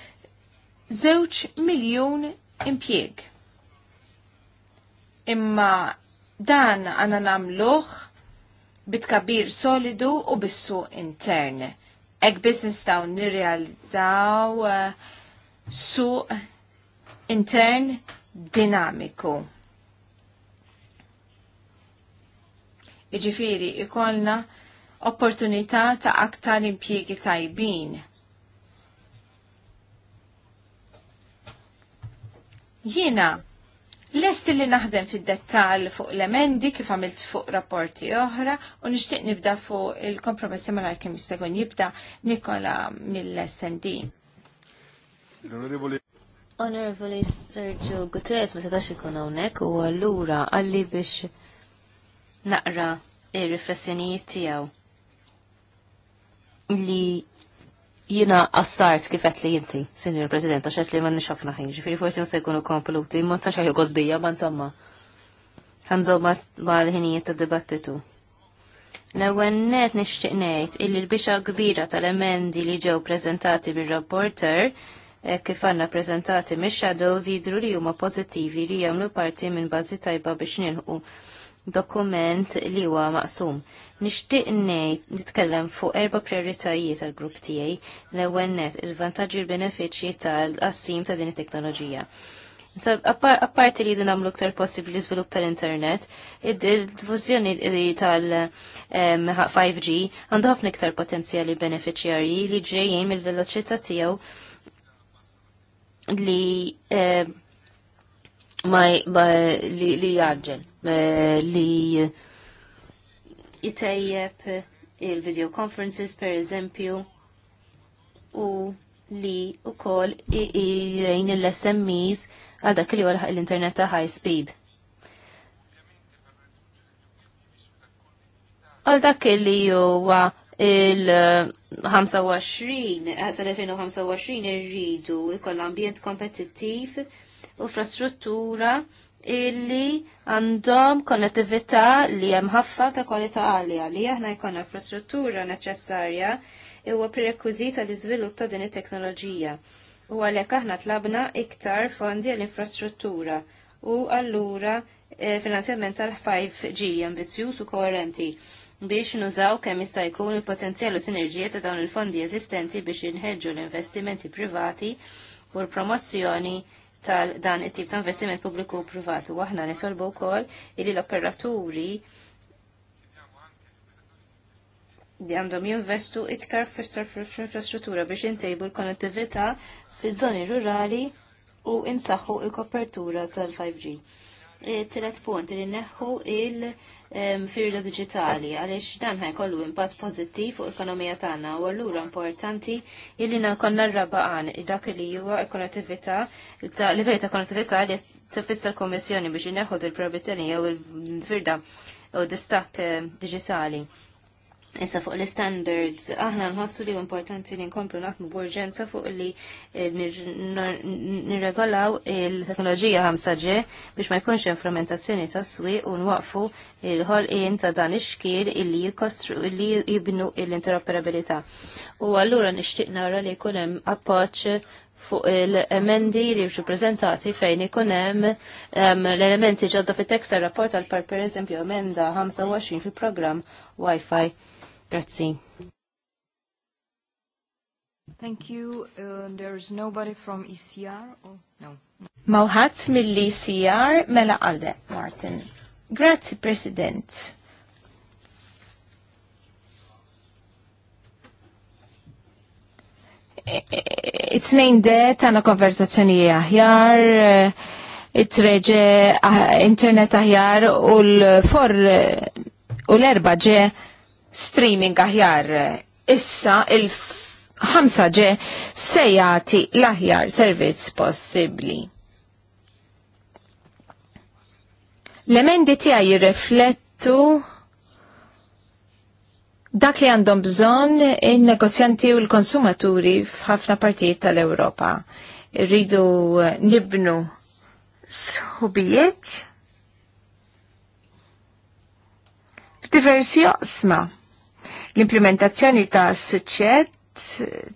[SPEAKER 4] 2 miljun impjieg. Imma dan għana namluħ bitkabir solidu u bissu intern. Ek business taw nirrealizzaw eh, suq intern dinamiku. Iġifiri, ikolna opportunità ta' aktar impjiegi tajbin. Jiena Lest li naħdem fid-dettal fuq l-emendi kif għamilt fuq rapporti oħra u nixtieq nibda fuq il-kompromessi mal kien jistegun jibda Nikola mill-SND. Onorevoli Sergio Guterres ma setax ikun hawnhekk u allura għalli
[SPEAKER 2] biex naqra ir-riflessjonijiet tiegħu li jina assart kifet li jinti, Sinjor President, għaxet li man nixafna ħin, ġifiri forsi musa jkunu kompluti, ma tax ħajju għozbija, ma nsamma. Għanżob ma l-ħinijiet ta' dibattitu. L-ewwel net nixtieq ngħid illi l-bixa kbira tal-emendi li ġew preżentati bir-rapporter eh, kif għandna prezentati mix-shadows jidru li huma pożittivi li jamlu parti minn bażi tajba biex nilħu dokument li huwa maqsum. Nixtieq ngħid nitkellem fuq erba' prioritajiet tal-grupp tiegħi l-ewwel net il-vantaġġi u l-benefiċċji tal-qassim ta' din it-teknoloġija. Apparti li nagħmlu aktar possibbli l tal tal-internet, id-diffużjoni tal-5G għandu ħafna iktar potenzjali benefiċjarji li ġejjin mill-veloċità tiegħu li ma li jaġġel eh, li jitejjeb il-video conferences per eżempju u li u kol jgħin l-SMEs għal dak li għalħaq l-internet ta' high speed. Għal dak li huwa il-25, għasal 2025 irridu ikoll ambjent kompetittiv u infrastruttura illi għandhom konnettività li hemm ħafna ta' kwalità għalja li aħna jkollna infrastruttura neċessarja huwa prerekwiżit għall iżvilupp ta' din it-teknoloġija. U għalhekk aħna tlabna iktar fondi għall infrastruttura u allura e, finanzjament tal 5G ambizzjuż u koerenti biex nużaw kemm jista' jkun il-potenzjal u sinerġija ta' dawn il-fondi eżistenti biex inħeġġu l-investimenti privati u l-promozzjoni tal dan it-tip ta' investiment pubbliku u privatu. aħna nisolbu wkoll illi l-operaturi li għandhom jinvestu iktar fl-infrastruttura biex jintejbu l-konnettività fiż-żoni rurali u insaħħu l-kopertura tal-5G. Tret punt li neħu il-firda digitali għaliex dan ħajkollu impatt pożittiv fuq l-ekonomija tagħna u allura importanti illi konna rrabaqan dak li huwa konnettività livell ta' konnettività li tifissa l-Kommissjoni biex ineħħu il-probitani jew il-firda u distak eh, digitali Issa fuq l-standards, aħna nħossu li importanti li nkomplu naħmu b'urġenza fuq li eh, nirregolaw il-teknoloġija 5G biex ma jkunx inframentazzjoni ta' swi u nwaqfu il-ħolqien ta' dan ix-xkir illi jikostru illi jibnu l-interoperabilità. U allura nixtieq nara li jkun hemm appoġġ fuq il-emendi li bċu prezentati fejn ikunem um, l-elementi ġodda fit tekst tal-rapport għal par per eżempju emenda 25 fil-program Wi-Fi Grazie.
[SPEAKER 4] Thank you. Uh, there is nobody from ECR? Or? No. Mawħat mill-ECR mela għalde, Martin. Grazie, President. It's snejn de tana conversation aħjar, it-reġe ah, internet aħjar u l-for u l-erba ġe streaming aħjar. Issa il-5G se jagħti l-aħjar servizz possibbli. L-emendi tiegħi jirriflettu dak li għandhom bżonn in-negozjanti u l-konsumaturi f'ħafna partijiet tal-Ewropa. Rridu nibnu sħubijiet f'diversi oqsma L-implementazzjoni ta' suċċett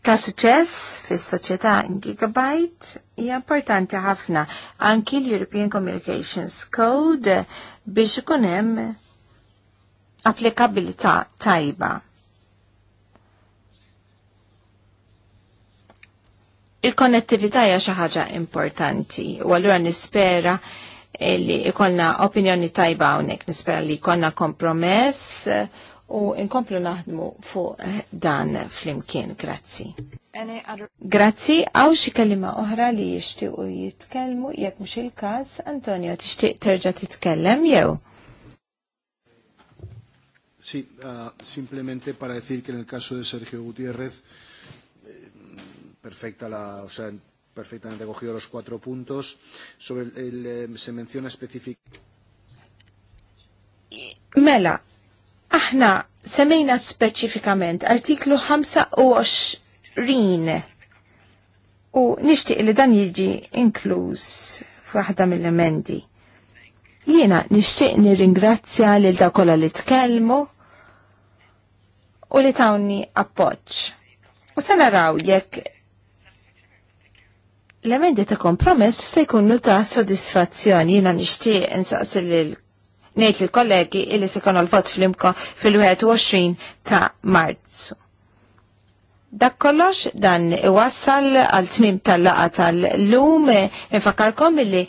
[SPEAKER 4] ta' suċess fis soċjetà Gigabyte hija importanti ħafna anki l-European Communications Code biex ikun hemm applikabilità tajba. Il-konnettività hija xi ħaġa importanti u allura nispera li ikolna opinjoni tajba hawnhekk, nispera li jkollna kompromess uh, u inkomplu naħdmu fuq dan flimkien. Grazzi. Grazzi, għaw xi kellima oħra li jixtiequ jitkellmu jekk mux il-każ, Antonio tixtieq terġa' titkellem jew? Sì, uh, ah, simplemente para decir que en el caso de
[SPEAKER 2] Sergio Gutiérrez, eh, perfecta la, o sea, perfectamente cogido los cuatro puntos. Sobre el, el eh, se menciona específicamente.
[SPEAKER 4] Mela, Aħna semmejna speċifikament artiklu 25 u nixtieq li dan jiġi inkluż f'waħda mill-emendi. Jiena nixtieq nirringrazzja lil dakolla li tkellmu u li tawni appoġġ. U se naraw jekk l-emendi ta' kompromess se jkunu ta' sodisfazzjoni jiena nixtieq insaqsi lil ngħid lill-kollegi illi se jkunu l-vot fl-imko fil-21 ta' Marzu. Dak kollox dan iwassal għal tmim tal-laqa tal-lum infakarkom illi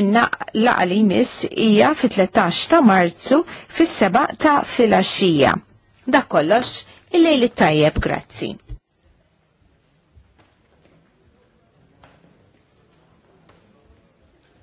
[SPEAKER 4] inna laqa li jmiss hija fit-13 ta' Marzu fis-7 ta' filgħaxija. Dak kollox illi li tajjeb
[SPEAKER 1] grazzi.